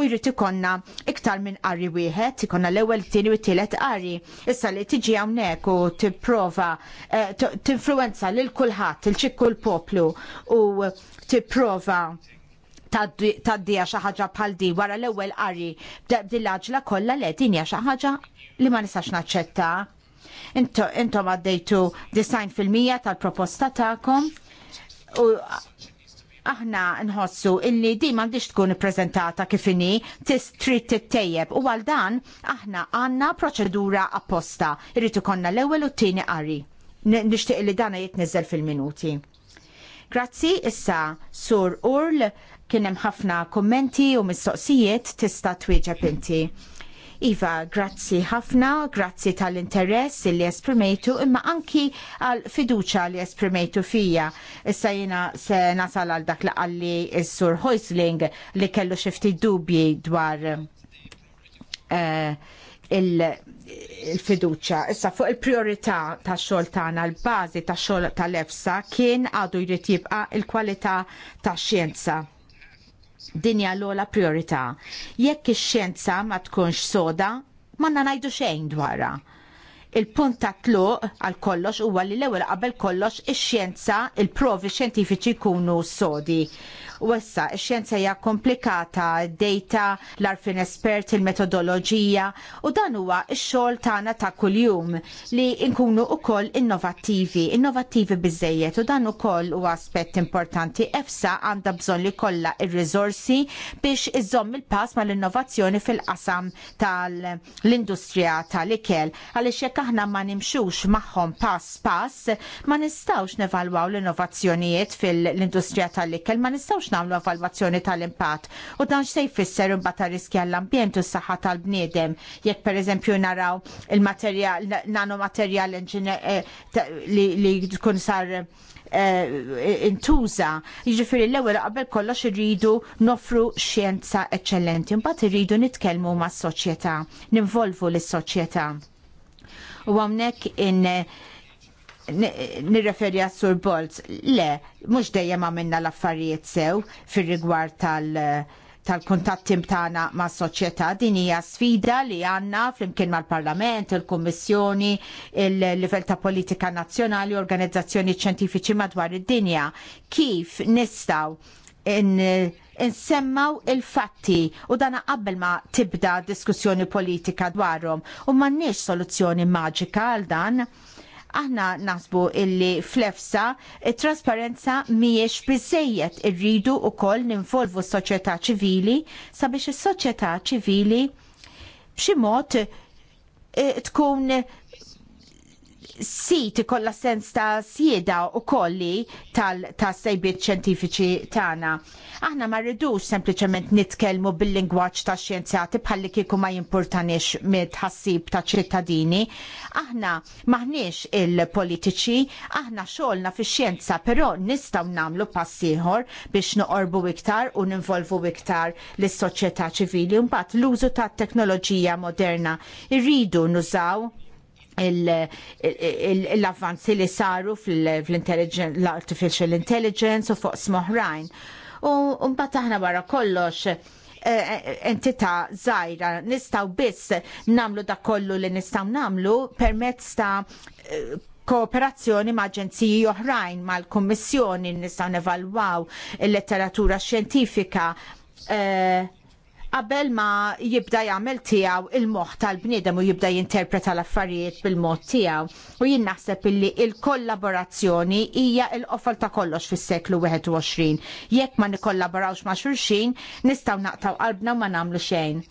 u jrid ikonna iktar minn qari wieħed, ikonna l-ewwel tieni u t-tielet qari. Issa li tiġi hawnhekk u tipprova eh, tinfluwenza lil kulħadd, il-ċikku l-poplu u tipprova taddija xi ħaġa bħal di wara l-ewwel qari dil-aġla kollha le din hija xi ħaġa li ma nistax naċċetta. Intom għaddejtu design fil-mija tal-proposta tagħkom u aħna nħossu illi di m'għandix tkun ippreżentata kif inhi trid tittejjeb u għal dan aħna għandna proċedura apposta. Irrid ikollna l-ewwel u t-tieni qari. Nixtieq li dana jitniżel fil-minuti. Grazzi issa Sur Url kien hemm ħafna kummenti u mistoqsijiet tista' twieġeb inti. Iva, grazzi ħafna, grazzi tal-interess li esprimejtu, imma anki għal fiduċa li esprimejtu fija. Issa jina se nasal għal dak laqalli s-sur Hoisling li kellu xifti dubji dwar uh, il-fiduċa. Il Issa fuq il-priorità ta' xogħol tagħna l-bażi ta' xogħol tal-EFSA kien għadu jrid jibqa' il-kwalità ta' xjenza. Dinja l-ola priorità. Jekk ix-xjenza ma tkunx soda, manna ngħidu xejn dwarha il-punt ta' tluq għal kollox huwa li l-ewwel qabel kollox ix-xjenza, il-provi xjentifiċi jkunu sodi. U issa, x xjenza hija komplikata, data, l-arfin espert, il-metodoloġija u dan huwa x-xogħol tagħna ta' kuljum li nkunu wkoll innovattivi, innovattivi biżejjed u dan ukoll huwa aspett importanti. EFSA għandha bżonn li kollha ir-riżorsi biex iżomm il-pass mal-innovazzjoni fil-qasam tal-industrija tal-ikel. Għaliex jekk aħna ma nimxux magħhom pass pass, ma nistgħux nevalwaw l-innovazzjonijiet fil-industrija tal-ikel, ma nistgħux namlu evalvazzjoni tal-impatt. U dan x'se jfisser un bata riski għall ambjent u s-saħħa tal-bniedem jekk pereżempju naraw il-materjal nanomaterjal eh, li tkun sar eh, intuża. Jiġifieri l-ewwel qabel kollox irridu nofru xjenza eċċellenti, mbagħad irridu nitkellmu mas-soċjetà, ninvolvu lis-soċjetà. U hawnhekk in nirreferi għas-Sur Bolz, le, mhux dejjem għamilna l-affarijiet sew fir rigward tal- tal kontattim tana ma' soċjetà din hija sfida li għandna flimkien mal-Parlament, il-Kummissjoni, il-livell ta' politika nazzjonali, organizzazzjoni ċentifiċi madwar id-dinja. Kif nistgħu insemmaw il-fatti u dana qabel ma tibda diskussjoni politika dwarhom u m'għandniex soluzzjoni maġika għal dan Aħna nasbu illi flefsa it-trasparenza mhijiex biżejjed irridu wkoll ninvolvu s-soċjetà ċivili sabiex is-soċjetà ċivili b'xi mod eh, tkun si ikolla sens ta' sieda u kolli tal-sejbiet ta ċentifiċi tagħna. Aħna ma rridux sempliċement nitkellmu bil-lingwaġġ ta' xjenzjati bħalli kieku ma jimpurtanix mit-ħassib ta' ċittadini. Aħna maħniex il-politiċi, aħna xogħolna fix-xjenza, però nistgħu nagħmlu pass ieħor biex noqorbu iktar u ninvolvu iktar lis soċjetà ċivili u mbagħad l-użu tat teknoloġija moderna. Irridu nużaw l-avvanzi li saru fl-artificial intelligence u fuq smoħrajn. U mbagħad aħna wara kollox eh, eh, entità zaħira nistaw biss namlu da kollu li nistaw namlu permezz ta' eh, kooperazzjoni ma' aġenziji oħrajn mal-Kommissjoni nistaw nevalwaw il-letteratura xjentifika qabel ma jibda jagħmel tiegħu il-moħħ tal-bniedem u jibda jinterpreta l-affarijiet bil-mod tiegħu. U jien naħseb illi il-kollaborazzjoni hija l-qofol ta' kollox fis-seklu 21. Jekk ma nikkollaborawx ma' xulxin, nistgħu naqtaw qalbna u ma nagħmlu xejn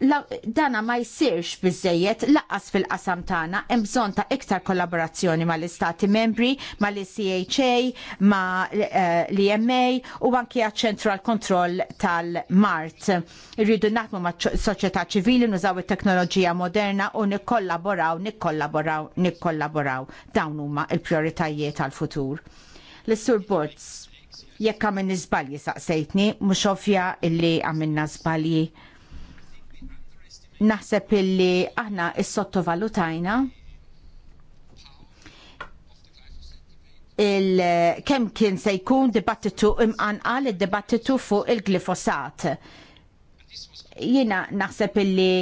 dana ma jsirx bizzejiet laqqas fil-qasam tagħna hemm bżonn ta' iktar kollaborazzjoni mal-istati membri, mal-CHA, ma' l-EMA u anke għall kontroll tal-Mart. Irridu naħdmu ma' soċjetà ċivili nużaw it-teknoloġija moderna u nikkollaboraw, nikkollaboraw, nikkollaboraw. Dawn huma l-prijoritajiet tal-futur. L-Sur Bords, jekk għamilni żbalji saqsejtni, mhux ovvja illi għamilna żbalji naħseb illi aħna is-sottovalutajna il kemm kien se jkun dibattitu imqanqal id-dibattitu fuq il-glifosat. Jiena naħseb illi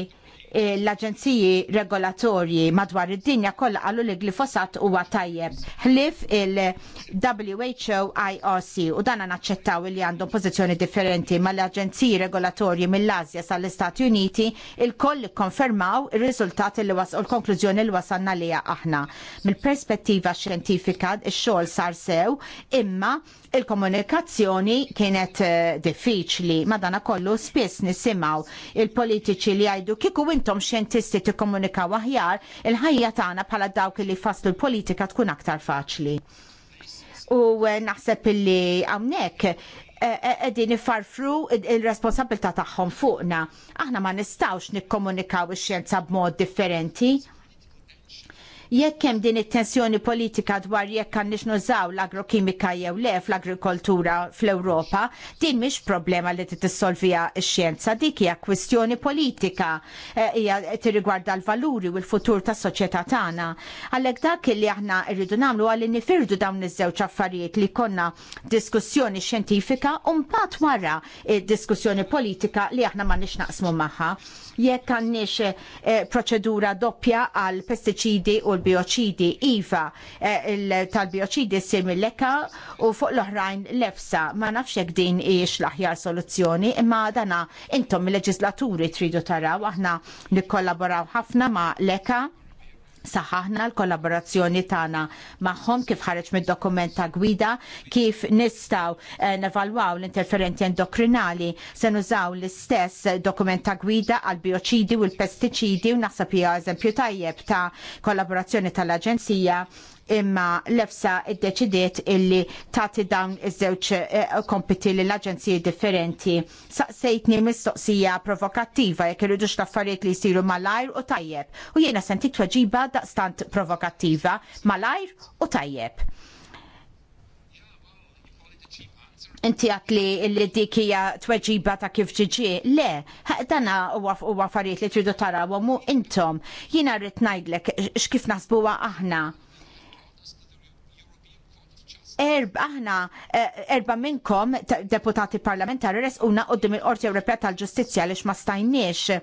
l-aġenziji regolatorji madwar id-dinja kollha qalu li glifosat huwa tajjeb. Ħlif il-WHO IRC u dan naċċettaw li għandhom pożizzjoni differenti mal-aġenziji regolatorji mill-Asja sal-Istati Uniti il-koll konfermaw ir-riżultati li u l-konklużjoni li wasalna liha aħna. Mill-perspettiva xjentifika x-xogħol sar sew imma il-komunikazzjoni kienet eh, diffiċli. Madana kollu spiss nisimaw il-politiċi li għajdu kiku intom xjentisti tikkomunikaw aħjar il-ħajja tagħna bħala dawk li fastu l-politika tkun aktar faċli. U eh, naħseb illi hawnhekk eh, għedin ifarfru il-responsabilta tagħhom fuqna. Aħna ma nistawx nikkomunikaw ix-xjenza b'mod differenti jekk hemm din it-tensjoni politika dwar jekk għandniex nużaw l-agrokimika jew le fl-agrikoltura fl-Ewropa, din mhix problema li titissolvija x-xjenza, dik hija kwistjoni politika eh, hija tirrigwarda l-valuri u l-futur tas-soċjetà tagħna. Għalhekk dak li aħna rridu nagħmlu għalli nifirdu dawn iż-żewġ affarijiet li konna diskussjoni xjentifika u mbagħad wara diskussjoni politika li aħna ma naqsmu magħha. Jekk għandniex eh, proċedura doppja għal pestiċidi u l-bioċidi IVA eh, tal-bioċidi semi l-leka u fuq l-oħrajn l-EFSA. Ma nafx jekk din hijiex l-aħjar soluzzjoni imma dana intom il-leġislaturi tridu taraw aħna nikkollaboraw ħafna ma l-leka saħaħna l-kollaborazzjoni tagħna magħhom kif ħareġ mid-dokument ta' gwida kif nistgħu eh, nevalwaw l-interferenti endokrinali se nużaw l-istess dokument ta' gwida għal bioċidi u l-pestiċidi u naħseb hija eżempju tajjeb ta' kollaborazzjoni tal-Aġenzija imma l-EFSA iddeċidiet illi tagħti dawn iż-żewġ kompiti eh, lill aġenziji differenti. Saqsejtni mistoqsija provokattiva jekk irridux l-affarijiet li jsiru malajr u tajjeb. U jiena sentik tweġiba daqstant provokattiva malajr u tajjeb. Inti għat li li dik hija tweġiba ta' kif ġiġi. Le, dana u għaffariet li tridu taraw mu intom. Jina rrit najdlek x'kif nasbuwa aħna erb aħna eh, erba minnkom deputati parlamentari resquna qoddim il-Qorti Ewropea tal-Ġustizzja lix ma stajniex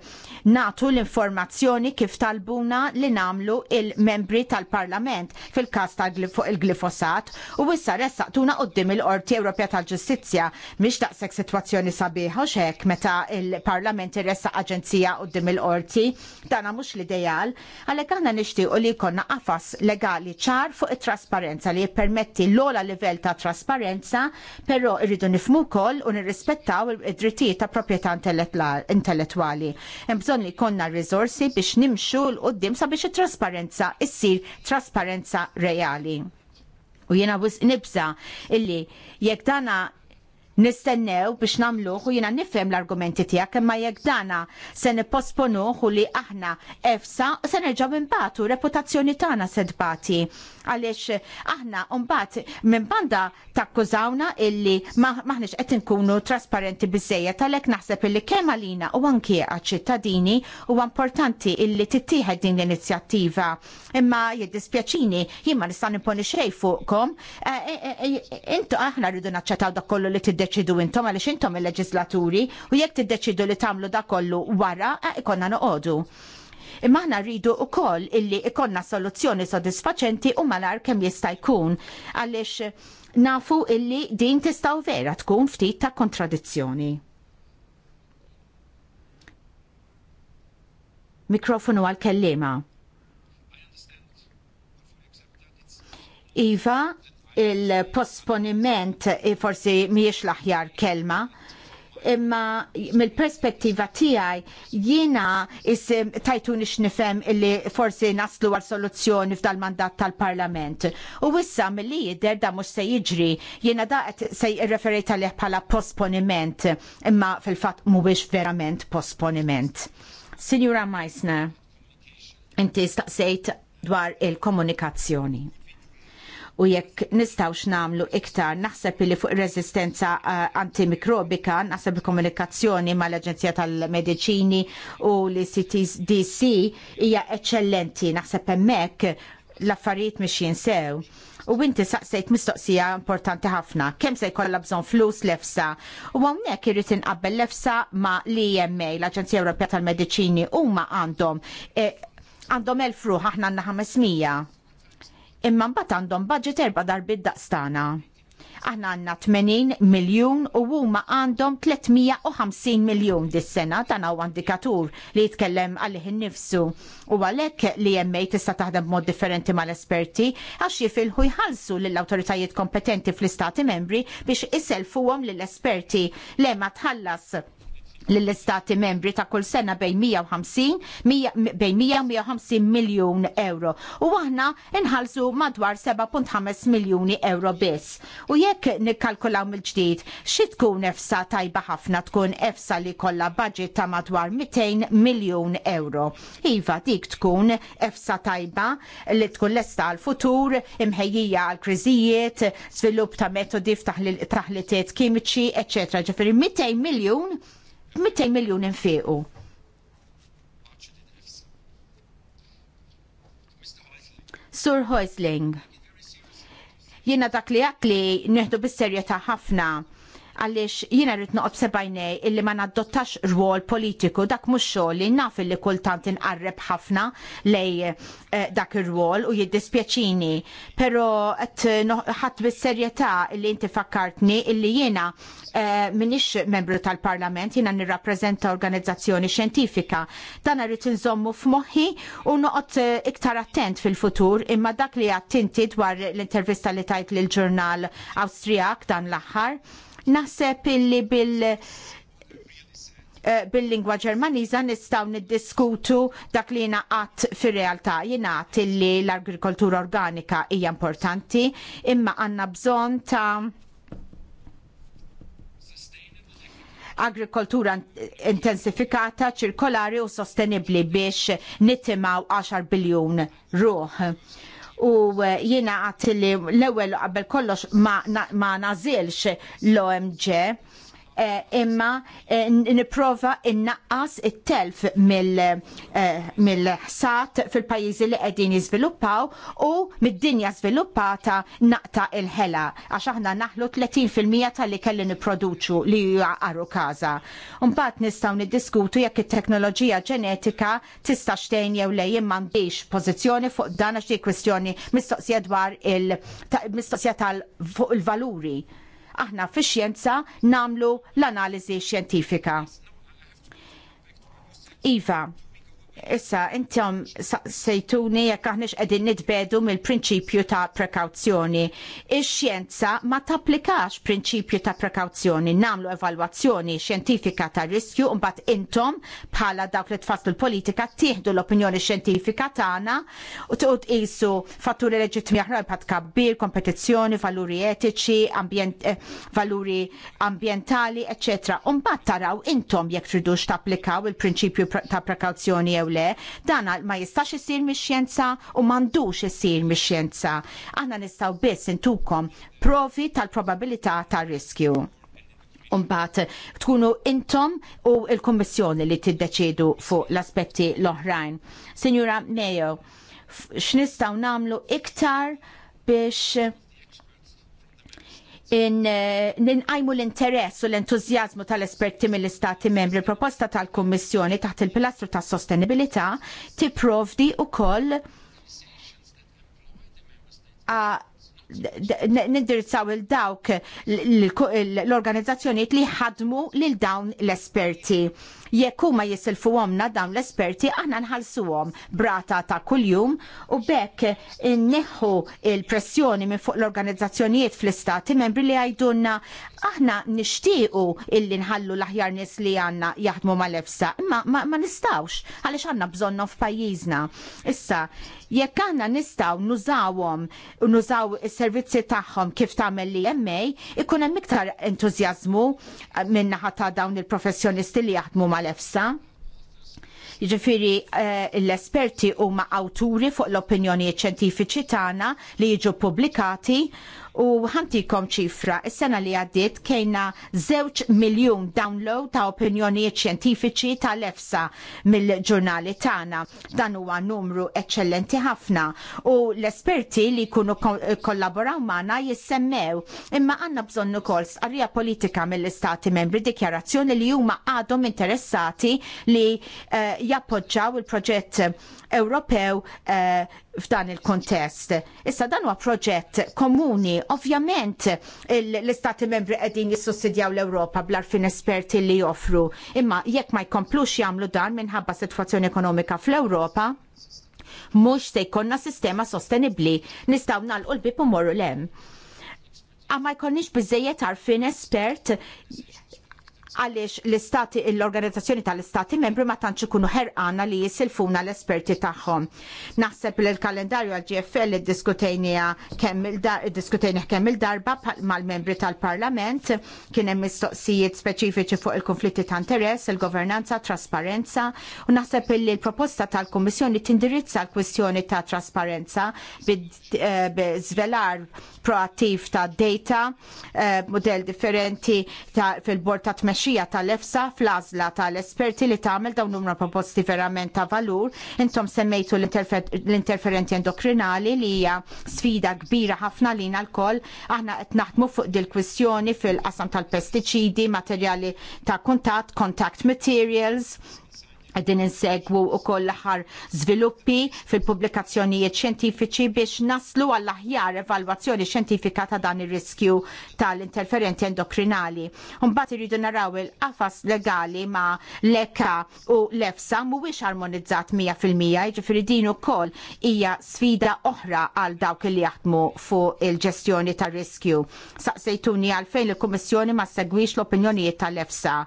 natu l-informazzjoni kif talbuna li namlu il-membri tal-Parlament fil-każ tal-glifosat u issa ressaqtuna qoddim il-Qorti Ewropea tal-Ġustizzja miex daqshekk sitwazzjoni sabiħa xek meta il-Parlament irressa aġenzija qoddim il-Qorti dana mhux l-ideal għalhekk aħna nixtiequ li jkollna qafas legali ċar fuq it-trasparenza li jippermetti l-ola livell ta' trasparenza, però rridu nifmu wkoll u nirrispettaw id-drittijiet ta' proprjetà intellettwali. Hemm bżonn li jkollna riżorsi biex nimxu l-qudiem sabiex it-trasparenza issir trasparenza reali. U jiena nibża illi jekk dana nistennew biex namluħ u jina nifhem l-argumenti tiegħek kemma jekk dana se nipposponuħu u li aħna efsa se nerġgħu imbatu reputazzjoni tagħna se tbati. Għaliex aħna mbagħad minn banda takkużawna illi maħniex qed inkunu trasparenti biżejjed għalhekk naħseb illi kemm għalina u anke għaċ-ċittadini huwa importanti illi tittieħed din l-inizjattiva. Imma jiddispjaċini jimma nistan nista' nimponi xejn eh, eh, eh, Intu aħna rridu naċċettaw dak kollu li tid tiddeċidu intom għaliex intom il-leġislaturi u jekk tiddeċidu li tagħmlu da kollu wara eh, ikonna noqogħdu. Imma aħna rridu wkoll illi ikonna soluzzjoni sodisfaċenti u malar kemm jista' jkun għaliex nafu illi din tistgħu vera tkun ftit ta' kontradizzjoni. mikrofonu għal-kellima. Iva, il-posponiment eh, forsi mhijiex l-aħjar kelma imma mill-perspettiva tiegħi jiena eh, tajtu nix nifhem illi forsi naslu għal soluzzjoni f'dal mandat tal-Parlament. U mill milli jidher da mhux se jiġri jiena daqet se jirreferejt għalih bħala posponiment imma fil-fatt mhuwiex verament posponiment. Signora Meissner, inti staqsejt dwar il-komunikazzjoni u jekk nistawx namlu iktar naħseb li fuq rezistenza eh, antimikrobika, naħseb il-komunikazzjoni mal-Aġenzija tal-Mediċini u l DC hija eccellenti, naħseb hemmhekk l-affarijiet mhix jinsew. U inti saqsejt mistoqsija importanti ħafna, kemm se jkollha bżonn flus l-EFSA. U hawnhekk irid inqabbel l-EFSA ma l-EMA, l-Aġenzija Ewropea tal-Mediċini, huma għandhom eh, għandhom elf ruħ aħna għandna 500 imma mbagħad għandhom budget erba' darbit daqstana. Aħna għandna 80 miljun u huma għandhom 350 miljun dis-sena dan huwa indikatur li jitkellem għalih innifsu u għalhekk li hemm tista' taħdem b'mod differenti mal-esperti għax jifilħu jħallsu lill-awtoritajiet kompetenti fl-istati membri biex iselfuhom lill-esperti li ma tħallas lill-istati membri ta' kull sena bejn 150 bejn 150 miljun euro. U aħna inħalsu madwar 7.5 miljuni euro biss. U jekk nikkalkulaw mill-ġdid, xi tkun efsa tajba ħafna tkun efsa li kollha budget ta' madwar 200 miljun euro. Iva dik tkun efsa tajba li tkun lesta għal futur imħejjija għal kriżijiet, svilupp ta' metodi f'taħlitiet kimiċi, eċċetera. Ġifieri 200 miljun 200 miljon infiqu. Sur Hoisling, jiena dak li għakli li nieħdu bis-serjetà ħafna għaliex jiena rrid noqob sebajnej illi ma nadottax rwol politiku dak mhux xogħol li naf illi kultant inqarreb ħafna lej eh, dak ir-rwol u jiddispjaċini, però qed ħadd bis-serjetà illi inti fakkartni illi jiena eh, minix membru tal-Parlament, jiena nirrappreżenta organizzazzjoni xjentifika. Dan rrid inżommu f'moħħi u noqgħod eh, iktar attent fil-futur imma dak li għattinti dwar l-intervista li tajt lill ġurnal Awstrijak dan l-aħħar Naħseb illi bil eh, bil-lingwa ġermaniza nistaw niddiskutu dak li jina għat realtà jina għat li l-agrikoltura organika hija importanti imma għanna bżon ta' agrikoltura intensifikata, ċirkolari u sostenibli biex nittimaw 10 biljun ruħ u eh, jiena għat li l-ewel qabel kollox ma, na, ma nażilx l-OMG Eh, imma eh, niprofa innaqqas it-telf eh, mill-ħsat fil-pajjiżi li qegħdin jiżviluppaw u mid-dinja żviluppata naqta il-ħela għax aħna naħlu 30% tal-li kelli nipproduċu li jaqaru każa. Mbagħad nistgħu niddiskutu jekk it-teknoloġija ġenetika tista' xtejn jew lej m'għandix pożizzjoni fuq dan għax kwistjoni mistoqsija dwar il-mistoqsija tal il valuri aħna fi xjenza namlu l-analiżi xjentifika. Iva, Issa, intom sejtuni jekk aħniex qegħdin nitbedu mill-prinċipju ta' prekawzjoni. Ix-xjenza ma tapplikax prinċipju ta' prekawzjoni, nagħmlu evalwazzjoni xjentifika ta' riskju u mbagħad intom bħala dawk li tfasslu l-politika tieħdu l-opinjoni xjentifika tagħna u tuqgħu tqisu fatturi leġittimi aħrar bħal kabbir, kompetizzjoni, valuri etiċi, ambient, eh, valuri ambjentali, eċċetera. U mbagħad taraw intom jekk tridux tapplikaw il-prinċipju ta' prekawzjoni jew le, dan ma jistax isir mix-xjenza u m'għandux isir mix-xjenza. Aħna nistgħu biss intukom provi tal-probabilità tar-riskju. Umbat, tkunu intom u l-Kummissjoni li tiddeċiedu fuq l-aspetti l-oħrajn. Sinjura Mejo, x'nistgħu nagħmlu iktar biex ninqajmu l-interess u l-entużjażmu tal-esperti mill-istati membri. Proposta tal-Kummissjoni taħt il-pilastru tas sostenibilità tipprovdi wkoll nindirizzaw il-dawk l-organizzazzjoniet li ħadmu lil dawn l-esperti jekk huma għomna dawn l-esperti aħna nħallsuhom brata ta' kuljum u bekk inneħħu il-pressjoni minn fuq l-organizzazzjonijiet fl-istati membri li għajdunna aħna nixtiequ illi nħallu l-aħjar nies li għandna jaħdmu mal lefsa imma ma, ma nistawx għaliex għandna bżonnhom f'pajjiżna. Issa, jekk aħna nistgħu nużawhom nużaw is-servizzi tagħhom kif tagħmel li hemm ikun hemm iktar entużjażmu eh, minn ta' dawn il-professjonisti li jaħdmu mal tal-EFSA. Jiġifieri eh, l-esperti huma awturi fuq l opinjoni ċjentifiċi tagħna li jiġu pubblikati u ħantikom ċifra, is-sena li għaddiet kejna żewġ miljun download ta' opinjonijiet xjentifiċi tal-EFSA mill-ġurnali tagħna. Dan huwa numru eċċellenti ħafna u l-esperti li jkunu kollaboraw magħna jissemmew imma għandna bżonn ukoll sqarrija politika mill-istati membri dikjarazzjoni li huma għadhom interessati li uh, jappoġġaw il-proġett Ewropew uh, f'dan il-kontest. Issa dan huwa proġett komuni, ovvjament l-istati membri qegħdin jissussidjaw l-Ewropa bl-arfin esperti li joffru. Imma jekk ma jkomplux jagħmlu dan minħabba sitwazzjoni ekonomika fl-Ewropa, mhux se jkollna sistema sostenibbli nistgħu nagħlqu l-bib u morru lem. Għamma jkollniex biżejjed għarfien espert għaliex l-istati l-organizzazzjoni tal-istati membri ma tantx ikunu ħerqana li jisilfuna l-esperti tagħhom. Naħseb li l-kalendarju għal-GFL id kemm kemm il-darba mal-membri tal-Parlament kien hemm mistoqsijiet speċifiċi fuq il-konflitti ta' interess, il-governanza, trasparenza u naħseb li l-proposta tal-Kummissjoni tindirizza l-kwistjoni ta' trasparenza b'żvelar eh, proattiv ta' data, eh, modell differenti fil-bord ta' xija tal-EFSA fl-għażla tal-esperti li tagħmel dawn numru proposti verament ta' valur. Intom semmejtu l-interferenti endokrinali li hija sfida kbira ħafna lina l-koll. Aħna qed naħdmu fuq dil-kwistjoni fil-qasam tal-pestiċidi, materjali ta' kuntatt, contact materials Għaddin insegwu u koll l-ħar sviluppi fil-publikazzjonijiet xjentifiċi biex naslu għall-aħjar evalwazzjoni xjentifika ta' dan ir-riskju tal-interferenti endokrinali. Umbat iridu naraw il-qafas legali ma' l-EKA u l-EFSA mhuwiex armonizzat 100%, jiġifieri din ukoll hija sfida oħra għal dawk li jaħdmu fuq il-ġestjoni tar-riskju. Saqsejtuni għalfejn il-Kummissjoni ma segwix l-opinjonijiet tal-EFSA.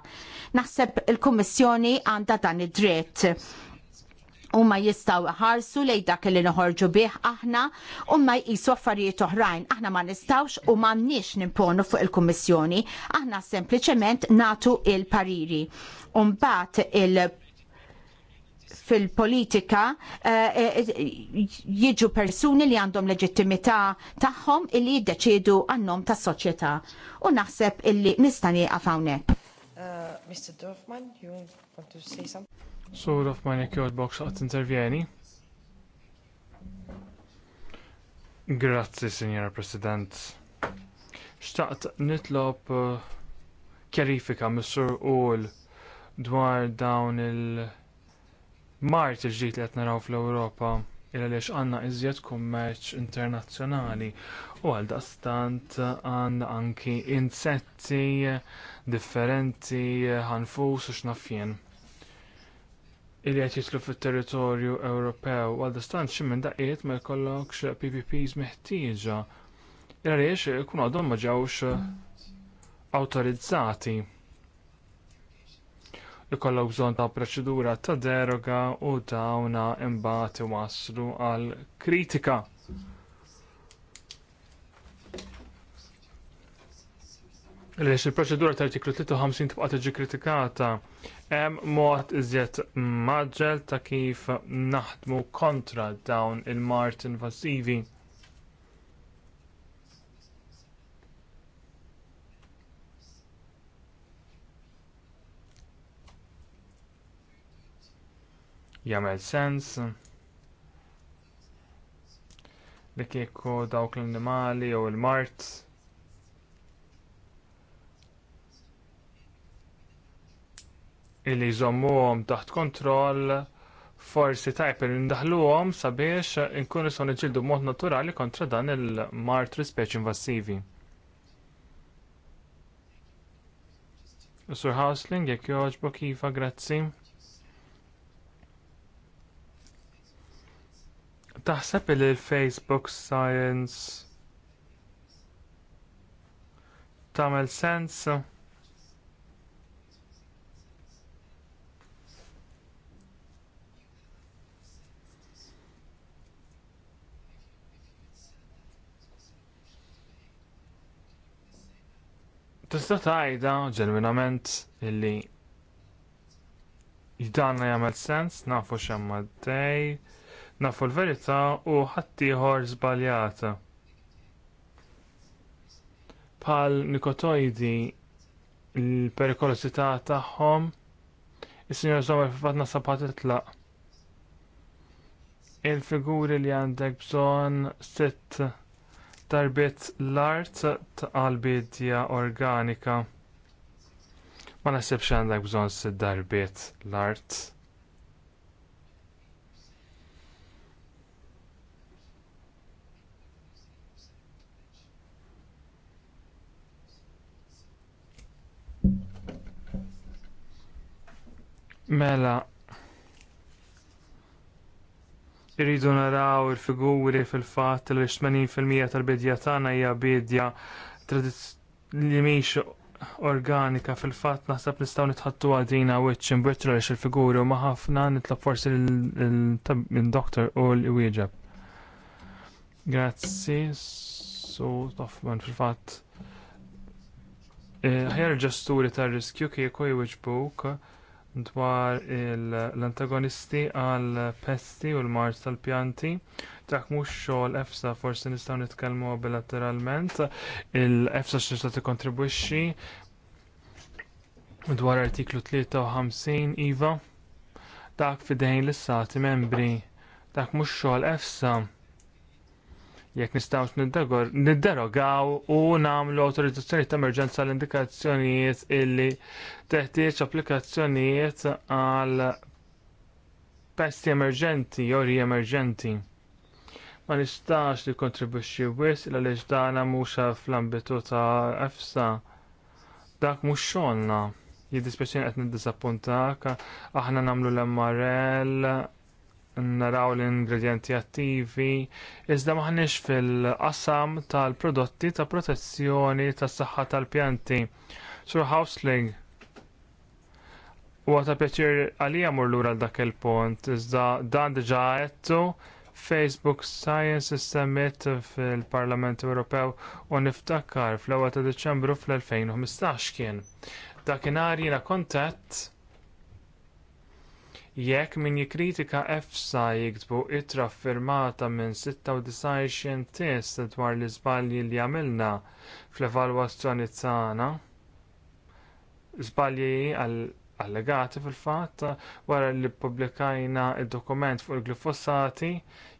Naħseb il-Kummissjoni għandha dan id-dritt u ma jistaw ħarsu lej dak li noħorġu bih aħna u ma jisu affarijiet oħrajn. Aħna ma nistawx u ma nix nimponu fuq il-Kummissjoni. Aħna sempliciment natu il-pariri. Umbat il- fil-politika eh, eh, jiġu persuni li għandhom leġittimità tagħhom illi jiddeċiedu għannom tas soċjetà u naħseb illi nistani għafawnek. Uh, Mr. Dorfman, you want to say something? So, Dorfman, jek jod box għat intervjeni. Grazzi, Signora President. Xtaqt nitlob uh, kjarifika Mr. Ull dwar dawn il-mart il-ġit li għatnaraw fl-Europa il lex għanna iżjed kummerċ internazzjonali u għal dastant għanna anki insetti differenti eh, ħanfus u x'nafjen illi qed jitlu fit-territorju Ewropew għal distant xi minn daqiet ma jkollokx PPPs meħtieġa. Għaliex ikun għadhom ma ġewx awtorizzati. Ikollok bżonn ta' proċedura ta' deroga u dawna imbagħad waslu għal kritika. Lex il-proċedura ta' artiklu 53 tibqa' tiġi kritikata hemm mod iżjed maġġel ta' kif naħdmu kontra dawn il-mart invasivi. Jamel sens li kieku dawk l-annimali jew il-mart illi jżommuhom taħt kontroll forsi tajb li ndaħluhom sabiex inkunu son iġildu mod naturali kontra dan il-martri speċi invasivi. Sur Hausling, jekk jogħġbok kifa, grazzi. Taħseb li l-Facebook Science T'amel sens? Tista' tajda ġenwinament illi jidanna jagħmel sens, nafu x'hemm dej, nafu l-verità u ħaddieħor żbaljata. Bħal nikotoidi l perikolosita tagħhom Is-Sinjor Zomer fatna sabat itlaq. Il-figuri li għandek bżon sitt darbiet l-art tal-bidja organika. Ma naħsebx għandek bżonn s-darbiet l-art. Mela, Irridu naraw il-figuri fil-fatt li 80% tal-bidja tagħna hija bidja li mhix organika fil-fatt naħseb nistgħu nitħattu għadina wiċċ imbirtru għax il-figuri u ma ħafna nitlob forsi l-doktor u l-wieġeb. Grazzi, so toffman fil-fatt eh, Ħjar ġasturi tar riskju kieku jwieġbuk dwar l-antagonisti għal pesti u l-mars tal-pjanti. Dak mhux xogħol EFSA forsi nistgħu nitkellmu bilateralment. Il-EFSA x'tista' tikkontribwixxi dwar artiklu 53 iva. Dak fidejn l-istati membri. Dak mhux xogħol EFSA jekk nistgħux nidderogaw u nagħmlu awtorizzazzjoni ta' emerġenza l-indikazzjonijiet illi teħtieġ applikazzjonijiet għal pesti emerġenti jew ri emerġenti. Ma nistax li kontribuċi wis il għaliex dana mhux fl-ambitu ta' EFSA. Dak mhux xogħolna. għetni qed niddisappuntak, aħna nagħmlu l-MRL, naraw l-ingredienti attivi, iżda maħniex fil-qasam tal-prodotti ta' protezzjoni tas saħħa tal-pjanti. Sur Hausling, huwa ta' pjaċir għalija mur lura dak il-punt, iżda dan diġà għettu Facebook Science Summit fil-Parlament Ewropew u niftakar fl 1 ta' Diċembru fl-2015 kien. Dakinhar jiena kontett jekk min jikkritika EFSA jiktbu ittra firmata minn 96 test dwar l-iżbalji li għamilna fl-evalwazzjoni tagħna. Żbalji allegati fil-fatt wara li ppubblikajna d dokument fuq il-glifosati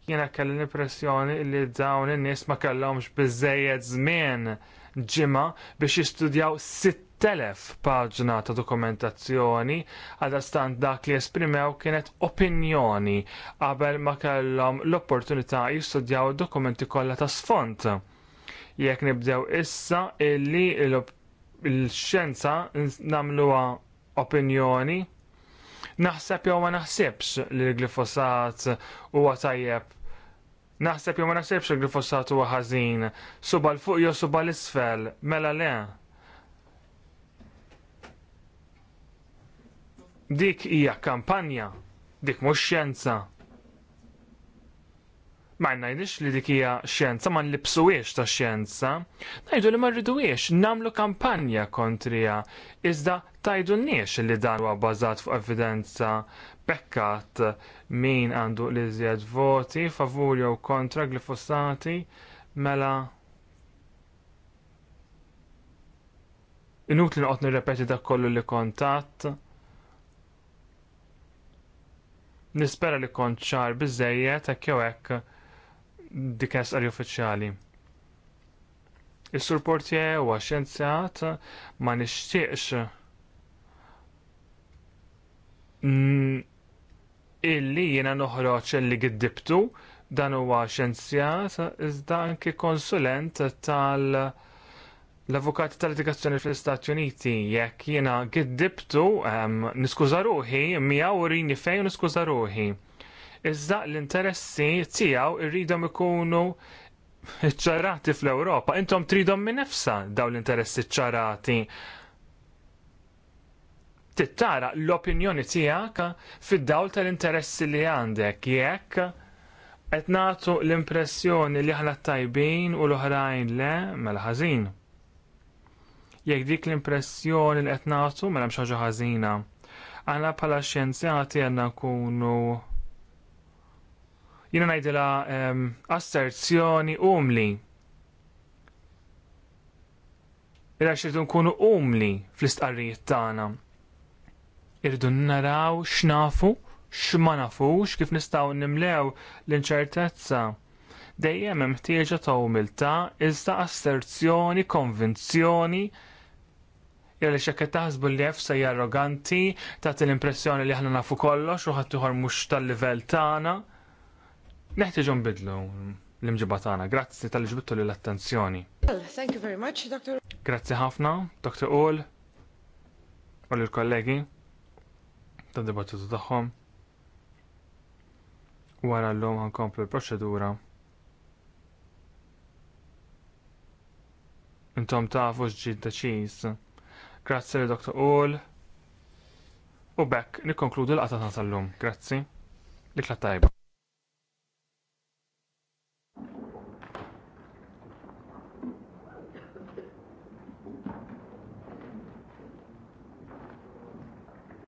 jiena kelli l-impressjoni li dawn in-nies ma kellhomx biżżejjed żmien ġimgħa biex jistudjaw sitt telef paġna ta' dokumentazzjoni għadha stant dak li esprimew kienet opinjoni qabel ma kellhom l-opportunità jistudjaw id dokumenti kollha ta' sfond. Jekk nibdew issa illi l-xjenza nagħmluha opinjoni naħseb jew ma naħsibx li l-glifosat huwa tajjeb. Naħseb jew ma naħsibx li l-glifosat huwa ħażin, suba l fuq jew suba l isfel, mela le. Dik hija kampanja, dik mhux xjenza. Ma ngħidix li dik hija xjenza ma nlibsuwiex ta' xjenza, ngħidu li ma rriduwiex nagħmlu kampanja kontrija iżda n-niex li dan huwa bbażat fuq evidenza pekkat min għandu li żjed voti favur jew kontra glifosati mela Inutli noqgħod nirrepeti dak kollu li kontatt. Nispera li kont ċar biżżejjed hekk jew hekk dik esqari uffiċjali. Is-sur portier huwa xjenzjat ma nixtieqx illi jiena noħroġ illi giddibtu dan huwa xjenzjat iżda anki konsulent tal- l-avukati tal-litigazzjoni fl-Istati Uniti jekk jiena giddibtu um, niskuża ruħi miegħu urini fejn niskuża ruħi. Iżda l-interessi tiegħu irridom ikunu ċarati fl-Ewropa. Intom tridhom minn nefsa dawn l-interessi ċarati. Tittara l-opinjoni tiegħek fid-dawl tal-interessi li għandek jekk qed nagħtu l-impressjoni li aħna tajbin u l-oħrajn le mela ħażin. Jekk dik l-impressjoni li qed nagħtu mela hemm xi ħażina. Għana bħala xjenzjati għandna nkunu jiena ngħidilha ehm, asserzjoni umli. Ira xirtu nkunu umli fl-istqarrijiet tagħna. Irdu naraw x'nafu, x'ma nafux kif nistgħu nimlew l-inċertezza dejjem hemm ħtieġa ta' umiltà iżda asserzjoni, konvinzjoni Jgħalli xekket taħsbu li jef sej arroganti, taħt l-impressjoni li ħna nafu kollox u ħattuħor mux tal-level tagħna. Neħtieġu bidlu l imġibba tagħna. Grazzi tal ġbittu li l-attenzjoni. Thank you very much, Dr. Grazzi ħafna, Dr. Ull, u l-kollegi tad-dibattitu tagħhom. Wara l-lum ħankomplu l-proċedura. intom tafu xġid deċiż. Grazzi li Dr. Ull. U bekk nikkonkludu l qatatan tal-lum. Grazzi. Likla tajba.